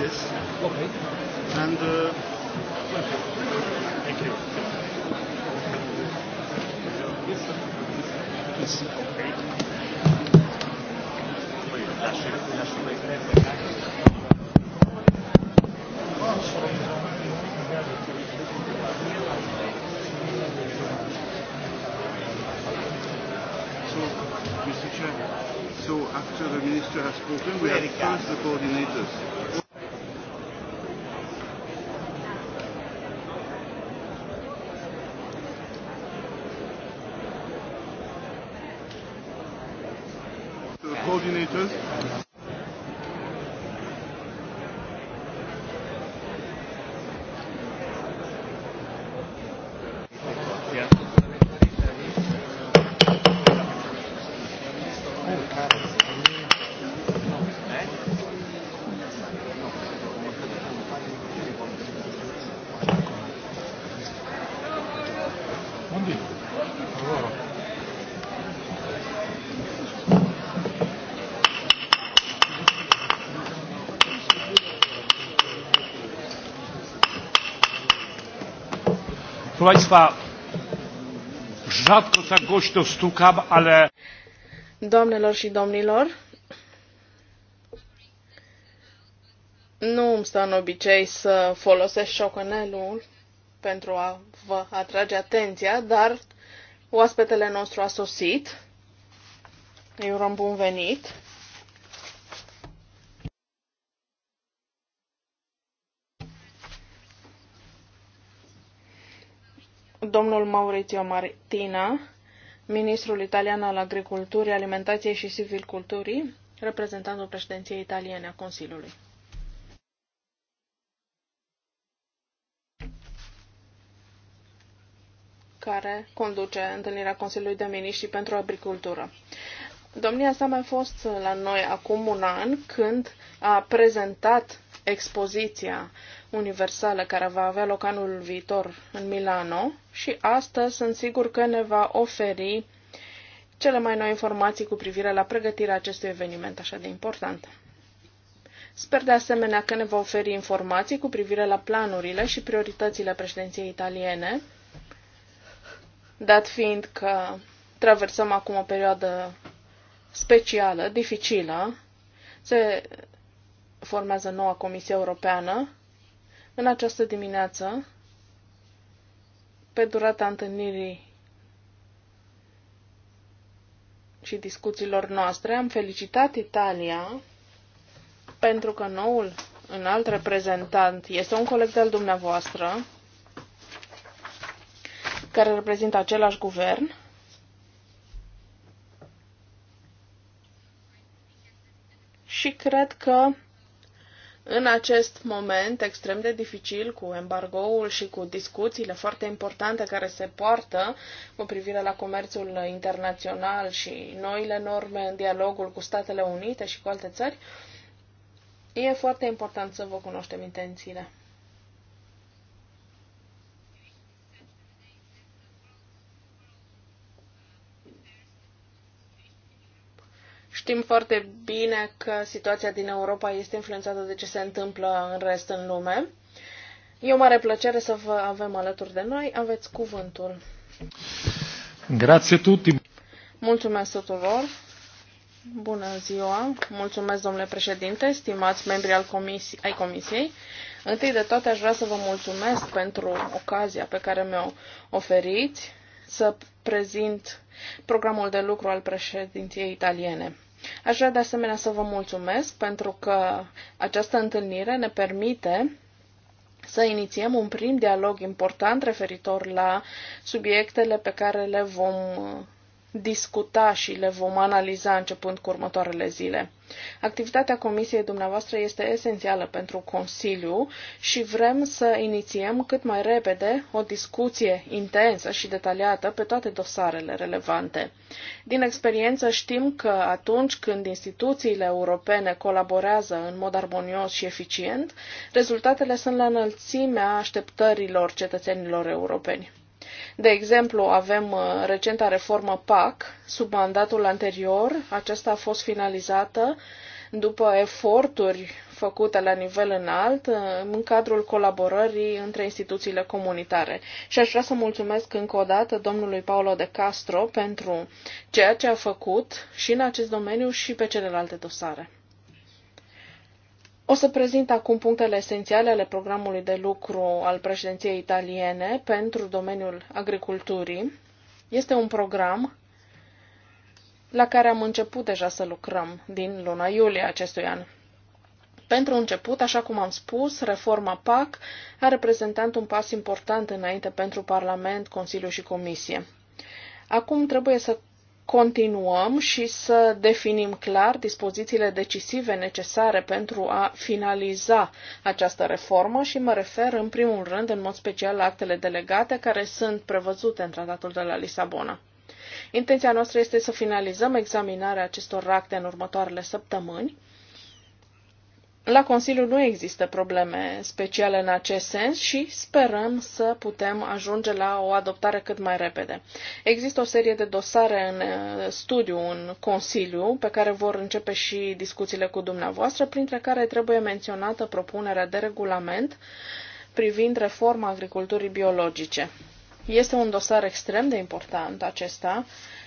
Speaker 5: Yes. Okay. And. Uh,
Speaker 2: coordinators
Speaker 1: Państwa, rzadko tak głośno stukam, ale...
Speaker 4: Domnilor și domnilor, nu îmi stă în obicei să folosesc șocanelul pentru a vă atrage atenția, dar oaspetele nostru a sosit. Eu urăm bun venit. domnul Maurizio Martina, ministrul italian al agriculturii, alimentației și civilculturii, reprezentantul președinției italiene a Consiliului. care conduce întâlnirea Consiliului de Miniștri pentru Agricultură. Domnia sa mai fost la noi acum un an când a prezentat expoziția universală care va avea loc anul viitor în Milano și astăzi sunt sigur că ne va oferi cele mai noi informații cu privire la pregătirea acestui eveniment așa de important. Sper de asemenea că ne va oferi informații cu privire la planurile și prioritățile președinției italiene, dat fiind că traversăm acum o perioadă specială, dificilă, se formează noua Comisie Europeană în această dimineață, pe durata întâlnirii și discuțiilor noastre, am felicitat Italia pentru că noul înalt reprezentant este un coleg de-al dumneavoastră care reprezintă același guvern și cred că în acest moment extrem de dificil cu embargoul și cu discuțiile foarte importante care se poartă cu privire la comerțul internațional și noile norme în dialogul cu Statele Unite și cu alte țări, e foarte important să vă cunoaștem intențiile. Știm foarte bine că situația din Europa este influențată de ce se întâmplă în rest în lume. E o mare plăcere să vă avem alături de noi. Aveți cuvântul.
Speaker 1: Grazie tutti.
Speaker 4: Mulțumesc tuturor. Bună ziua. Mulțumesc, domnule președinte, stimați membri al comisi- ai comisiei. Întâi de toate aș vrea să vă mulțumesc pentru ocazia pe care mi-o oferiți să prezint programul de lucru al președinției italiene. Aș vrea de asemenea să vă mulțumesc pentru că această întâlnire ne permite să inițiem un prim dialog important referitor la subiectele pe care le vom discuta și le vom analiza începând cu următoarele zile. Activitatea comisiei dumneavoastră este esențială pentru Consiliu și vrem să inițiem cât mai repede o discuție intensă și detaliată pe toate dosarele relevante. Din experiență știm că atunci când instituțiile europene colaborează în mod armonios și eficient, rezultatele sunt la înălțimea așteptărilor cetățenilor europeni. De exemplu, avem uh, recenta reformă PAC. Sub mandatul anterior, aceasta a fost finalizată după eforturi făcute la nivel înalt uh, în cadrul colaborării între instituțiile comunitare. Și aș vrea să mulțumesc încă o dată domnului Paolo de Castro pentru ceea ce a făcut și în acest domeniu și pe celelalte dosare. O să prezint acum punctele esențiale ale programului de lucru al președinției italiene pentru domeniul agriculturii. Este un program la care am început deja să lucrăm din luna iulie acestui an. Pentru început, așa cum am spus, reforma PAC a reprezentat un pas important înainte pentru Parlament, Consiliu și Comisie. Acum trebuie să continuăm și să definim clar dispozițiile decisive necesare pentru a finaliza această reformă și mă refer în primul rând în mod special la actele delegate care sunt prevăzute în tratatul de la Lisabona. Intenția noastră este să finalizăm examinarea acestor acte în următoarele săptămâni la Consiliu nu există probleme speciale în acest sens și sperăm să putem ajunge la o adoptare cât mai repede. Există o serie de dosare în uh, studiu în Consiliu pe care vor începe și discuțiile cu dumneavoastră, printre care trebuie menționată propunerea de regulament privind reforma agriculturii biologice. Este un dosar extrem de important acesta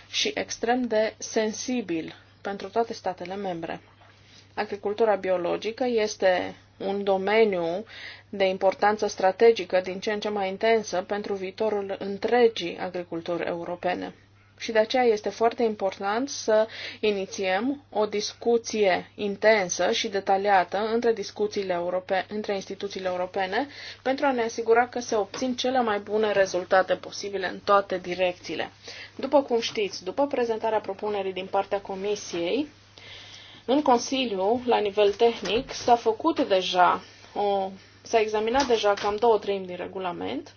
Speaker 4: și extrem de sensibil pentru toate statele membre. Agricultura biologică este un domeniu de importanță strategică din ce în ce mai intensă pentru viitorul întregii agriculturi europene. Și de aceea este foarte important să inițiem o discuție intensă și detaliată între, discuțiile europene, între instituțiile europene pentru a ne asigura că se obțin cele mai bune rezultate posibile în toate direcțiile. După cum știți, după prezentarea propunerii din partea Comisiei, în Consiliu, la nivel tehnic, s-a făcut deja o s-a examinat deja cam două treimi din regulament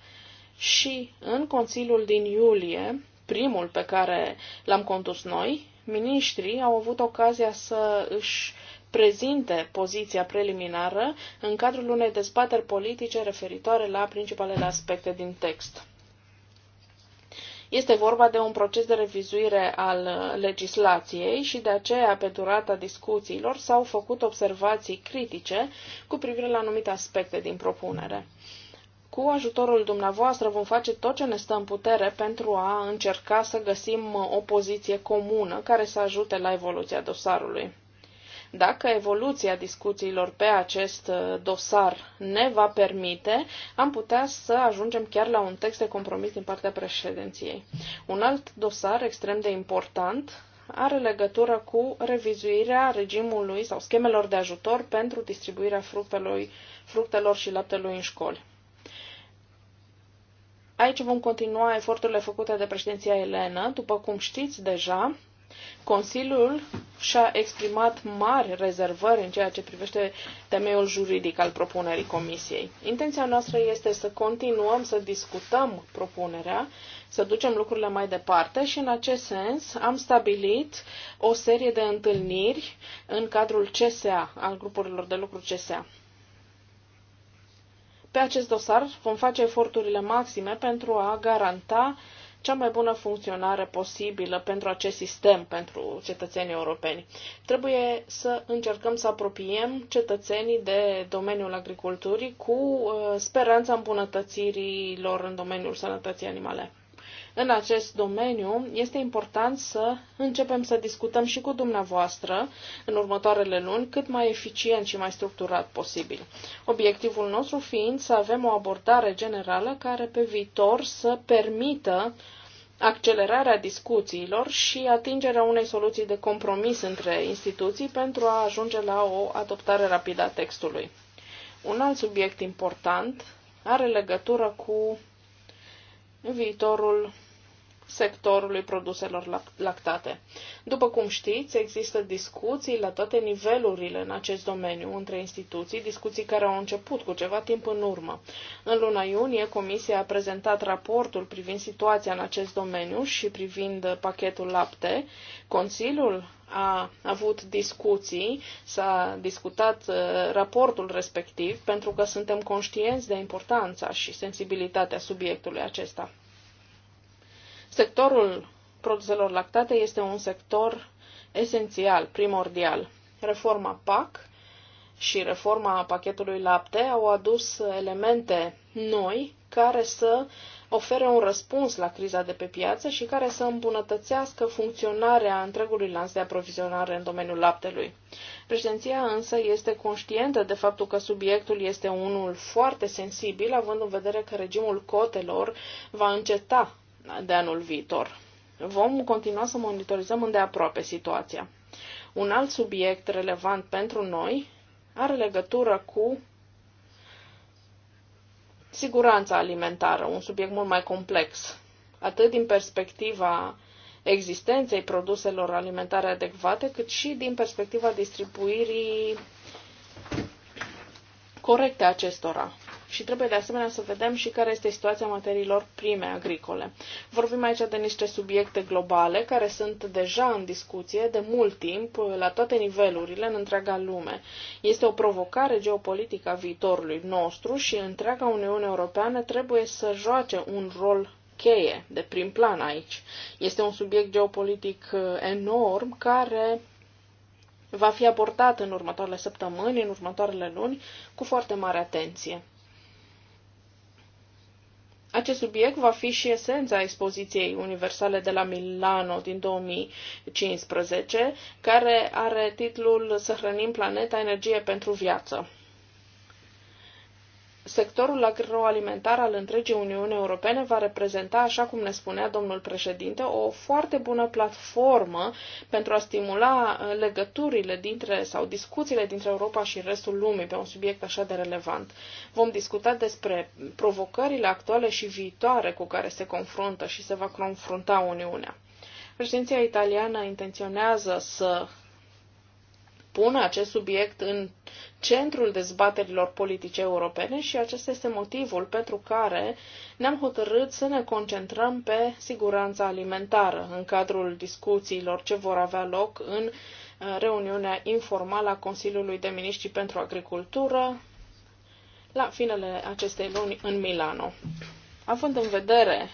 Speaker 4: și în Consiliul din iulie, primul pe care l-am condus noi, miniștrii au avut ocazia să își prezinte poziția preliminară în cadrul unei dezbateri politice referitoare la principalele aspecte din text. Este vorba de un proces de revizuire al uh, legislației și de aceea, pe durata discuțiilor, s-au făcut observații critice cu privire la anumite aspecte din propunere. Cu ajutorul dumneavoastră vom face tot ce ne stă în putere pentru a încerca să găsim uh, o poziție comună care să ajute la evoluția dosarului. Dacă evoluția discuțiilor pe acest uh, dosar ne va permite, am putea să ajungem chiar la un text de compromis din partea președinției. Un alt dosar extrem de important are legătură cu revizuirea regimului sau schemelor de ajutor pentru distribuirea fructelor, fructelor și laptelui în școli. Aici vom continua eforturile făcute de președinția Elena. După cum știți deja, Consiliul și-a exprimat mari rezervări în ceea ce privește temeiul juridic al propunerii Comisiei. Intenția noastră este să continuăm să discutăm propunerea, să ducem lucrurile mai departe și în acest sens am stabilit o serie de întâlniri în cadrul CSA, al grupurilor de lucru CSA. Pe acest dosar vom face eforturile maxime pentru a garanta uh, cea mai bună funcționare posibilă pentru acest sistem, pentru cetățenii europeni. Trebuie să încercăm să apropiem cetățenii de domeniul agriculturii cu uh, speranța îmbunătățirii lor în domeniul sănătății animale în acest domeniu, este important să începem să discutăm și cu dumneavoastră în următoarele luni cât mai eficient și mai structurat posibil. Obiectivul nostru fiind să avem o abordare generală care pe viitor să permită accelerarea discuțiilor și atingerea unei soluții de compromis între instituții pentru a ajunge la o adoptare rapidă a textului. Un alt subiect important are legătură cu viitorul sectorului produselor lactate. După cum știți, există discuții la toate nivelurile în acest domeniu între instituții, discuții care au început cu ceva timp în urmă. În luna iunie, Comisia a prezentat raportul privind situația în acest domeniu și privind pachetul lapte. Consiliul a avut discuții, s-a discutat uh, raportul respectiv, pentru că suntem conștienți de importanța și sensibilitatea subiectului acesta. Sectorul produselor lactate este un sector esențial, primordial. Reforma PAC și reforma pachetului lapte au adus elemente noi care să ofere un răspuns la criza de pe piață și care să îmbunătățească funcționarea întregului lanț de aprovizionare în domeniul laptelui. Președinția însă este conștientă de faptul că subiectul este unul foarte sensibil, având în vedere că regimul cotelor va înceta de anul viitor. Vom continua să monitorizăm îndeaproape situația. Un alt subiect relevant pentru noi are legătură cu siguranța alimentară, un subiect mult mai complex, atât din perspectiva existenței produselor alimentare adecvate, cât și din perspectiva distribuirii corecte acestora și trebuie de asemenea să vedem și care este situația materiilor prime agricole. Vorbim aici de niște subiecte globale care sunt deja în discuție de mult timp la toate nivelurile în întreaga lume. Este o provocare geopolitică a viitorului nostru și întreaga Uniune Europeană trebuie să joace un rol cheie, de prim plan aici. Este un subiect geopolitic uh, enorm care va fi abordat în următoarele săptămâni, în următoarele luni, cu foarte mare atenție. Acest subiect va fi și esența expoziției universale de la Milano din 2015, care are titlul Să hrănim planeta energie pentru viață sectorul agroalimentar al întregii Uniuni Europene va reprezenta, așa cum ne spunea domnul președinte, o foarte bună platformă pentru a stimula uh, legăturile dintre sau discuțiile dintre Europa și restul lumii pe un subiect așa de relevant. Vom discuta despre provocările actuale și viitoare cu care se confruntă și se va confrunta Uniunea. Președinția italiană intenționează să pună acest subiect în centrul dezbaterilor politice europene și acesta este motivul pentru care ne-am hotărât să ne concentrăm pe siguranța alimentară în cadrul discuțiilor ce vor avea loc în uh, reuniunea informală a Consiliului de Miniștri pentru Agricultură la finele acestei luni în Milano. Având în vedere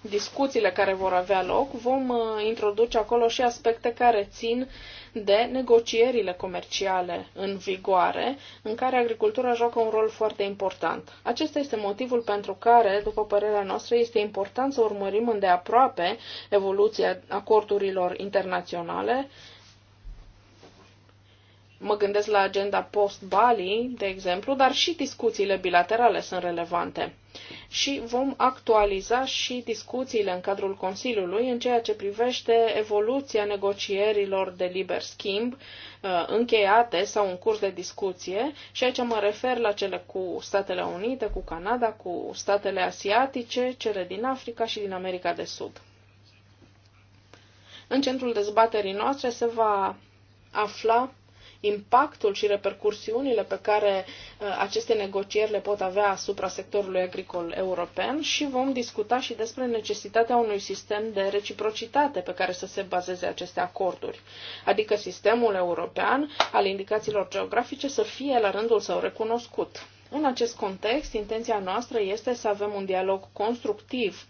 Speaker 4: discuțiile care vor avea loc, vom uh, introduce acolo și aspecte care țin de negocierile comerciale în vigoare, în care agricultura joacă un rol foarte important. Acesta este motivul pentru care, după părerea noastră, este important să urmărim îndeaproape evoluția acordurilor internaționale. Mă gândesc la agenda post-Bali, de exemplu, dar și discuțiile bilaterale sunt relevante și vom actualiza și discuțiile în cadrul Consiliului în ceea ce privește evoluția negocierilor de liber schimb uh, încheiate sau în curs de discuție și aici mă refer la cele cu Statele Unite, cu Canada, cu statele asiatice, cele din Africa și din America de Sud. În centrul dezbaterii noastre se va afla impactul și repercursiunile pe care uh, aceste negocieri le pot avea asupra sectorului agricol european și vom discuta și despre necesitatea unui sistem de reciprocitate pe care să se bazeze aceste acorduri, adică sistemul european al indicațiilor geografice să fie la rândul său recunoscut. În acest context, intenția noastră este să avem un dialog constructiv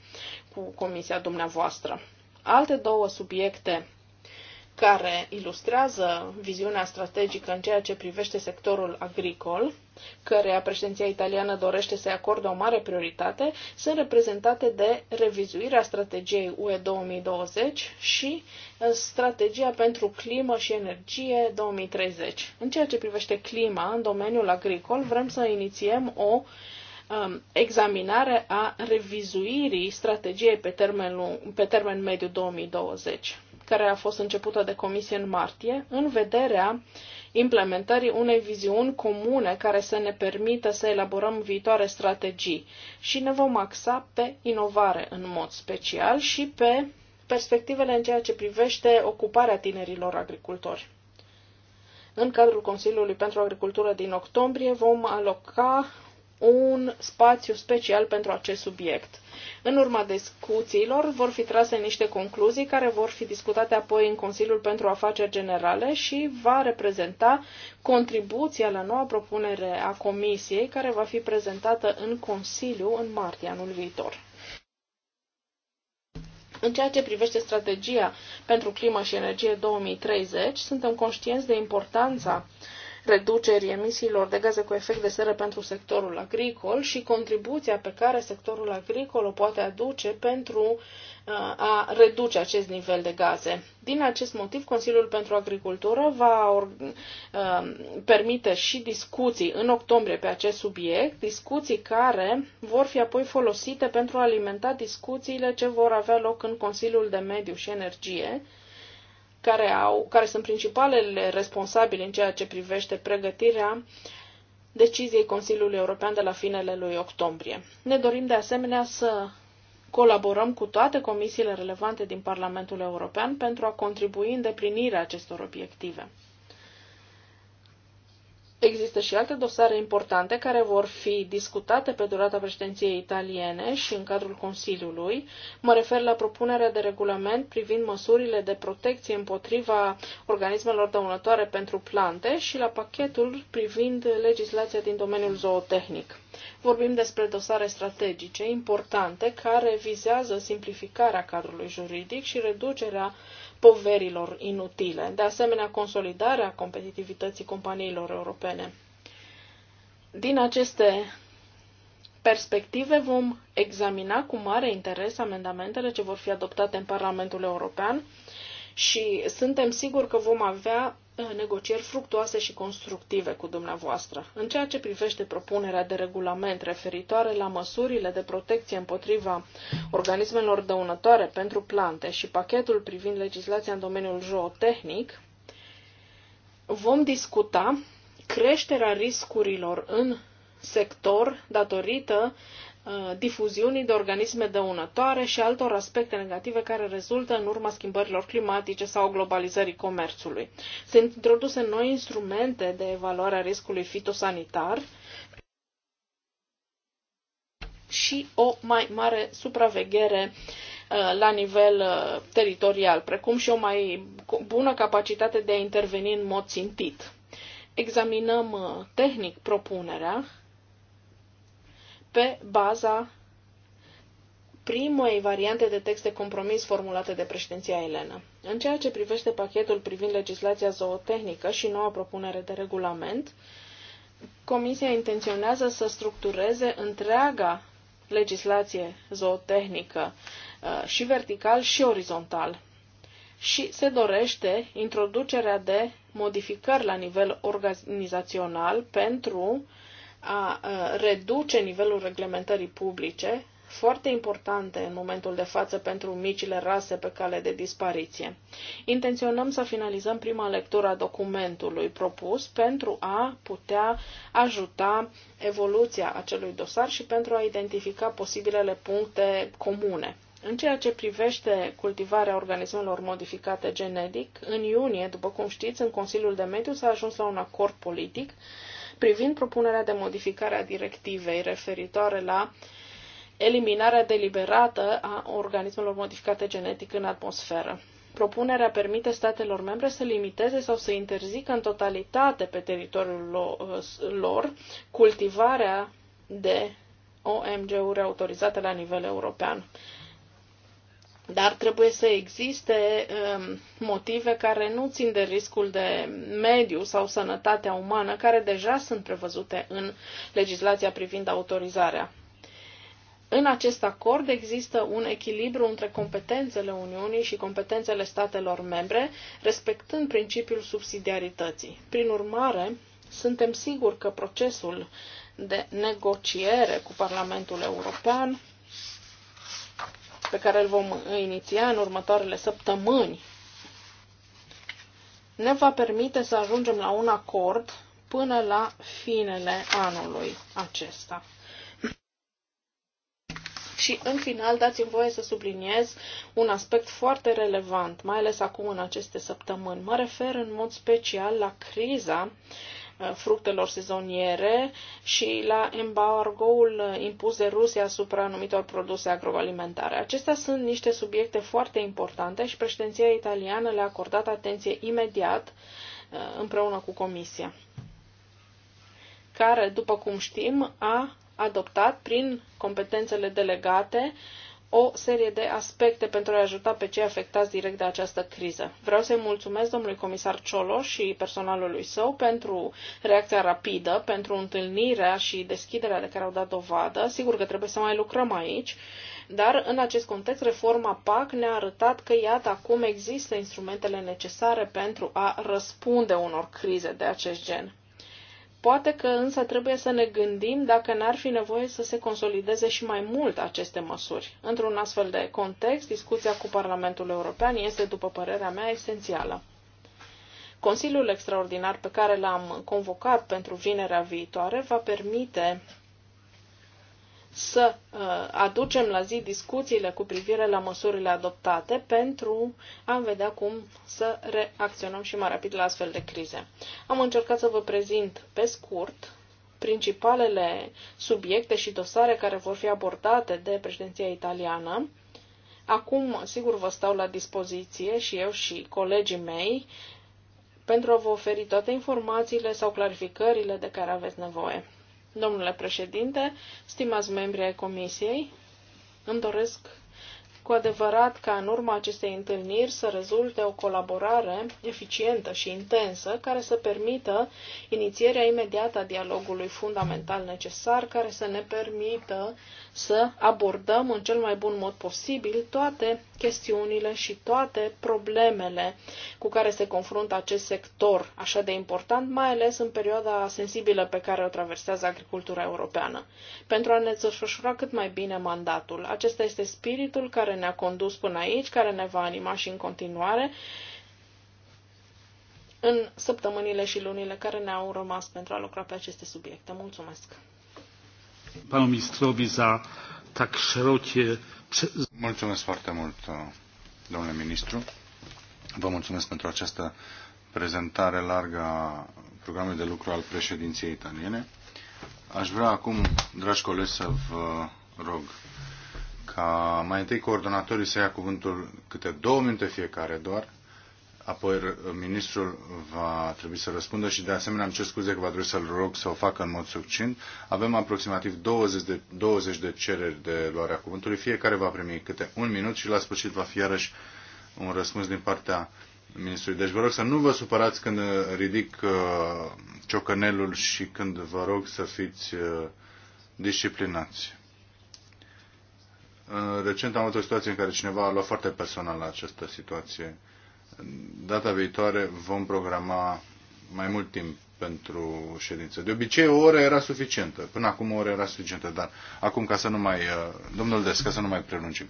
Speaker 4: cu comisia dumneavoastră. Alte două subiecte care ilustrează viziunea strategică în ceea ce privește sectorul agricol, căreia președinția italiană dorește să-i acorde o mare prioritate, sunt reprezentate de revizuirea strategiei UE 2020 și uh, strategia pentru climă și energie 2030. În ceea ce privește clima în domeniul agricol, vrem să inițiem o um, examinare a revizuirii strategiei pe termen, pe termen mediu 2020 care a fost începută de comisie în martie, în vederea implementării unei viziuni comune care să ne permită să elaborăm viitoare strategii și ne vom axa pe inovare în mod special și pe perspectivele în ceea ce privește ocuparea tinerilor agricultori. În cadrul Consiliului pentru Agricultură din octombrie vom aloca un spațiu special pentru acest subiect. În urma discuțiilor vor fi trase niște concluzii care vor fi discutate apoi în Consiliul pentru Afaceri Generale și va reprezenta contribuția la noua propunere a Comisiei care va fi prezentată în Consiliu în martie anul viitor. În ceea ce privește strategia pentru climă și energie 2030, suntem conștienți de importanța reducerii emisiilor de gaze cu efect de seră pentru sectorul agricol și contribuția pe care sectorul agricol o poate aduce pentru uh, a reduce acest nivel de gaze. Din acest motiv, Consiliul pentru Agricultură va uh, permite și discuții în octombrie pe acest subiect, discuții care vor fi apoi folosite pentru a alimenta discuțiile ce vor avea loc în Consiliul de Mediu și Energie, care, au, care sunt principalele responsabile în ceea ce privește pregătirea deciziei Consiliului European de la finele lui octombrie. Ne dorim de asemenea să Colaborăm cu toate comisiile relevante din Parlamentul European pentru a contribui în deplinirea acestor obiective. Există și alte dosare importante care vor fi discutate pe durata președinției italiene și în cadrul Consiliului. Mă refer la propunerea de regulament privind măsurile de protecție împotriva organismelor dăunătoare pentru plante și la pachetul privind legislația din domeniul zootehnic. Vorbim despre dosare strategice importante care vizează simplificarea cadrului juridic și reducerea poverilor inutile. De asemenea, consolidarea competitivității companiilor europene. Din aceste perspective vom examina cu mare interes amendamentele ce vor fi adoptate în Parlamentul European și suntem siguri că vom avea negocieri fructuoase și constructive cu dumneavoastră. În ceea ce privește propunerea de regulament referitoare la măsurile de protecție împotriva organismelor dăunătoare pentru plante și pachetul privind legislația în domeniul zootehnic, vom discuta creșterea riscurilor în sector datorită Uh, difuziunii de organisme dăunătoare și altor aspecte negative care rezultă în urma schimbărilor climatice sau globalizării comerțului. Sunt introduse noi instrumente de evaluare a riscului fitosanitar și o mai mare supraveghere uh, la nivel uh, teritorial, precum și o mai bună capacitate de a interveni în mod țintit. Examinăm tehnic propunerea pe baza primei variante de text de compromis formulate de președinția Elena. În ceea ce privește pachetul privind legislația zootehnică și noua propunere de regulament, Comisia intenționează să structureze întreaga legislație zootehnică uh, și vertical și orizontal și se dorește introducerea de modificări la nivel organizațional pentru uh, a reduce nivelul reglementării publice, foarte importante în momentul de față pentru micile rase pe cale de dispariție. Intenționăm să finalizăm prima lectură a documentului propus pentru a putea ajuta evoluția acelui dosar și pentru a identifica posibilele puncte comune. În ceea ce privește cultivarea organismelor modificate genetic, în iunie, după cum știți, în Consiliul de Mediu s-a ajuns la un acord politic privind propunerea de modificare a directivei referitoare la eliminarea deliberată a organismelor modificate genetic în atmosferă. Propunerea permite statelor membre să limiteze sau să interzică în totalitate pe teritoriul uh, lor cultivarea de OMG-uri autorizate la nivel european. Dar trebuie să existe um, motive care nu țin de riscul de mediu sau sănătatea umană, care deja sunt prevăzute în legislația privind autorizarea. În acest acord există un echilibru între competențele Uniunii și competențele statelor membre, respectând principiul subsidiarității. Prin urmare, suntem siguri că procesul de negociere cu Parlamentul European pe care îl vom iniția în următoarele săptămâni ne va permite să ajungem la un acord până la finele anului acesta. Și în final dați-mi voie să subliniez un aspect foarte relevant, mai ales acum în aceste săptămâni. Mă refer în mod special la criza uh, Uh, fructelor sezoniere și la embargoul impus de Rusia asupra anumitor produse agroalimentare. Acestea sunt niște subiecte foarte importante și președinția italiană le-a acordat atenție imediat uh, împreună cu Comisia, care, după cum știm, a adoptat prin competențele delegate uh, o serie de aspecte pentru a ajuta pe cei afectați direct de această criză. Vreau să-i mulțumesc domnului comisar Ciolo și personalului său pentru reacția rapidă, pentru întâlnirea și deschiderea de care au dat dovadă. Sigur că trebuie să mai lucrăm aici, dar în acest context reforma PAC ne-a arătat că iată acum există instrumentele necesare pentru a răspunde unor crize de acest gen. Poate că însă trebuie să ne gândim dacă n-ar fi nevoie să se consolideze și mai mult aceste măsuri. Într-un astfel de context, discuția cu Parlamentul European este, după părerea mea, esențială. Consiliul extraordinar pe care l-am convocat pentru vinerea viitoare va permite să uh, aducem la zi discuțiile cu privire la măsurile adoptate pentru a vedea cum să reacționăm și mai rapid la astfel de crize. Am încercat să vă prezint pe scurt principalele subiecte și dosare care vor fi abordate de președinția italiană. Acum, sigur, vă stau la dispoziție și eu și colegii mei pentru a vă oferi toate informațiile sau clarificările de care aveți nevoie. Domnule președinte, stimați membri ai comisiei, îmi doresc cu adevărat ca în urma acestei întâlniri să rezulte o colaborare eficientă și intensă care să permită inițierea imediată a dialogului fundamental necesar, care să ne permită să abordăm în cel mai bun mod posibil toate chestiunile și toate problemele cu care se confruntă acest sector așa de important, mai ales în perioada sensibilă pe care o traversează agricultura europeană, pentru a ne desfășura cât mai bine mandatul. Acesta este spiritul care ne-a condus până aici, care ne va anima și în continuare în săptămânile și lunile care ne-au rămas pentru a lucra pe aceste subiecte. Mulțumesc!
Speaker 1: Panu ministrowi za tak szerokie...
Speaker 2: Mulțumesc foarte mult, domnule ministru. Vă mulțumesc pentru această prezentare largă a programului de lucru al președinției italiene. Aș vrea acum, dragi colegi, să vă rog ca mai întâi coordonatorii să ia cuvântul câte două minute fiecare doar apoi ministrul va trebui să răspundă și de asemenea am cer scuze că va trebui să-l rog să o facă în mod succint. Avem aproximativ 20 de, 20 de cereri de luarea cuvântului, fiecare va primi câte un minut și la sfârșit va fi iarăși un răspuns din partea ministrului. Deci vă rog să nu vă supărați când ridic uh, ciocănelul și când vă rog să fiți uh, disciplinați. Recent am avut o situație în care cineva a luat foarte personal la această situație data viitoare vom programa mai mult timp pentru ședință. De obicei, o oră era suficientă. Până acum o oră era suficientă, dar acum ca să nu mai... Uh, domnul Des, ca să nu mai prelungim.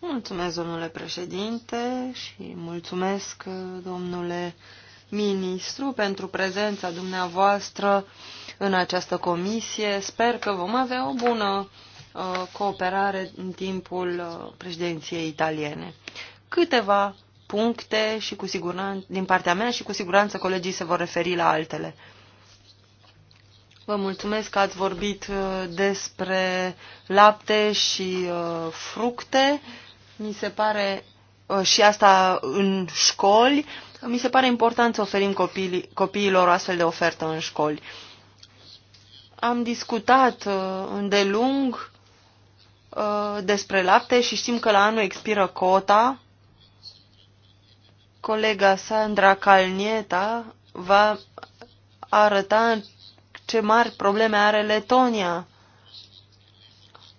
Speaker 3: Mulțumesc, domnule președinte, și mulțumesc, domnule ministru, pentru prezența dumneavoastră în această comisie. Sper că vom avea o bună Uh, cooperare în timpul uh, președinției italiene. Câteva puncte și cu siguranță, din partea mea și cu siguranță colegii se vor referi la altele. Vă mulțumesc că ați vorbit uh, despre lapte și fructe. Mi se pare și asta în școli. Mi se pare important să oferim copiii, copiilor astfel de ofertă în școli. Am discutat îndelung Uh, despre lapte și știm că la anul expiră cota. Colega Sandra Calnieta va arăta ce mari probleme are Letonia.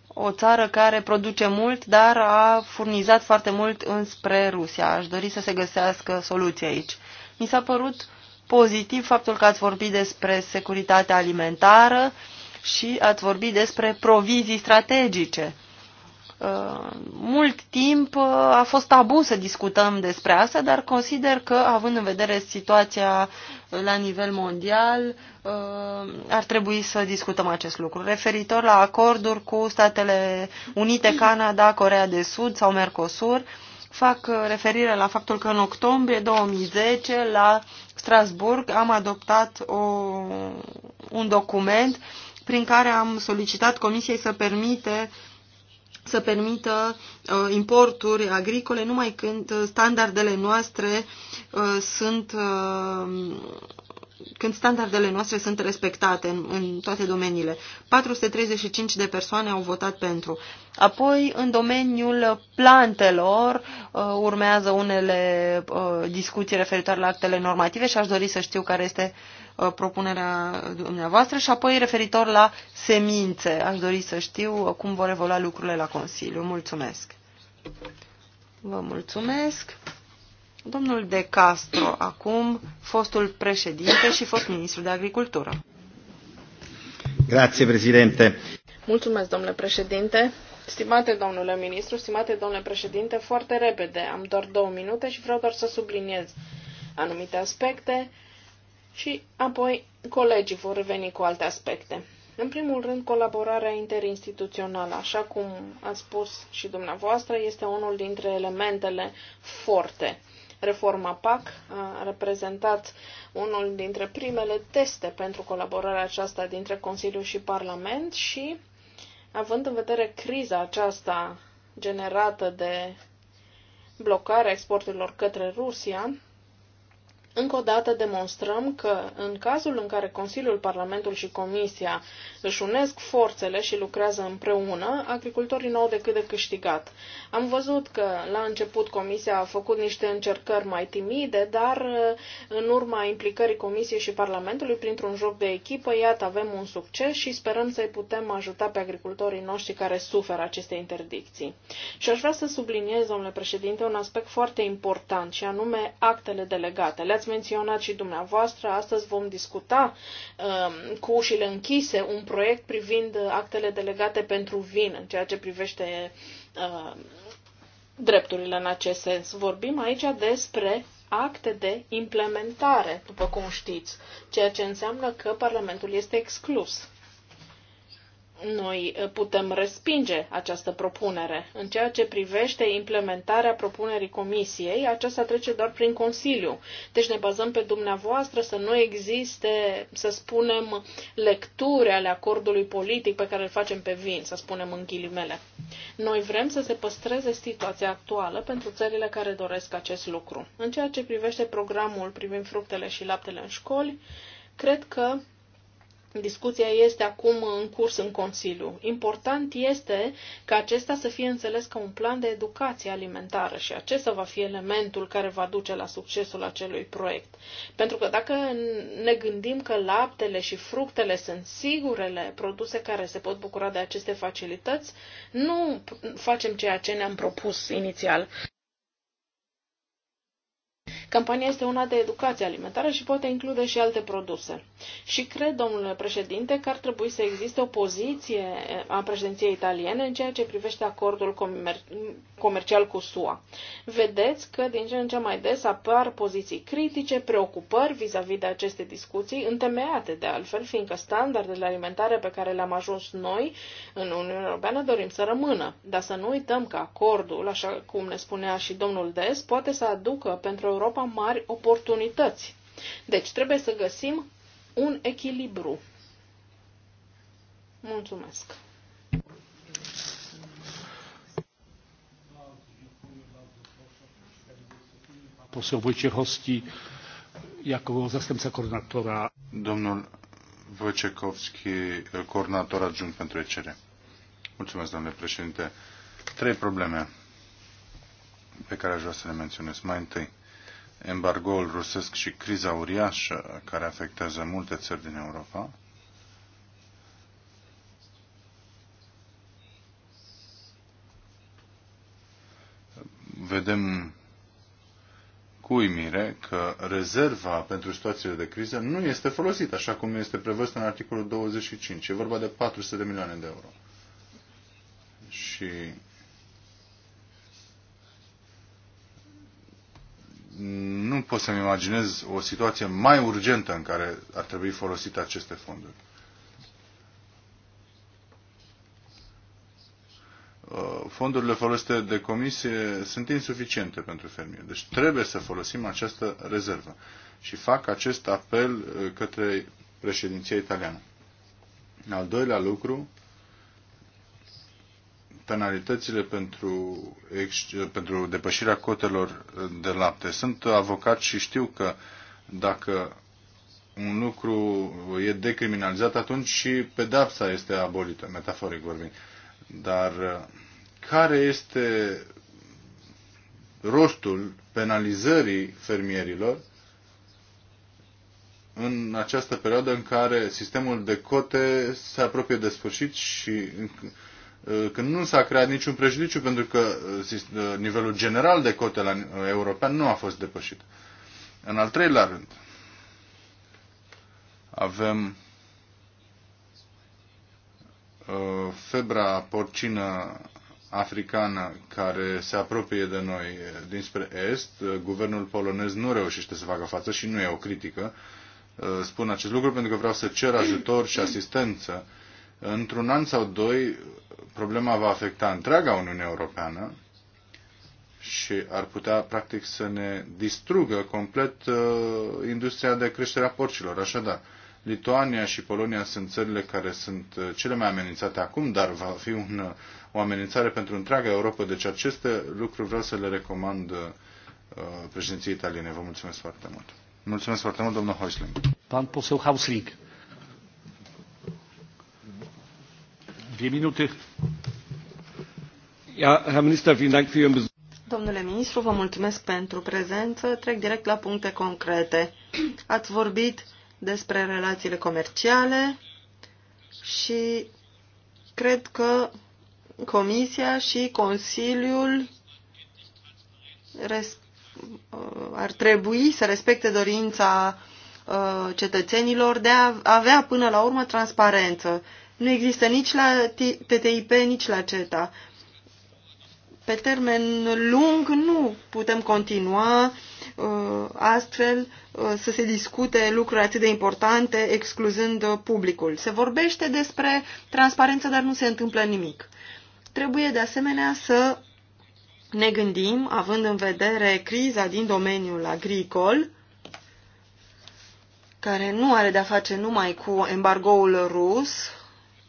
Speaker 3: O țară care produce mult, dar a furnizat foarte mult înspre Rusia. Aș dori să se găsească soluție aici. Mi s-a părut pozitiv faptul că ați vorbit despre securitatea alimentară, și ați vorbit despre provizii strategice. Uh, mult timp uh, a fost tabu să discutăm despre asta, dar consider că, având în vedere situația la nivel mondial, uh, ar trebui să discutăm acest lucru. Referitor la acorduri cu Statele Unite, Canada, Corea de Sud sau Mercosur, fac referire la faptul că în octombrie 2010 la Strasburg am adoptat o, un document uh, prin care am solicitat Comisiei să permite să permită uh, importuri agricole numai când standardele noastre uh, sunt uh, când standardele noastre sunt respectate în, în toate domeniile. 435 de persoane au votat pentru. Apoi, în domeniul plantelor, uh, urmează unele uh, discuții referitoare la actele normative și aș dori să știu care este uh, Uh, propunerea dumneavoastră și apoi referitor la semințe. Aș dori să știu uh, cum vor evolua lucrurile la Consiliu. Mulțumesc! Vă mulțumesc! Domnul De Castro, acum fostul președinte și fost ministru de agricultură.
Speaker 5: Grație, președinte.
Speaker 3: Mulțumesc, domnule președinte.
Speaker 4: Stimate domnule ministru, stimate domnule președinte, foarte repede, am doar două minute și vreau doar să subliniez anumite aspecte și apoi colegii vor reveni cu alte aspecte. În primul rând, colaborarea interinstituțională, așa cum a spus și dumneavoastră, este unul dintre elementele forte. Reforma PAC a reprezentat unul dintre primele teste pentru colaborarea aceasta dintre Consiliu și Parlament și, având în vedere criza aceasta generată de blocarea exporturilor către Rusia, încă o dată demonstrăm că, în cazul în care Consiliul, Parlamentul și Comisia își unesc forțele și lucrează împreună, agricultorii nu au decât de câștigat. Am văzut că, la început, Comisia a făcut niște încercări mai timide, dar, uh, în urma implicării Comisiei și Parlamentului, printr-un joc de echipă, iată, avem un succes și sperăm să-i putem ajuta pe agricultorii noștri care suferă aceste interdicții. Și aș vrea să subliniez, domnule președinte, un aspect foarte important, și anume actele delegate. Le-ați ați menționat și dumneavoastră, astăzi vom discuta um, cu ușile închise un proiect privind actele delegate pentru vin, în ceea ce privește um, drepturile în acest sens. Vorbim aici despre acte de implementare, după cum știți, ceea ce înseamnă că Parlamentul este exclus noi eh, putem respinge această propunere. În ceea ce privește implementarea propunerii comisiei, aceasta trece doar prin Consiliu. Deci ne bazăm pe dumneavoastră să nu existe, să spunem, lecturi ale acordului politic pe care îl facem pe vin, să spunem în ghilimele. Noi vrem să se păstreze situația actuală pentru țările care doresc acest lucru. În ceea ce privește programul privind fructele și laptele în școli, cred că Discuția este acum în curs în Consiliu. Important este ca acesta să fie înțeles ca un plan de educație alimentară și acesta va fi elementul care va duce la succesul acelui proiect. Pentru că dacă ne gândim că laptele și fructele sunt sigurele produse care se pot bucura de aceste facilități, nu facem ceea ce ne-am propus inițial. Campania este una de educație alimentară și poate include și alte produse. Și cred, domnule președinte, că ar trebui să existe o poziție a președinției italiene în ceea ce privește acordul comer- comercial cu SUA. Vedeți că din ce în ce mai des apar poziții critice, preocupări vis-a-vis -vis de aceste discuții, întemeiate de altfel, fiindcă standardele alimentare pe care le-am ajuns noi în Uniunea Europeană dorim să rămână. Dar să nu uităm că acordul, așa cum ne spunea și domnul Des, poate să aducă pentru Europa Europa mari oportunități. Deci trebuie să găsim un echilibru.
Speaker 5: Mulțumesc!
Speaker 1: Poseł Wojciechowski jako zastępca koordynatora.
Speaker 2: Domnul Wojciechowski, coordonator adjunct pentru ECR. Mulțumesc, domnule președinte. Trei probleme pe care aș vrea să le menționez. Mai întâi, embargoul rusesc și criza uriașă care afectează multe țări din Europa, vedem cu uimire că rezerva pentru situațiile de criză nu este folosită așa cum este prevăzut în articolul 25. E vorba de 400 de milioane de euro. Și nu pot să-mi imaginez o situație mai urgentă în care ar trebui folosite aceste fonduri. Uh, fondurile folosite de comisie sunt insuficiente pentru fermier, deci trebuie să folosim această rezervă. Și fac acest apel uh, către președinția italiană. Al doilea lucru penalitățile pentru, pentru depășirea cotelor de lapte. Sunt avocat și știu că dacă un lucru e decriminalizat, atunci și pedapsa este abolită, metaforic vorbind. Dar uh, care este rostul penalizării fermierilor în această perioadă în care sistemul de cote se apropie de sfârșit și Uh, când nu s-a creat niciun prejudiciu pentru că uh, uh, nivelul general de cote la european nu a fost depășit. În al treilea rând, avem febra porcină africană care se apropie de noi dinspre est. Guvernul polonez nu reușește să facă față și nu e o critică. Spun acest lucru pentru că vreau să cer ajutor și asistență într-un an sau doi problema va afecta întreaga Uniune Europeană și ar putea practic să ne distrugă complet uh, industria de creștere a porcilor. Așadar, Lituania și Polonia sunt țările care sunt uh, cele mai amenințate acum, dar va fi un, uh, o amenințare pentru întreaga Europa. Deci aceste lucruri vreau să le recomand uh, președinției italiene. Vă mulțumesc foarte mult. Mulțumesc foarte mult, domnul Häusling. Pan poseu Häusling.
Speaker 3: Domnule ministru, vă mulțumesc pentru prezență. Trec direct la puncte concrete. Ați vorbit despre relațiile comerciale și cred că Comisia și Consiliul ar trebui să respecte dorința uh, cetățenilor de a avea până la urmă transparență nu există nici la TTIP, nici la CETA. Pe termen lung nu putem continua uh, astfel uh, să se discute lucruri atât de importante, excluzând uh, publicul. Se vorbește despre transparență, dar nu se întâmplă nimic. Trebuie de asemenea să ne gândim, având în vedere criza din domeniul agricol, care nu are de-a face numai cu embargoul rus,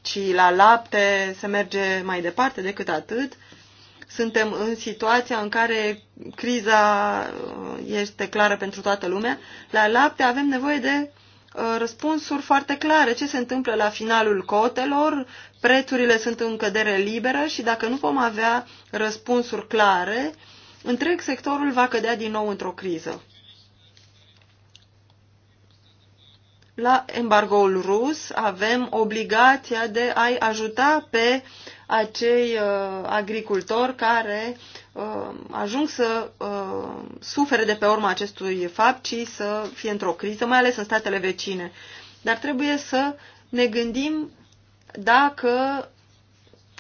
Speaker 3: ci la lapte se merge mai departe decât atât. Suntem în situația în care criza uh, este clară pentru toată lumea. La lapte avem nevoie de uh, răspunsuri foarte clare. Ce se întâmplă la finalul cotelor? Prețurile sunt în cădere liberă și dacă nu vom avea răspunsuri clare, întreg sectorul va cădea din nou într-o criză. la embargoul rus avem obligația de a-i ajuta pe acei uh, agricultori care uh, ajung să uh, sufere de pe urma acestui fapt, ci să fie într-o criză, mai ales în statele vecine. Dar trebuie să ne gândim dacă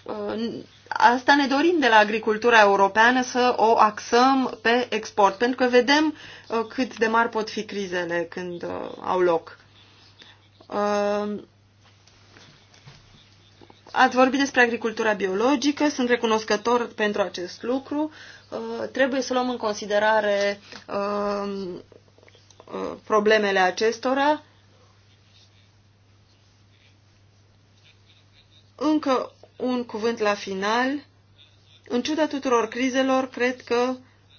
Speaker 3: uh, asta ne dorim de la agricultura europeană să o axăm pe export, pentru că vedem uh, cât de mari pot fi crizele când uh, au loc Um, ați vorbit despre agricultura biologică, sunt recunoscător pentru acest lucru. Uh, trebuie să luăm în considerare um, uh, problemele acestora. Încă un cuvânt la final. În ciuda tuturor crizelor, cred că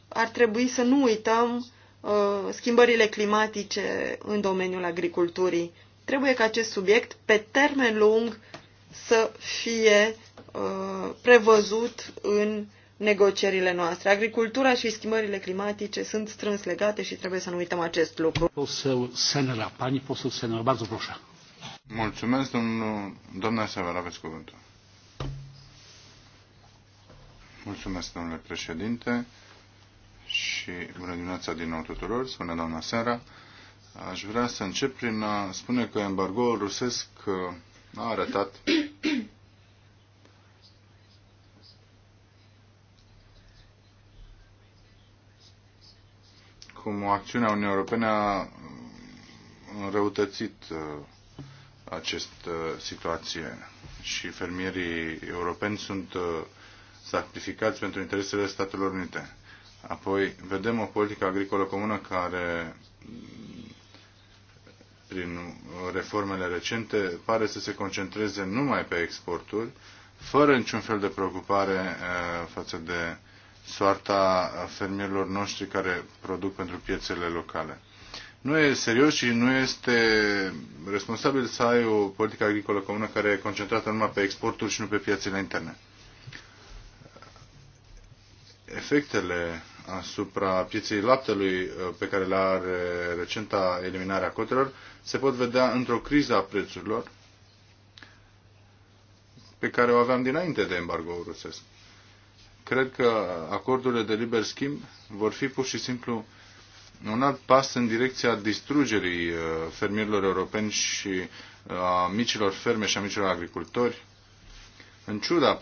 Speaker 3: ar trebui să nu uităm uh, schimbările climatice în domeniul agriculturii. Trebuie ca acest subiect pe termen lung să fie uh, prevăzut în negocierile noastre. Agricultura și schimbările climatice sunt strâns legate și trebuie să nu uităm acest lucru. Poseu Senera, pani poseu Senera, bardzo proszę.
Speaker 2: Mulțumesc, domnul, doamna Severa, aveți cuvântul. Mulțumesc, domnule președinte, și bună dimineața din nou tuturor, spune doamna Sera. Aș vrea să încep prin a spune că embargoul rusesc uh, a arătat cum acțiunea Uniunii Europene a uh, înrăutățit uh, această situație și fermierii europeni sunt sacrificați pentru interesele Statelor Unite. Apoi vedem o politică agricolă comună care prin uh, reformele recente pare să se concentreze numai pe exporturi, fără niciun fel de preocupare uh, față de soarta fermierilor noștri care produc pentru piețele locale. Nu e serios și nu este responsabil să ai o politică agricolă comună care e concentrată numai pe exporturi și nu pe piețele interne. Efectele asupra pieței laptelui uh, pe care le are recenta eliminarea cotelor se pot vedea într-o criză a prețurilor pe care o aveam dinainte de embargo rusesc. Cred că acordurile de liber schimb vor fi pur și simplu un alt pas în direcția distrugerii uh, fermierilor europeni și uh, a micilor ferme și a micilor agricultori. În ciuda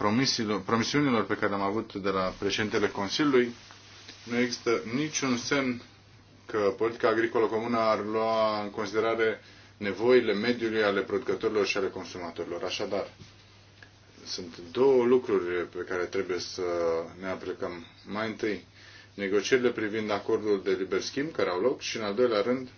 Speaker 2: promisiunilor pe care le-am avut de la președintele Consiliului, nu există niciun semn că politica agricolă comună ar lua în considerare nevoile mediului ale producătorilor și ale consumatorilor. Așadar, sunt două lucruri pe care trebuie să ne aplicăm. Mai întâi, negocierile privind acordul de liber schimb care au loc și, în al doilea rând,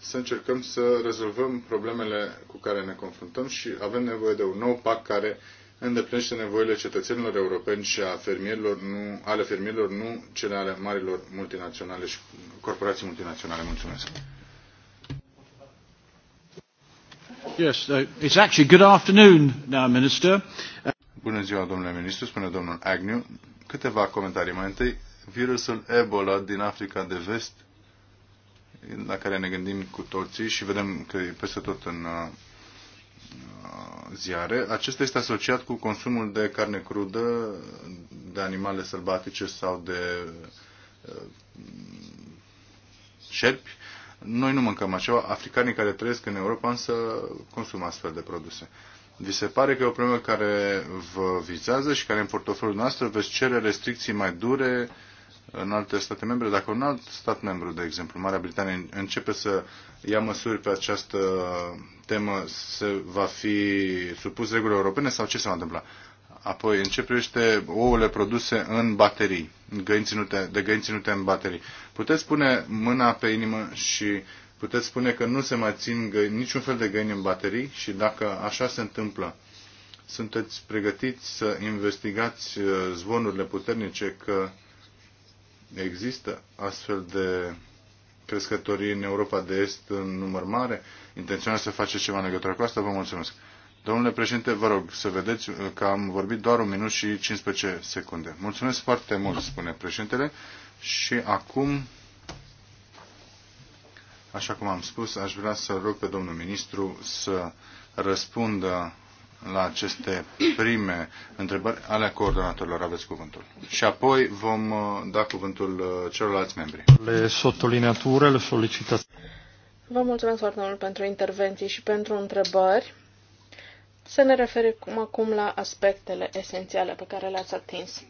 Speaker 2: să încercăm să rezolvăm problemele cu care ne confruntăm și avem nevoie de un nou pact care îndeplinește nevoile cetățenilor europeni și a fermierilor, nu, ale fermierilor, nu cele ale marilor multinaționale și corporații multinaționale. Mulțumesc. Yes, uh, it's actually good afternoon now, Minister. Bună ziua, domnule ministru, spune domnul Agnew. Câteva comentarii. Mai întâi, virusul Ebola din Africa de Vest, la care ne gândim cu toții și vedem că e peste tot în uh, Uh, ziare. Acesta este asociat cu consumul de carne crudă, de animale sălbatice sau de uh, șerpi. Noi nu mâncăm așa. Africanii care trăiesc în Europa însă consumă astfel de produse. Vi se pare că e o problemă care vă vizează și care în portofoliul noastră veți cere restricții mai dure uh, în alte state membre. Dacă un alt stat membru, de exemplu, Marea Britanie, începe să ia măsuri pe această temă, se va fi supus regulilor europene sau ce se va întâmpla? Apoi, în ce ouăle produse în baterii, găinținute de găini ținute în baterii, puteți pune mâna pe inimă și puteți spune că nu se mai țin găini, niciun fel de găini în baterii și dacă așa se întâmplă, sunteți pregătiți să investigați uh, zvonurile puternice că Există astfel de crescătorii în Europa de Est în număr mare? Intenționați să faceți ceva în legătură cu asta? Vă mulțumesc. Domnule președinte, vă rog să vedeți că am vorbit doar un minut și 15 secunde. Mulțumesc foarte mult, spune președintele. Și acum, așa cum am spus, aș vrea să rog pe domnul ministru să răspundă la aceste prime întrebări ale coordonatorilor. Aveți cuvântul. Și apoi vom uh, da cuvântul uh, celorlalți membri. Le sottolineature, le solicitați.
Speaker 4: Vă mulțumesc foarte mult pentru intervenții și pentru întrebări. Să ne referim acum la aspectele esențiale pe care le-ați atins.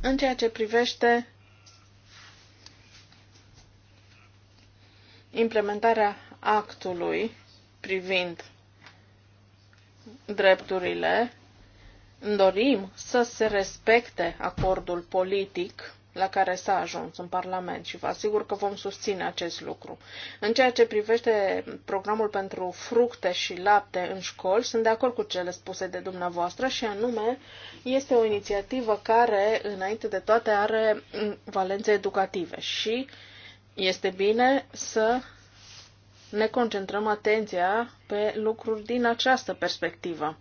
Speaker 4: În ceea ce privește implementarea actului privind drepturile, dorim să se respecte acordul politic la care s-a ajuns în Parlament și vă asigur că vom susține acest lucru. În ceea ce privește programul pentru fructe și lapte în școli, sunt de acord cu cele spuse de dumneavoastră și anume este o inițiativă care, înainte de toate, are valențe educative și este bine să ne concentrăm atenția pe lucruri din această perspectivă.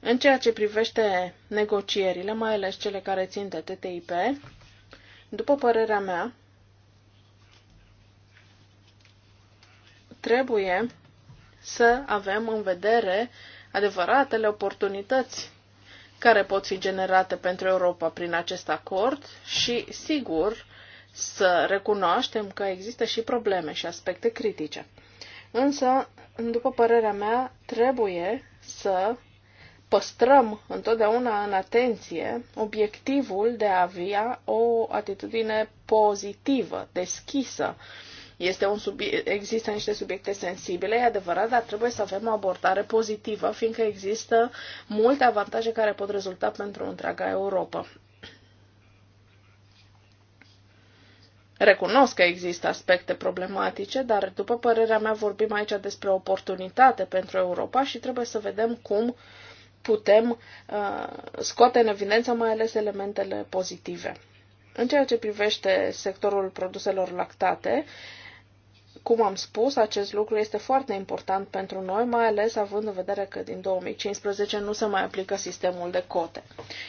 Speaker 4: În ceea ce privește negocierile, mai ales cele care țin de TTIP, după părerea mea, trebuie să avem în vedere adevăratele oportunități care pot fi generate pentru Europa prin acest acord și, sigur, să recunoaștem că există și probleme și aspecte critice. Însă, după părerea mea, trebuie să păstrăm întotdeauna în atenție obiectivul de a avea o atitudine pozitivă, deschisă. Este un subiect, există niște subiecte sensibile, e adevărat, dar trebuie să avem o abordare pozitivă, fiindcă există multe avantaje care pot rezulta pentru întreaga Europa. Recunosc că există aspecte problematice, dar, după părerea mea, vorbim aici despre oportunitate pentru Europa și trebuie să vedem cum putem uh, scoate în evidență mai ales elementele pozitive. În ceea ce privește sectorul produselor lactate, uh, cum am spus, acest lucru este foarte important pentru noi, mai ales având în vedere că din 2015 nu se mai aplică sistemul de cote.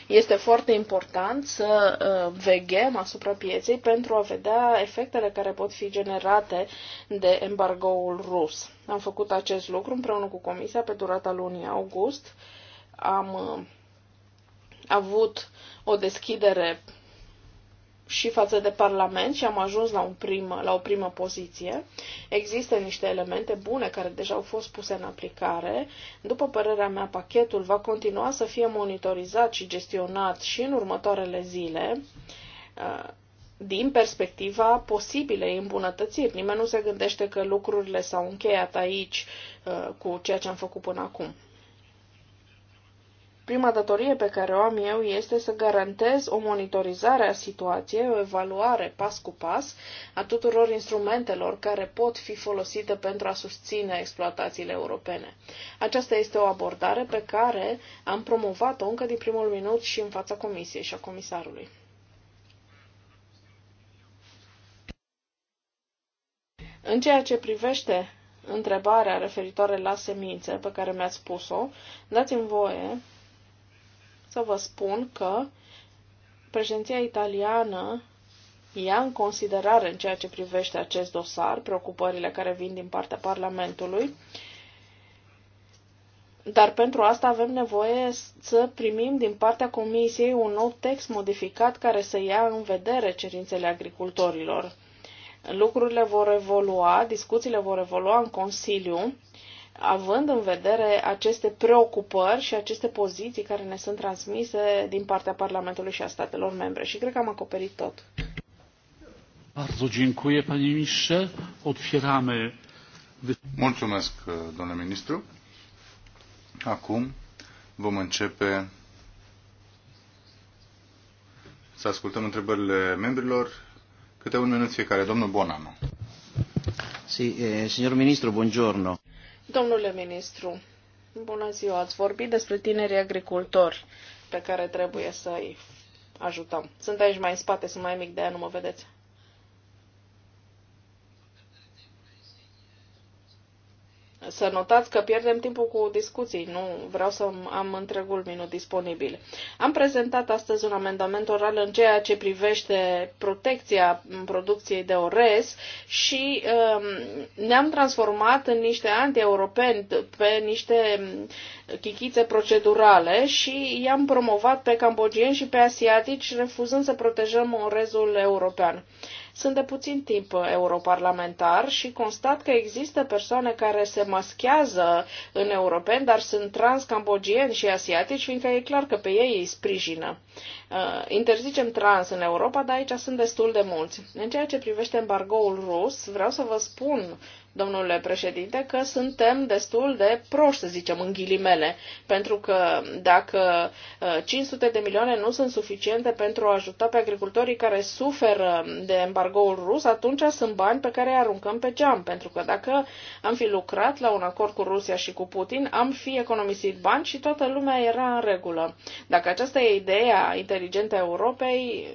Speaker 4: Este foarte important să uh, veghem asupra pieței pentru a vedea efectele care pot fi generate de embargoul rus. Am făcut acest lucru împreună cu Comisia pe durata lunii august. Am uh, avut o deschidere și față de Parlament și am ajuns la, un prim, la o primă poziție. Există niște elemente bune care deja au fost puse în aplicare. După părerea mea, pachetul va continua să fie monitorizat și gestionat și în următoarele zile uh, din perspectiva posibilei îmbunătățiri. Nimeni nu se gândește că lucrurile s-au încheiat aici uh, cu ceea ce am făcut până acum. Prima datorie pe care o am eu este să garantez o monitorizare a situației, o evaluare pas cu pas a tuturor instrumentelor care pot fi folosite pentru a susține exploatațiile europene. Aceasta este o abordare pe care am promovat-o încă din primul minut și în fața Comisiei și a Comisarului. În ceea ce privește întrebarea referitoare la semințe pe care mi-ați pus-o, dați-mi voie să vă spun că președinția italiană ia în considerare în ceea ce privește acest dosar preocupările care vin din partea Parlamentului, dar pentru asta avem nevoie să primim din partea Comisiei un nou text modificat care să ia în vedere cerințele agricultorilor. Lucrurile vor evolua, discuțiile vor evolua în Consiliu având în vedere aceste preocupări și aceste poziții care ne sunt transmise din partea Parlamentului și a statelor membre. Și cred că am acoperit tot.
Speaker 1: Bardzo dziękuję, panie ministrze. Otwieramy... Mulțumesc,
Speaker 2: domnule ministru. Acum vom începe să ascultăm întrebările membrilor. Câte un minut fiecare. Domnul Bonano.
Speaker 5: Sì, eh, signor Ministro, buongiorno.
Speaker 4: Domnule ministru, bună ziua! Ați vorbit despre tinerii agricultori pe care trebuie să-i ajutăm. Sunt aici mai în spate, sunt mai mic, de aia nu mă vedeți. Să notați că pierdem timpul cu discuții, nu vreau să am întregul minut disponibil. Am prezentat astăzi un amendament oral în ceea ce privește protecția producției de orez și um, ne-am transformat în niște anti-europeni pe niște chichițe procedurale și i-am promovat pe cambogieni și pe asiatici refuzând să protejăm orezul european. Sunt de puțin timp europarlamentar și constat că există persoane care se maschează în europeni, dar sunt transcambogieni și asiatici, fiindcă e clar că pe ei îi sprijină. Uh, interzicem trans în Europa, dar aici sunt destul de mulți. În ceea ce privește embargoul rus, vreau să vă spun domnule președinte, că suntem destul de proști, să zicem, în ghilimele, pentru că dacă 500 uh, de milioane nu sunt suficiente pentru a ajuta pe agricultorii care suferă de embargoul rus, atunci sunt bani pe care îi aruncăm pe geam, pentru că dacă am fi lucrat la un acord cu Rusia și cu Putin, am fi economisit bani și toată lumea era în regulă. Dacă aceasta e ideea inteligentă a Europei,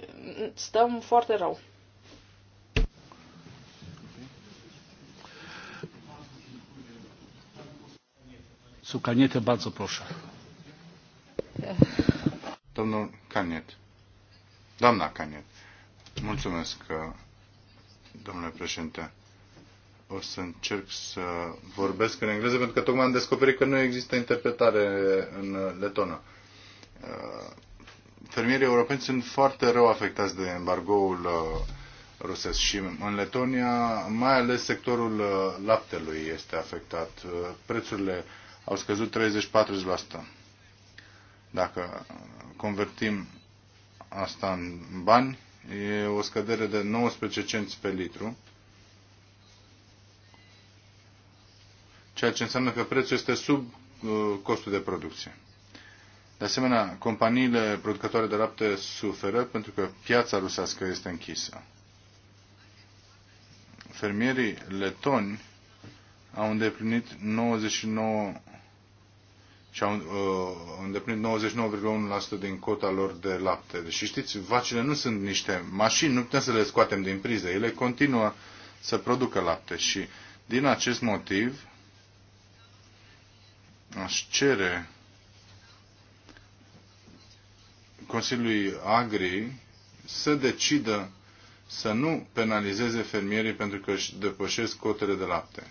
Speaker 4: stăm foarte rău.
Speaker 1: Sucaniete, bardzo proszę.
Speaker 2: Domnul Caniet. Doamna Caniet. Mulțumesc, uh, domnule președinte. O să încerc să vorbesc în engleză, pentru că tocmai am descoperit că nu există interpretare în letonă. Uh, fermierii europeni sunt foarte rău afectați de embargoul uh, rusesc și în Letonia, mai ales sectorul laptelui este afectat. Prețurile au scăzut 30-40%. Dacă convertim asta în bani, e o scădere de 19 cenți pe litru, ceea ce înseamnă că prețul este sub uh, costul de producție. De asemenea, companiile producătoare de lapte suferă pentru că piața rusească este închisă. Fermierii letoni au îndeplinit 99 și au uh, îndeplinit 99,1% din cota lor de lapte. Deci știți, vacile nu sunt niște mașini, nu putem să le scoatem din priză. Ele continuă să producă lapte și din acest motiv aș cere Consiliului Agri să decidă să nu penalizeze fermierii pentru că își depășesc cotele de lapte.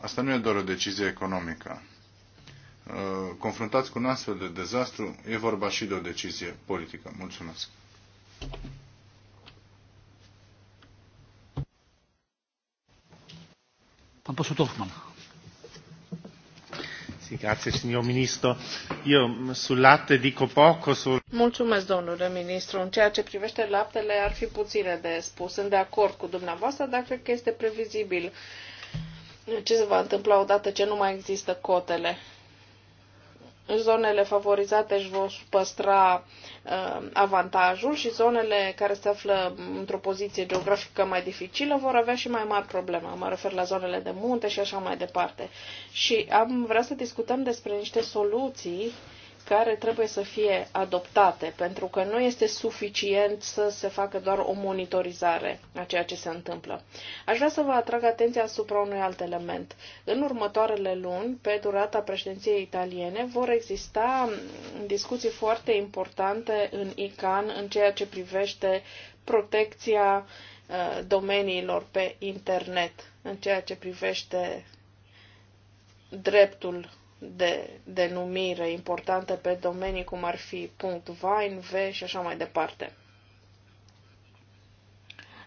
Speaker 2: Asta nu e doar o decizie economică. Uh, confruntați cu un astfel de dezastru, e vorba și de o decizie politică. Mulțumesc!
Speaker 1: Pan poseł Dorfman.
Speaker 4: Mulțumesc, domnule ministru. În ceea ce privește laptele, ar fi puține de spus. Sunt de acord cu dumneavoastră, dar cred că este previzibil ce se va întâmpla odată ce nu mai există cotele zonele favorizate își vor păstra uh, avantajul și zonele care se află într-o poziție geografică mai dificilă vor avea și mai mari probleme. Mă refer la zonele de munte și așa mai departe. Și am vrea să discutăm despre niște soluții uh, care trebuie să fie adoptate, pentru că nu este suficient să se facă doar o monitorizare a ceea ce se întâmplă. Aș vrea să vă atrag atenția asupra unui alt element. În următoarele luni, pe durata președinției italiene, vor exista discuții foarte importante în ICAN în ceea ce privește protecția uh, domeniilor pe internet, în ceea ce privește dreptul de denumire importante pe domenii cum ar fi punct .vine, v și așa mai departe.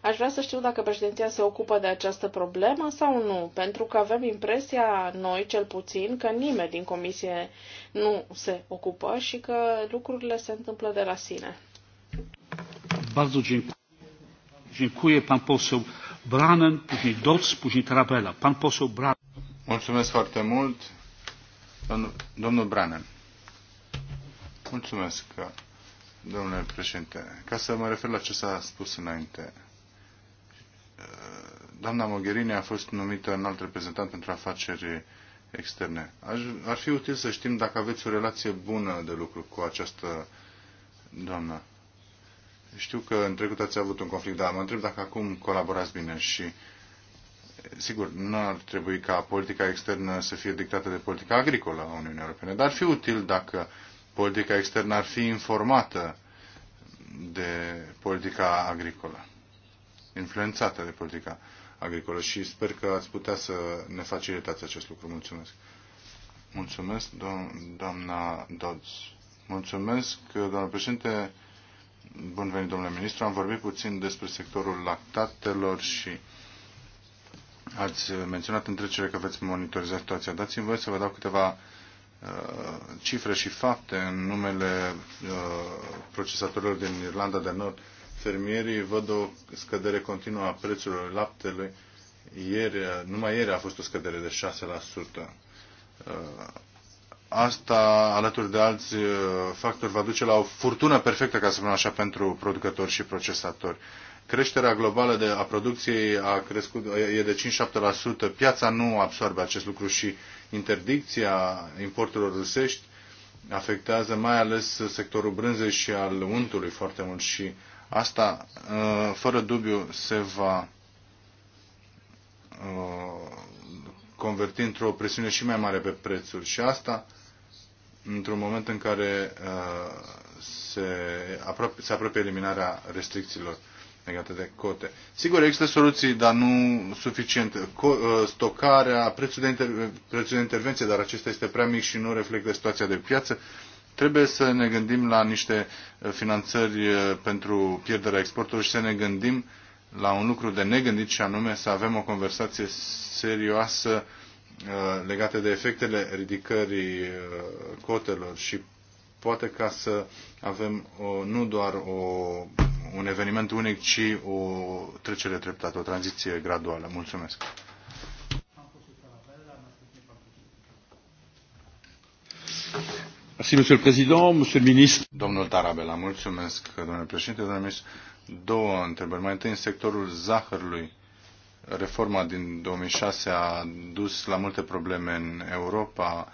Speaker 4: Aș vrea să știu dacă președinția se ocupă de această problemă sau nu, pentru că avem impresia, noi cel puțin, că nimeni din comisie nu se ocupă și că lucrurile se întâmplă de la sine.
Speaker 1: Bardzo dziękuję. Pan poseł Branen, później Doc,
Speaker 2: później Tarabella. Pan poseł Branen. Mulțumesc foarte mult. Domnul, domnul Branen. Mulțumesc, domnule președinte. Ca să mă refer la ce s-a spus înainte. Doamna Mogherini a fost numită în alt reprezentant pentru afaceri externe. Ar fi util să știm dacă aveți o relație bună de lucru cu această doamnă. Știu că în trecut ați avut un conflict, dar mă întreb dacă acum colaborați bine și uh, sigur, nu ar trebui ca politica externă să fie dictată de politica agricolă a Uniunii Europene, dar ar fi util dacă politica externă ar fi informată de politica agricolă, influențată de politica agricolă și sper că ați putea să ne facilitați acest lucru. Mulțumesc. Mulțumesc, do- doamna Dodds. Mulțumesc, doamna președinte. Bun venit, domnule ministru. Am vorbit puțin despre sectorul lactatelor și Ați menționat în trecere că veți monitoriza situația. Dați-mi voie să vă dau câteva uh, cifre și fapte în numele uh, procesatorilor din Irlanda de Nord. Fermierii văd o scădere continuă a prețurilor laptelui. Ieri, numai ieri a fost o scădere de 6%. Uh, asta, alături de alți factori, va duce la o furtună perfectă, ca să spun așa, pentru producători și procesatori creșterea globală de, a producției a crescut, e de 5-7%, piața nu absorbe acest lucru și interdicția importurilor rusești afectează mai ales sectorul brânzei și al untului foarte mult și asta, uh, fără dubiu, se va uh, converti într-o presiune și mai mare pe prețuri și asta într-un moment în care uh, se, apropie, se apropie eliminarea restricțiilor legate de cote. Sigur, există soluții, dar nu suficiente. Uh, stocarea, prețul de, inter- prețul de intervenție, dar acesta este prea mic și nu reflectă situația de piață. Trebuie să ne gândim la niște uh, finanțări uh, pentru pierderea exportului și să ne gândim la un lucru de negândit și anume să avem o conversație serioasă legate de efectele ridicării cotelor și poate ca să avem o, nu doar o un eveniment unic, ci o trecere treptată, o tranziție graduală. Mulțumesc. Merci, Monsieur le Président, Monsieur le Ministre. Domnul Tarabella, mulțumesc, domnule președinte, domnule ministru. Două întrebări. Mai întâi, în sectorul zahărului, reforma din 2006 a dus la multe probleme în Europa,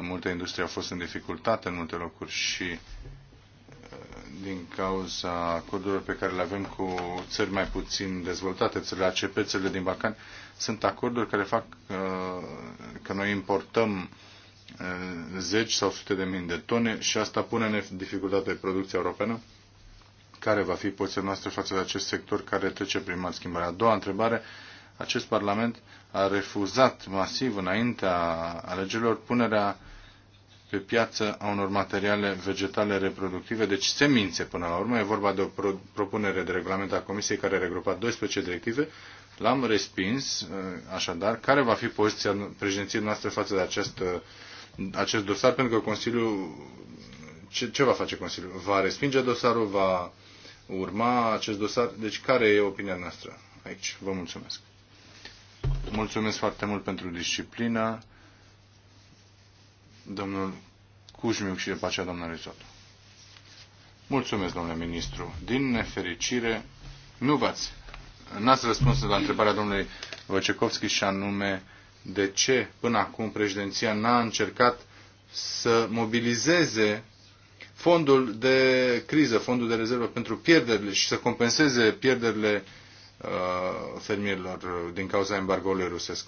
Speaker 2: multe industrie au fost în dificultate în multe locuri și din cauza acordurilor pe care le avem cu țări mai puțin dezvoltate, țările ACP, țările din Balcani, sunt acorduri care fac uh, că noi importăm uh, zeci sau sute de mii de tone și asta pune în dificultate producția europeană. Care va fi poziția noastră față de acest sector care trece prin mari schimbări? A doua întrebare, acest Parlament a refuzat masiv înaintea alegerilor punerea pe piață a unor materiale vegetale reproductive, deci semințe până la urmă. E vorba de o pro- propunere de regulament a Comisiei care regrupa 12 directive. L-am respins, eh, așadar. Care va fi poziția președinției noastre față de acest, eh, acest dosar? Pentru că Consiliul... Ce, ce va face Consiliul? Va respinge dosarul? Va urma acest dosar? Deci care e opinia noastră aici? Vă mulțumesc. Mulțumesc foarte mult pentru disciplina domnul Cujmiuc și după aceea domnul Risotto. Mulțumesc, domnule ministru. Din nefericire, nu v-ați n-ați răspuns la întrebarea domnului Wojciechowski și anume de ce până acum președinția n-a încercat să mobilizeze fondul de criză, fondul de rezervă pentru pierderile și să compenseze pierderile uh, fermierilor din cauza embargoului rusesc.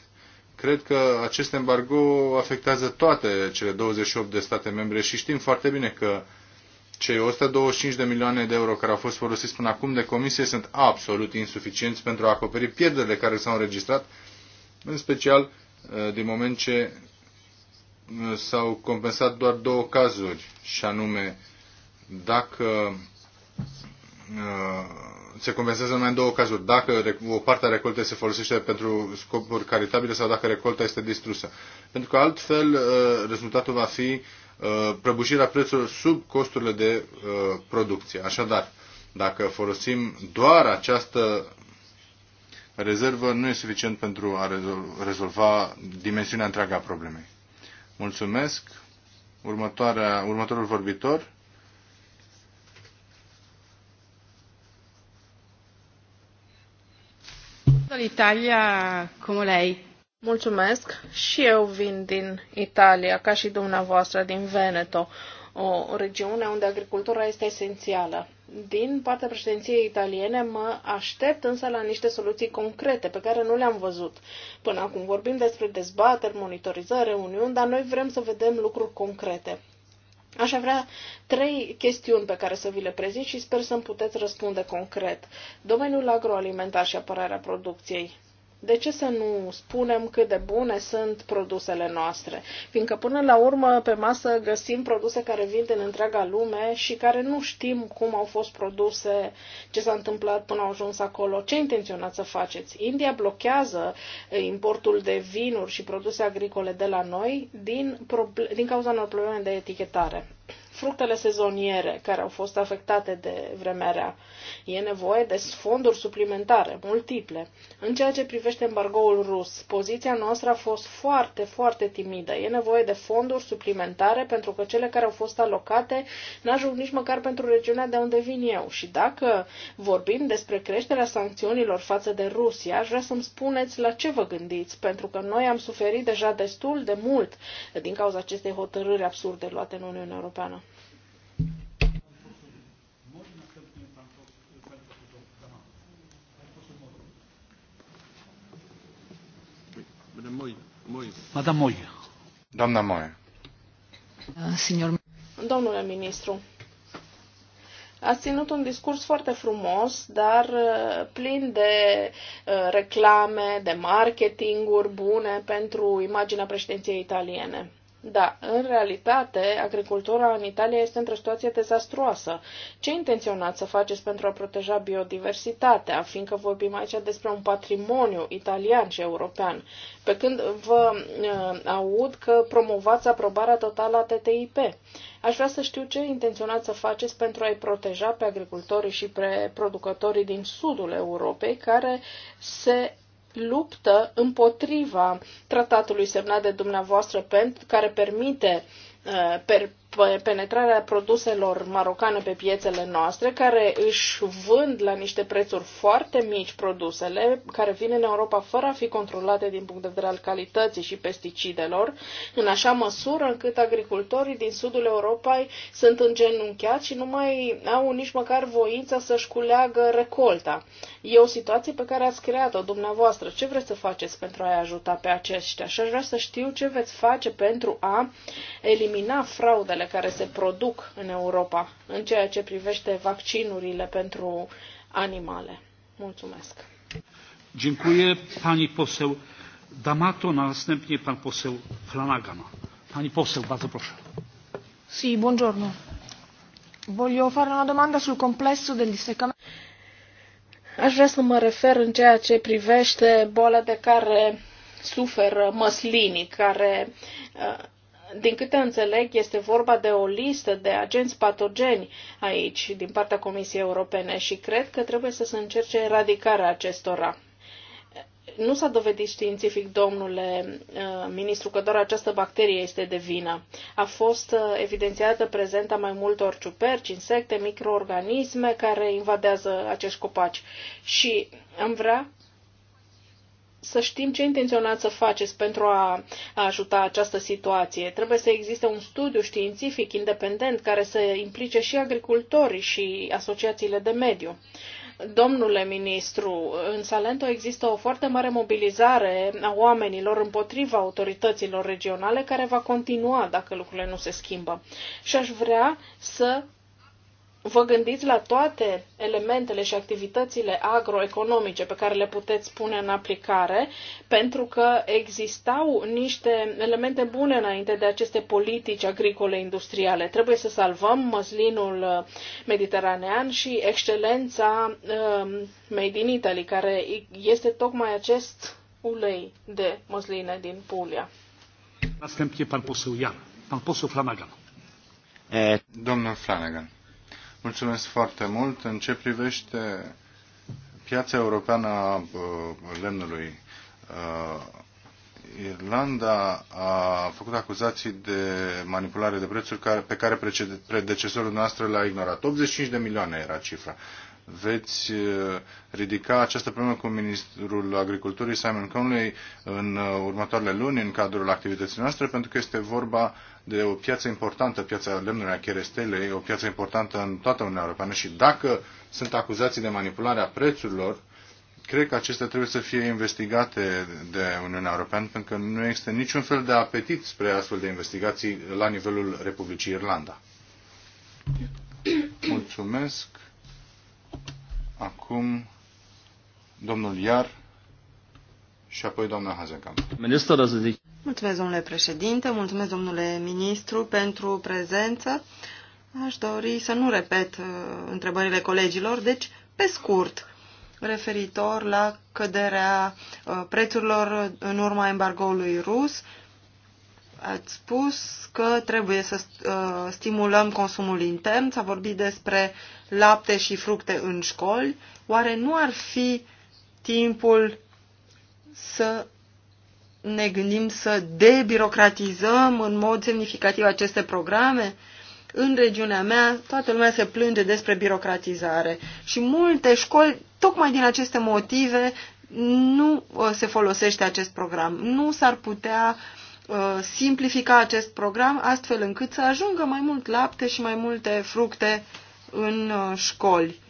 Speaker 2: Cred că acest embargo afectează toate cele 28 de state membre și știm foarte bine că cei 125 de milioane de euro care au fost folosiți până acum de comisie sunt absolut insuficienți pentru a acoperi pierderile care s-au înregistrat, în special uh, din moment ce uh, s-au compensat doar două cazuri, și anume dacă uh, se compensează numai în două cazuri. Dacă o parte a recoltei se folosește pentru scopuri caritabile sau dacă recolta este distrusă. Pentru că altfel uh, rezultatul va fi uh, prăbușirea prețurilor sub costurile de uh, producție. Așadar, dacă folosim doar această rezervă, nu e suficient pentru a rezolva dimensiunea întreagă a problemei. Mulțumesc. Următoarea, următorul vorbitor
Speaker 4: Italia, cum lei. Mulțumesc. Și eu vin din Italia, ca și dumneavoastră, din Veneto, o regiune unde agricultura este esențială. Din partea președinției italiene mă aștept însă la niște soluții concrete pe care nu le-am văzut. Până acum vorbim despre dezbateri, monitorizare, reuniuni, dar noi vrem să vedem lucruri concrete. Aș avea trei chestiuni pe care să vi le prezint și sper să-mi puteți răspunde concret. Domeniul agroalimentar și apărarea producției de ce să nu spunem cât de bune sunt produsele noastre? Fiindcă până la urmă pe masă găsim produse care vin din întreaga lume și care nu știm cum au fost produse, ce s-a întâmplat până au ajuns acolo. Ce intenționați să faceți? India blochează eh, importul de vinuri și produse agricole de la noi din, din cauza unor probleme de etichetare fructele sezoniere care au fost afectate de vremea rea. E nevoie de fonduri suplimentare, multiple. În ceea ce privește embargoul rus, poziția noastră a fost foarte, foarte timidă. E nevoie de fonduri suplimentare pentru că cele care au fost alocate n-ajung nici măcar pentru regiunea de unde vin eu. Și dacă vorbim despre creșterea sancțiunilor față de Rusia, aș vrea să-mi spuneți la ce vă gândiți, pentru că noi am suferit deja destul de mult din cauza acestei hotărâri absurde luate în Uniunea Europeană.
Speaker 2: Madame Moi. Doamna Moi.
Speaker 3: Ah,
Speaker 4: Domnule ministru, ați ținut un discurs foarte frumos, dar uh, plin de uh, reclame, de marketinguri bune pentru imaginea președinției italiene. Da, în realitate, agricultura în Italia este într-o situație dezastruoasă. Ce intenționați să faceți pentru a proteja biodiversitatea, fiindcă vorbim aici despre un patrimoniu italian și european? Pe când vă uh, aud că promovați aprobarea totală a TTIP, aș vrea să știu ce intenționați să faceți pentru a-i proteja pe agricultorii și pe producătorii din sudul Europei care se luptă împotriva tratatului semnat de dumneavoastră pentru care permite uh, per, penetrarea produselor marocane pe piețele noastre, care își vând la niște prețuri foarte mici produsele, care vin în Europa fără a fi controlate din punct de vedere al calității și pesticidelor, în așa măsură încât agricultorii din sudul Europei sunt îngenunchiați și nu mai au nici măcar voința să-și culeagă recolta. E o situație pe care ați creat-o dumneavoastră. Ce vreți să faceți pentru a-i ajuta pe aceștia? Și aș vrea să știu ce veți face pentru a elimina fraudele care se produc în Europa în ceea ce privește vaccinurile pentru animale. Mulțumesc.
Speaker 1: Dziękuję pani poseł D'Amato, następnie pan poseł Flanagan. Pani poseł, bardzo proszę.
Speaker 4: Sì, buongiorno. Voglio fare una domanda sul complesso del dissecamento. Aș vrea să mă refer în ceea ce privește boala de care suferă măslinii, care din câte înțeleg, este vorba de o listă de agenți patogeni aici, din partea Comisiei Europene, și cred că trebuie să se încerce eradicarea acestora. Nu s-a dovedit științific, domnule uh, ministru, că doar această bacterie este de vină. A fost uh, evidențiată prezenta mai multor ciuperci, insecte, microorganisme care invadează acești copaci. Și am vrea să știm ce intenționați să faceți pentru a ajuta această situație. Trebuie să existe un studiu științific independent care să implice și agricultorii și asociațiile de mediu. Domnule ministru, în Salento există o foarte mare mobilizare a oamenilor împotriva autorităților regionale care va continua dacă lucrurile nu se schimbă. Și aș vrea să vă gândiți la toate elementele și activitățile agroeconomice pe care le puteți pune în aplicare, pentru că existau niște elemente bune înainte de aceste politici agricole industriale. Trebuie să salvăm măslinul mediteranean și excelența um, Made in Italy, care este tocmai acest ulei de măsline din Puglia.
Speaker 1: Następnie pan poseł Jan, pan poseł Flanagan.
Speaker 2: Domnul Flanagan. Mulțumesc foarte mult. În ce privește piața europeană a lemnului, Irlanda a făcut acuzații de manipulare de prețuri pe care predecesorul noastră le-a ignorat. 85 de milioane era cifra. Veți ridica această problemă cu Ministrul Agriculturii Simon Conley în următoarele luni în cadrul activității noastre, pentru că este vorba de o piață importantă, piața lemnului a cherestelei, o piață importantă în toată Uniunea Europeană și dacă sunt acuzații de manipulare a prețurilor, cred că acestea trebuie să fie investigate de Uniunea Europeană, pentru că nu există niciun fel de apetit spre astfel de investigații la nivelul Republicii Irlanda. Mulțumesc. Acum domnul Iar și apoi doamna Hazekamp. Minister,
Speaker 3: Mulțumesc, domnule președinte, mulțumesc, domnule ministru, pentru prezență. Aș dori să nu repet uh, întrebările colegilor, deci, pe scurt, referitor la căderea uh, prețurilor în urma embargoului rus, ați spus că trebuie să uh, stimulăm consumul intern, s-a vorbit despre lapte și fructe în școli. Oare nu ar fi timpul să ne gândim să debirocratizăm în mod semnificativ aceste programe. În regiunea mea, toată lumea se plânge despre birocratizare și multe școli, tocmai din aceste motive, nu uh, se folosește acest program. Nu s-ar putea uh, simplifica acest program astfel încât să ajungă mai mult lapte și mai multe fructe în uh, școli.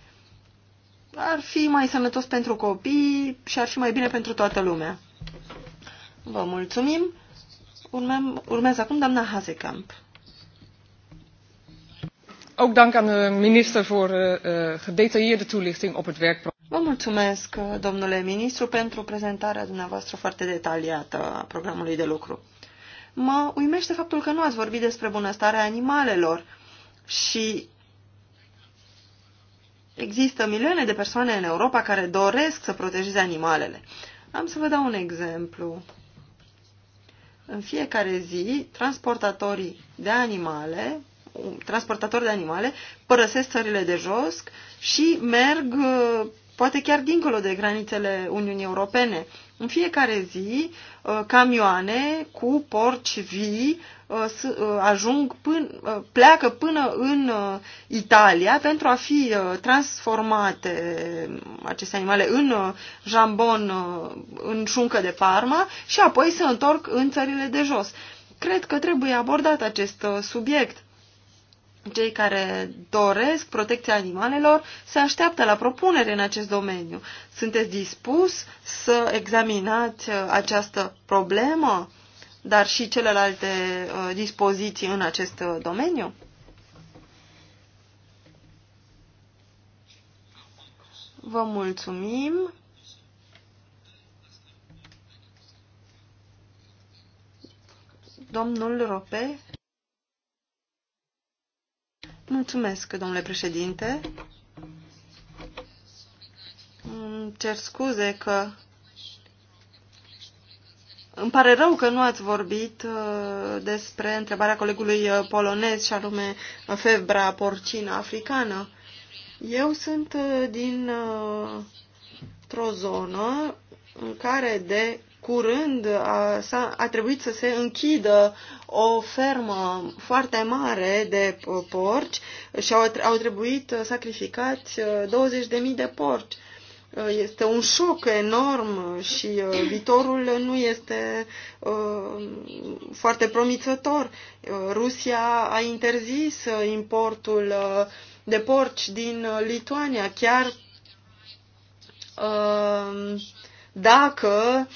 Speaker 3: Ar fi mai sănătos pentru copii și ar fi mai bine pentru toată lumea. Vă mulțumim. urmează acum doamna Hazekamp. Ook dank aan de minister voor eh, eh, gedetailleerde toelichting op het werkplan. Vă mulțumesc, domnule ministru, pentru prezentarea dumneavoastră foarte detaliată a programului de lucru. Mă uimește faptul că nu ați vorbit despre bunăstarea animalelor și există milioane de persoane în Europa care doresc să protejeze animalele. Am să vă dau un exemplu. În fiecare zi, transportatorii de animale, um, transportatori de animale părăsesc țările de jos și merg uh, poate chiar dincolo de granițele Uniunii Europene. În fiecare zi, uh, camioane cu porci vii Uh, uh, ajung până, uh, pleacă până în Italia pentru a fi transformate um, aceste animale în jambon, în șuncă de parma și apoi se întorc în țările de jos. Cred că trebuie abordat acest subiect. Cei care doresc protecția animalelor se așteaptă la propunere în acest domeniu. Sunteți dispus să examinați această problemă? dar și celelalte uh, dispoziții în acest uh, domeniu? Vă mulțumim. Domnul Rope. Mulțumesc, domnule președinte. Îmi cer scuze că îmi pare rău că nu ați vorbit uh, despre întrebarea colegului uh, polonez și anume uh, febra porcină africană. Eu sunt din o zonă în care de curând a, a a trebuit să se închidă o fermă foarte mare de porci și au, au trebuit sacrificați 20.000 de porci. Uh, Uh, este un șoc enorm și uh, viitorul nu este uh, foarte promițător. Rusia a interzis importul de porci din Lituania, chiar dacă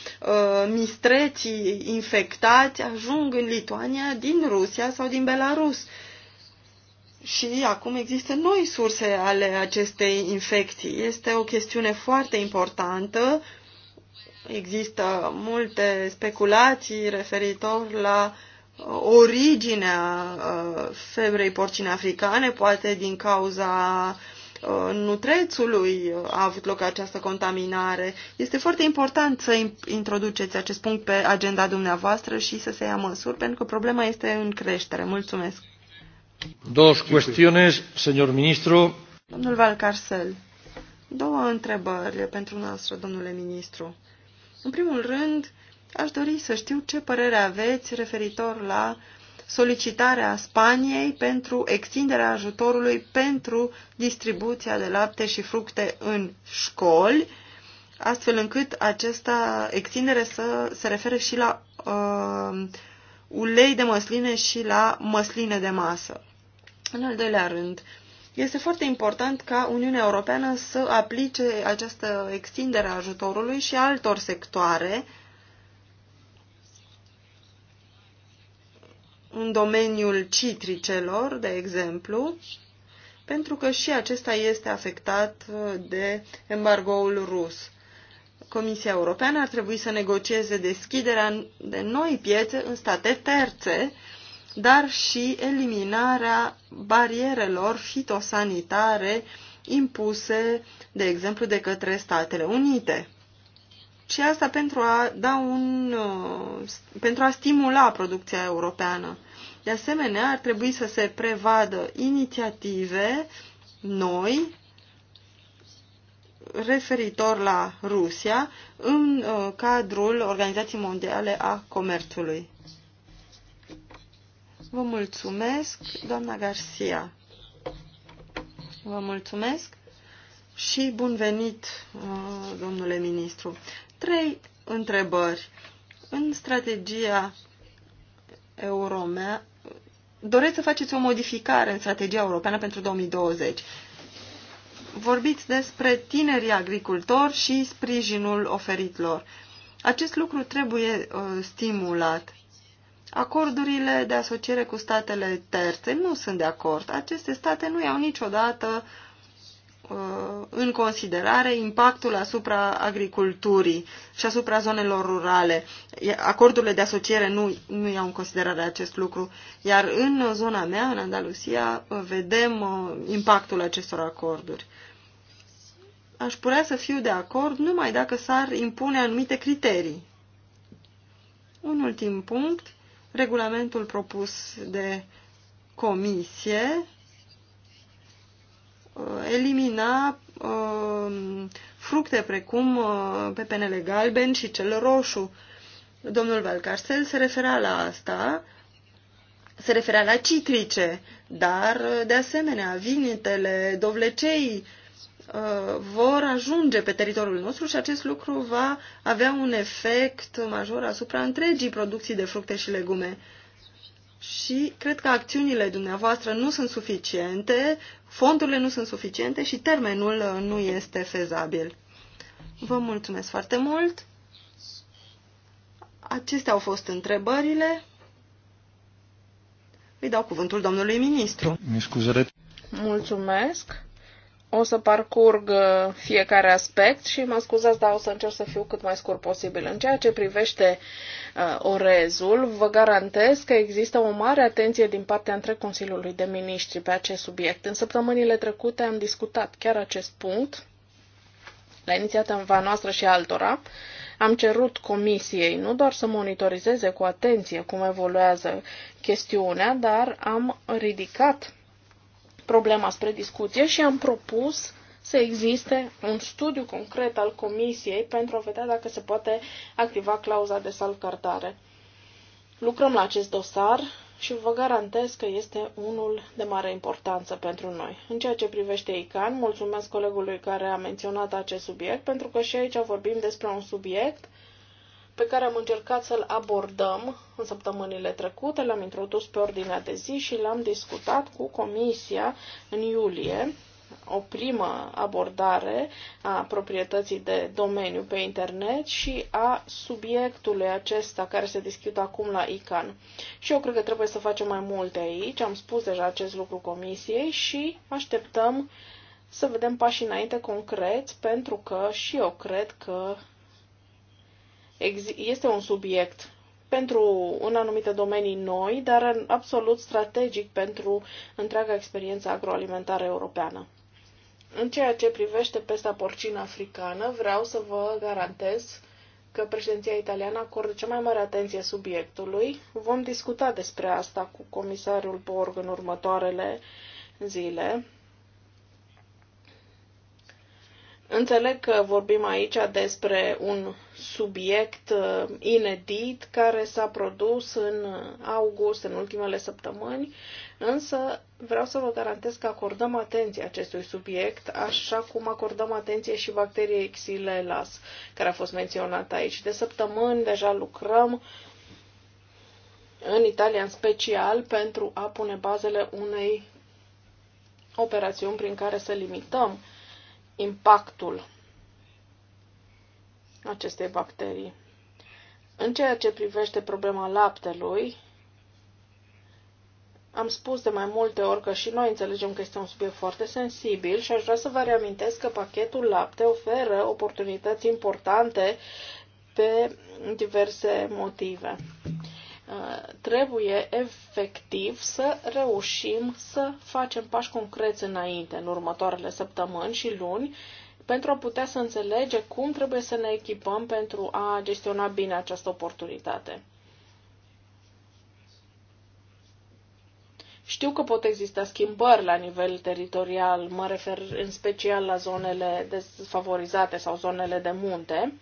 Speaker 3: mistreții infectați ajung în Lituania din Rusia sau din Belarus și acum există noi surse ale acestei infecții. Este o chestiune foarte importantă. Există multe speculații referitor la uh, originea uh, febrei porcine africane, poate din cauza uh, nutrețului a avut loc această contaminare. Este foarte important să introduceți acest punct pe agenda dumneavoastră și să se ia măsuri, pentru că problema este în creștere. Mulțumesc!
Speaker 1: Două ministru.
Speaker 3: Domnul Valcarcel, două întrebări pentru noastră, domnule ministru. În primul rând, aș dori să știu ce părere aveți referitor la solicitarea Spaniei pentru extinderea ajutorului pentru distribuția de lapte și fructe în școli, astfel încât această extindere să se refere și la uh, ulei de măsline și la măsline de masă. În al doilea rând, este foarte important ca Uniunea Europeană să aplice această extindere a ajutorului și altor sectoare în domeniul citricelor, de exemplu, pentru că și acesta este afectat uh, de embargoul rus. Comisia Europeană ar trebui să negocieze deschiderea de noi piețe în state terțe, dar și eliminarea barierelor fitosanitare impuse, de exemplu, de către Statele Unite. Și asta pentru a, da un, uh, pentru a stimula producția europeană. De asemenea, ar trebui să se prevadă inițiative noi referitor la Rusia în uh, cadrul Organizației Mondiale a Comerțului. Vă mulțumesc, doamna Garcia. Vă mulțumesc și bun venit, uh, domnule ministru. Trei întrebări. În strategia Euromea, doreți să faceți o modificare în strategia europeană pentru 2020. Vorbiți despre tinerii agricultori și sprijinul oferit lor. Acest lucru trebuie uh, stimulat. Acordurile de asociere cu statele terțe nu sunt de acord. Aceste state nu iau niciodată uh, în considerare impactul asupra agriculturii și asupra zonelor rurale. Acordurile de asociere nu, nu iau în considerare acest lucru. Iar în zona mea, în Andalusia, vedem uh, impactul acestor acorduri. Aș putea să fiu de acord numai dacă s-ar impune anumite criterii. Un ultim punct regulamentul propus de comisie uh, elimina uh, fructe precum uh, pepenele galben și cel roșu. Domnul Valcarcel se referea la asta, se referea la citrice, dar, de asemenea, vinitele, dovlecei, Uh, vor ajunge pe teritoriul nostru și acest lucru va avea un efect major asupra întregii producții de fructe și legume. Și cred că acțiunile dumneavoastră nu sunt suficiente, fondurile nu sunt suficiente și termenul uh, nu este fezabil. Vă mulțumesc foarte mult. Acestea au fost întrebările. Îi dau cuvântul domnului
Speaker 5: ministru. Mi scuzere.
Speaker 3: Mulțumesc. O să parcurg uh,
Speaker 4: fiecare aspect și mă scuzați, dar o să încerc să fiu cât mai scurt posibil. În ceea ce privește uh, orezul, vă garantez că există o mare atenție din partea între Consiliului de Ministri pe acest subiect. În săptămânile trecute am discutat chiar acest punct la inițiativa noastră și altora. Am cerut comisiei nu doar să monitorizeze cu atenție cum evoluează chestiunea, dar am ridicat problema spre discuție și am propus să existe un studiu concret al Comisiei pentru a vedea dacă se poate activa clauza de salcartare. Lucrăm la acest dosar și vă garantez că este unul de mare importanță pentru noi. În ceea ce privește ICAN, mulțumesc colegului care a menționat acest subiect, pentru că și aici vorbim despre un subiect pe care am încercat să-l abordăm în săptămânile trecute, l-am introdus pe ordinea de zi și l-am discutat cu Comisia în iulie, o primă abordare a proprietății de domeniu pe internet și a subiectului acesta care se discută acum la ICAN. Și eu cred că trebuie să facem mai multe aici, am spus deja acest lucru comisiei și așteptăm să vedem pași înainte concreți, pentru că și eu cred că este un subiect pentru un anumite domenii noi, dar absolut strategic pentru întreaga experiență agroalimentară europeană. În ceea ce privește pesta porcină africană, vreau să vă garantez că președinția italiană acordă cea mai mare atenție subiectului. Vom discuta despre asta cu comisarul Borg în următoarele zile. Înțeleg că vorbim aici despre un subiect uh, inedit care s-a produs în august, în ultimele săptămâni, însă vreau să vă garantez că acordăm atenție acestui subiect, așa cum acordăm atenție și bacteriei Xylelas, care a fost menționată aici. De săptămâni deja lucrăm în Italia în special pentru a pune bazele unei operațiuni prin care să limităm uh, impactul acestei bacterii. În ceea ce privește problema laptelui, am spus de mai multe ori că și noi înțelegem că este un subiect foarte sensibil și aș vrea să vă reamintesc că pachetul lapte oferă oportunități importante pe diverse motive. Uh, trebuie efectiv să reușim să facem pași concreți înainte în următoarele săptămâni și luni pentru a putea să înțelege cum trebuie să ne echipăm pentru a gestiona bine această oportunitate. Știu că pot exista schimbări la nivel teritorial, mă refer în special la zonele desfavorizate sau zonele de munte.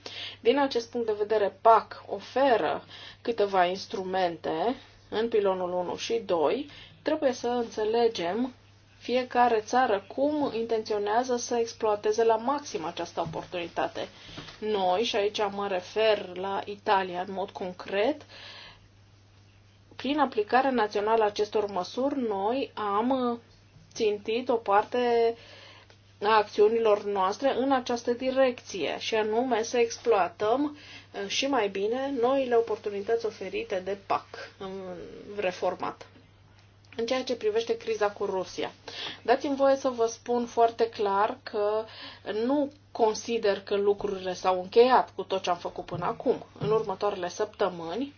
Speaker 4: Din acest punct de vedere, PAC oferă câteva instrumente în pilonul 1 și 2. Trebuie să înțelegem fiecare țară cum intenționează să exploateze la maxim această oportunitate. Noi, și aici mă refer la Italia în mod concret, uh, prin aplicarea națională a acestor măsuri, noi am uh, țintit o parte a acțiunilor noastre în această direcție, și anume să exploatăm uh, și mai bine noile oportunități oferite de PAC um, reformat. În ceea ce privește criza cu Rusia, dați-mi voie să vă spun foarte clar că nu consider că lucrurile s-au încheiat cu tot ce am făcut până acum. În următoarele săptămâni,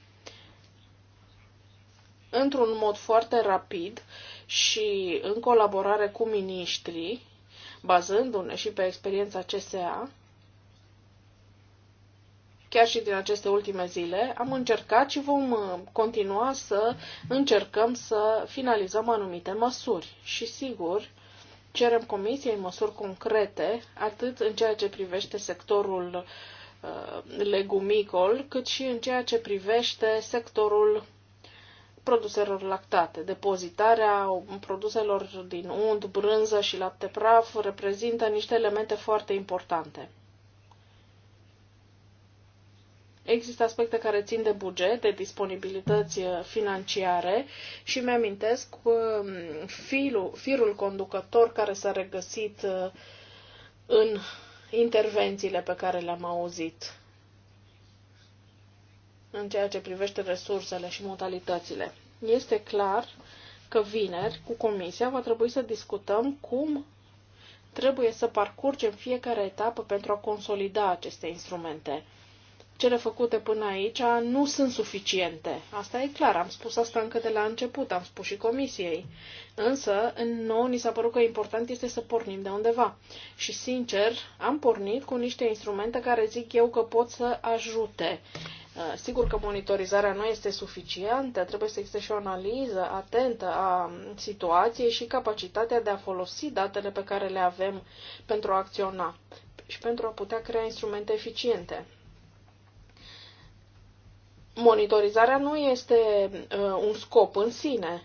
Speaker 4: într-un mod foarte rapid și în colaborare cu miniștrii, bazându-ne și pe experiența CSA, chiar și din aceste ultime zile, am încercat și vom uh, continua să încercăm să finalizăm anumite măsuri. Și sigur, cerem Comisiei măsuri concrete, atât în ceea ce privește sectorul uh, legumicol, cât și în ceea ce privește sectorul produselor lactate. Depozitarea produselor din unt, brânză și lapte praf reprezintă niște elemente foarte importante. Există aspecte care țin de buget, de disponibilități eh, financiare și mi-amintesc eh, filul, firul conducător care s-a regăsit eh, în intervențiile pe care le-am auzit în ceea ce privește resursele și modalitățile. Este clar că vineri, cu Comisia, va trebui să discutăm cum trebuie să parcurgem fiecare etapă pentru a consolida aceste instrumente. Cele făcute până aici nu sunt suficiente. Asta e clar, am spus asta încă de la început, am spus și comisiei. Însă, în nou ni s-a părut că important este să pornim de undeva. Și, sincer, am pornit cu niște instrumente care zic eu că pot să ajute Uh, sigur că monitorizarea nu este suficientă, trebuie să existe și o analiză atentă a situației și capacitatea de a folosi datele pe care le avem pentru a acționa și pentru a putea crea instrumente eficiente. Monitorizarea nu este uh, un scop în sine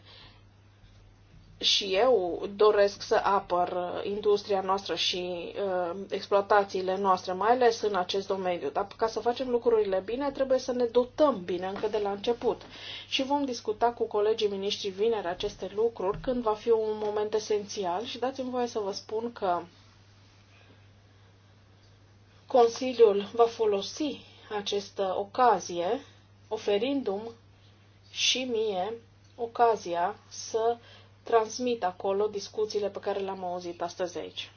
Speaker 4: și eu doresc să apăr industria noastră și uh, exploatațiile noastre, mai ales în acest domeniu. Dar ca să facem lucrurile bine, trebuie să ne dotăm bine încă de la început. Și vom discuta cu colegii miniștri vineri aceste lucruri când va fi un moment esențial și dați-mi voie să vă spun că Consiliul va folosi această ocazie oferindu-mi și mie ocazia să uh, transmit acolo discuțiile pe care le-am auzit astăzi aici.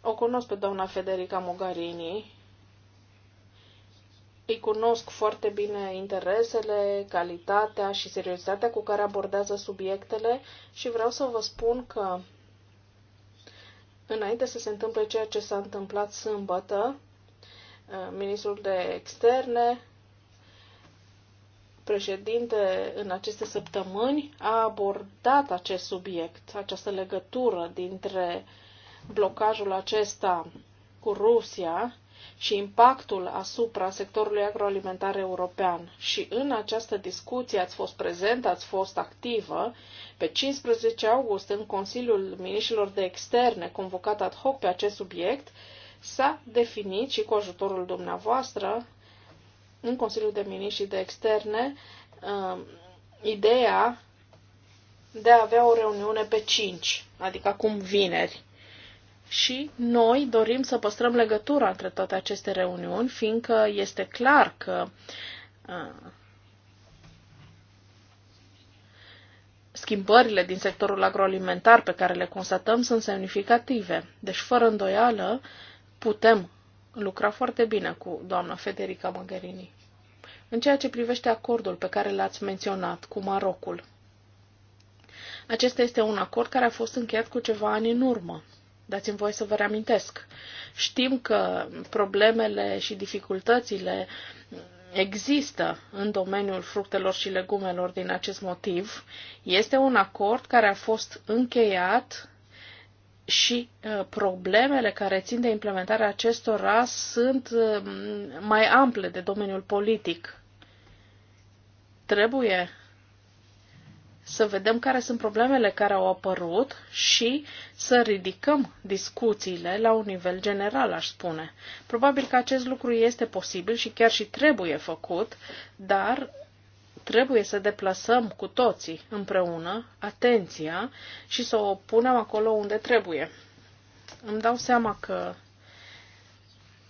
Speaker 4: O cunosc pe doamna Federica Mogarini. îi cunosc foarte bine interesele, calitatea și seriozitatea cu care abordează subiectele și vreau să vă spun că înainte să se întâmple ceea ce s-a întâmplat sâmbătă, eh, ministrul de externe președinte în aceste săptămâni a abordat acest subiect, această legătură dintre blocajul acesta cu Rusia și impactul asupra sectorului agroalimentar european. Și în această discuție ați fost prezent, ați fost activă. Pe 15 august, în Consiliul Ministrilor de Externe, convocat ad hoc pe acest subiect, s-a definit și cu ajutorul dumneavoastră în Consiliul de Miniștri de Externe um, ideea de a avea o reuniune pe 5, adică acum vineri. Și noi dorim să păstrăm legătura între toate aceste reuniuni, fiindcă este clar că uh, schimbările din sectorul agroalimentar pe care le constatăm sunt semnificative. Deci, fără îndoială, putem lucra foarte bine cu doamna Federica Mogherini. În ceea ce privește acordul pe care l-ați menționat cu Marocul, acesta este un acord care a fost încheiat cu ceva ani în urmă. Dați-mi voie să vă reamintesc. Știm că problemele și dificultățile există în domeniul fructelor și legumelor din acest motiv. Este un acord care a fost încheiat și uh, problemele care țin de implementarea acestora sunt uh, mai ample de domeniul politic. Trebuie să vedem care sunt problemele care au apărut și să ridicăm discuțiile la un nivel general, aș spune. Probabil că acest lucru este posibil și chiar și trebuie făcut, dar Trebuie să deplasăm cu toții împreună atenția și să o punem acolo unde trebuie. Îmi dau seama că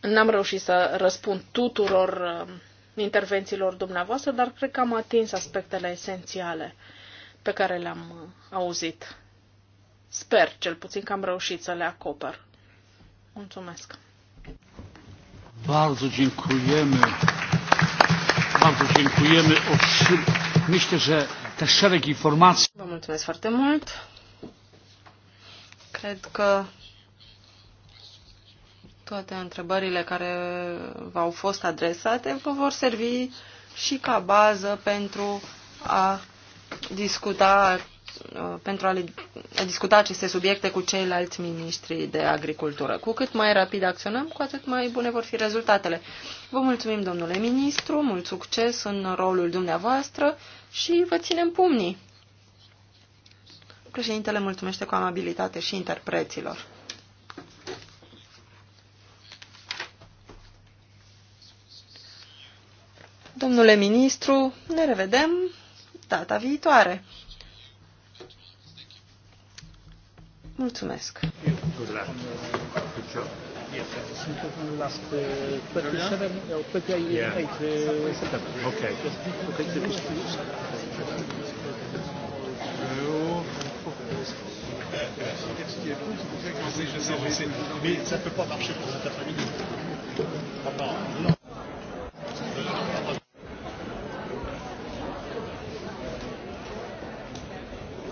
Speaker 4: n-am reușit să răspund tuturor uh, intervențiilor dumneavoastră, dar cred că am atins aspectele esențiale pe care le-am uh, auzit. Sper, cel puțin, că am reușit să le acopăr. Mulțumesc!
Speaker 1: Bardzo dziękujemy bardzo dziękujemy. Myślę, że ten szereg informacji... Vă mulțumesc foarte mult.
Speaker 3: Cred că toate întrebările care v-au fost adresate vă vor servi și ca bază pentru a discuta Uh, pentru a, le, a discuta aceste subiecte cu ceilalți miniștri de agricultură. Cu cât mai rapid acționăm, cu atât mai bune vor fi rezultatele. Vă mulțumim, domnule ministru, mult succes în rolul dumneavoastră și vă ținem pumnii. Președintele mulțumește cu amabilitate și interpreților. Domnule ministru, ne revedem data viitoare.
Speaker 5: Mulțumesc! Mais ça ne peut pas marcher pour cet après-midi.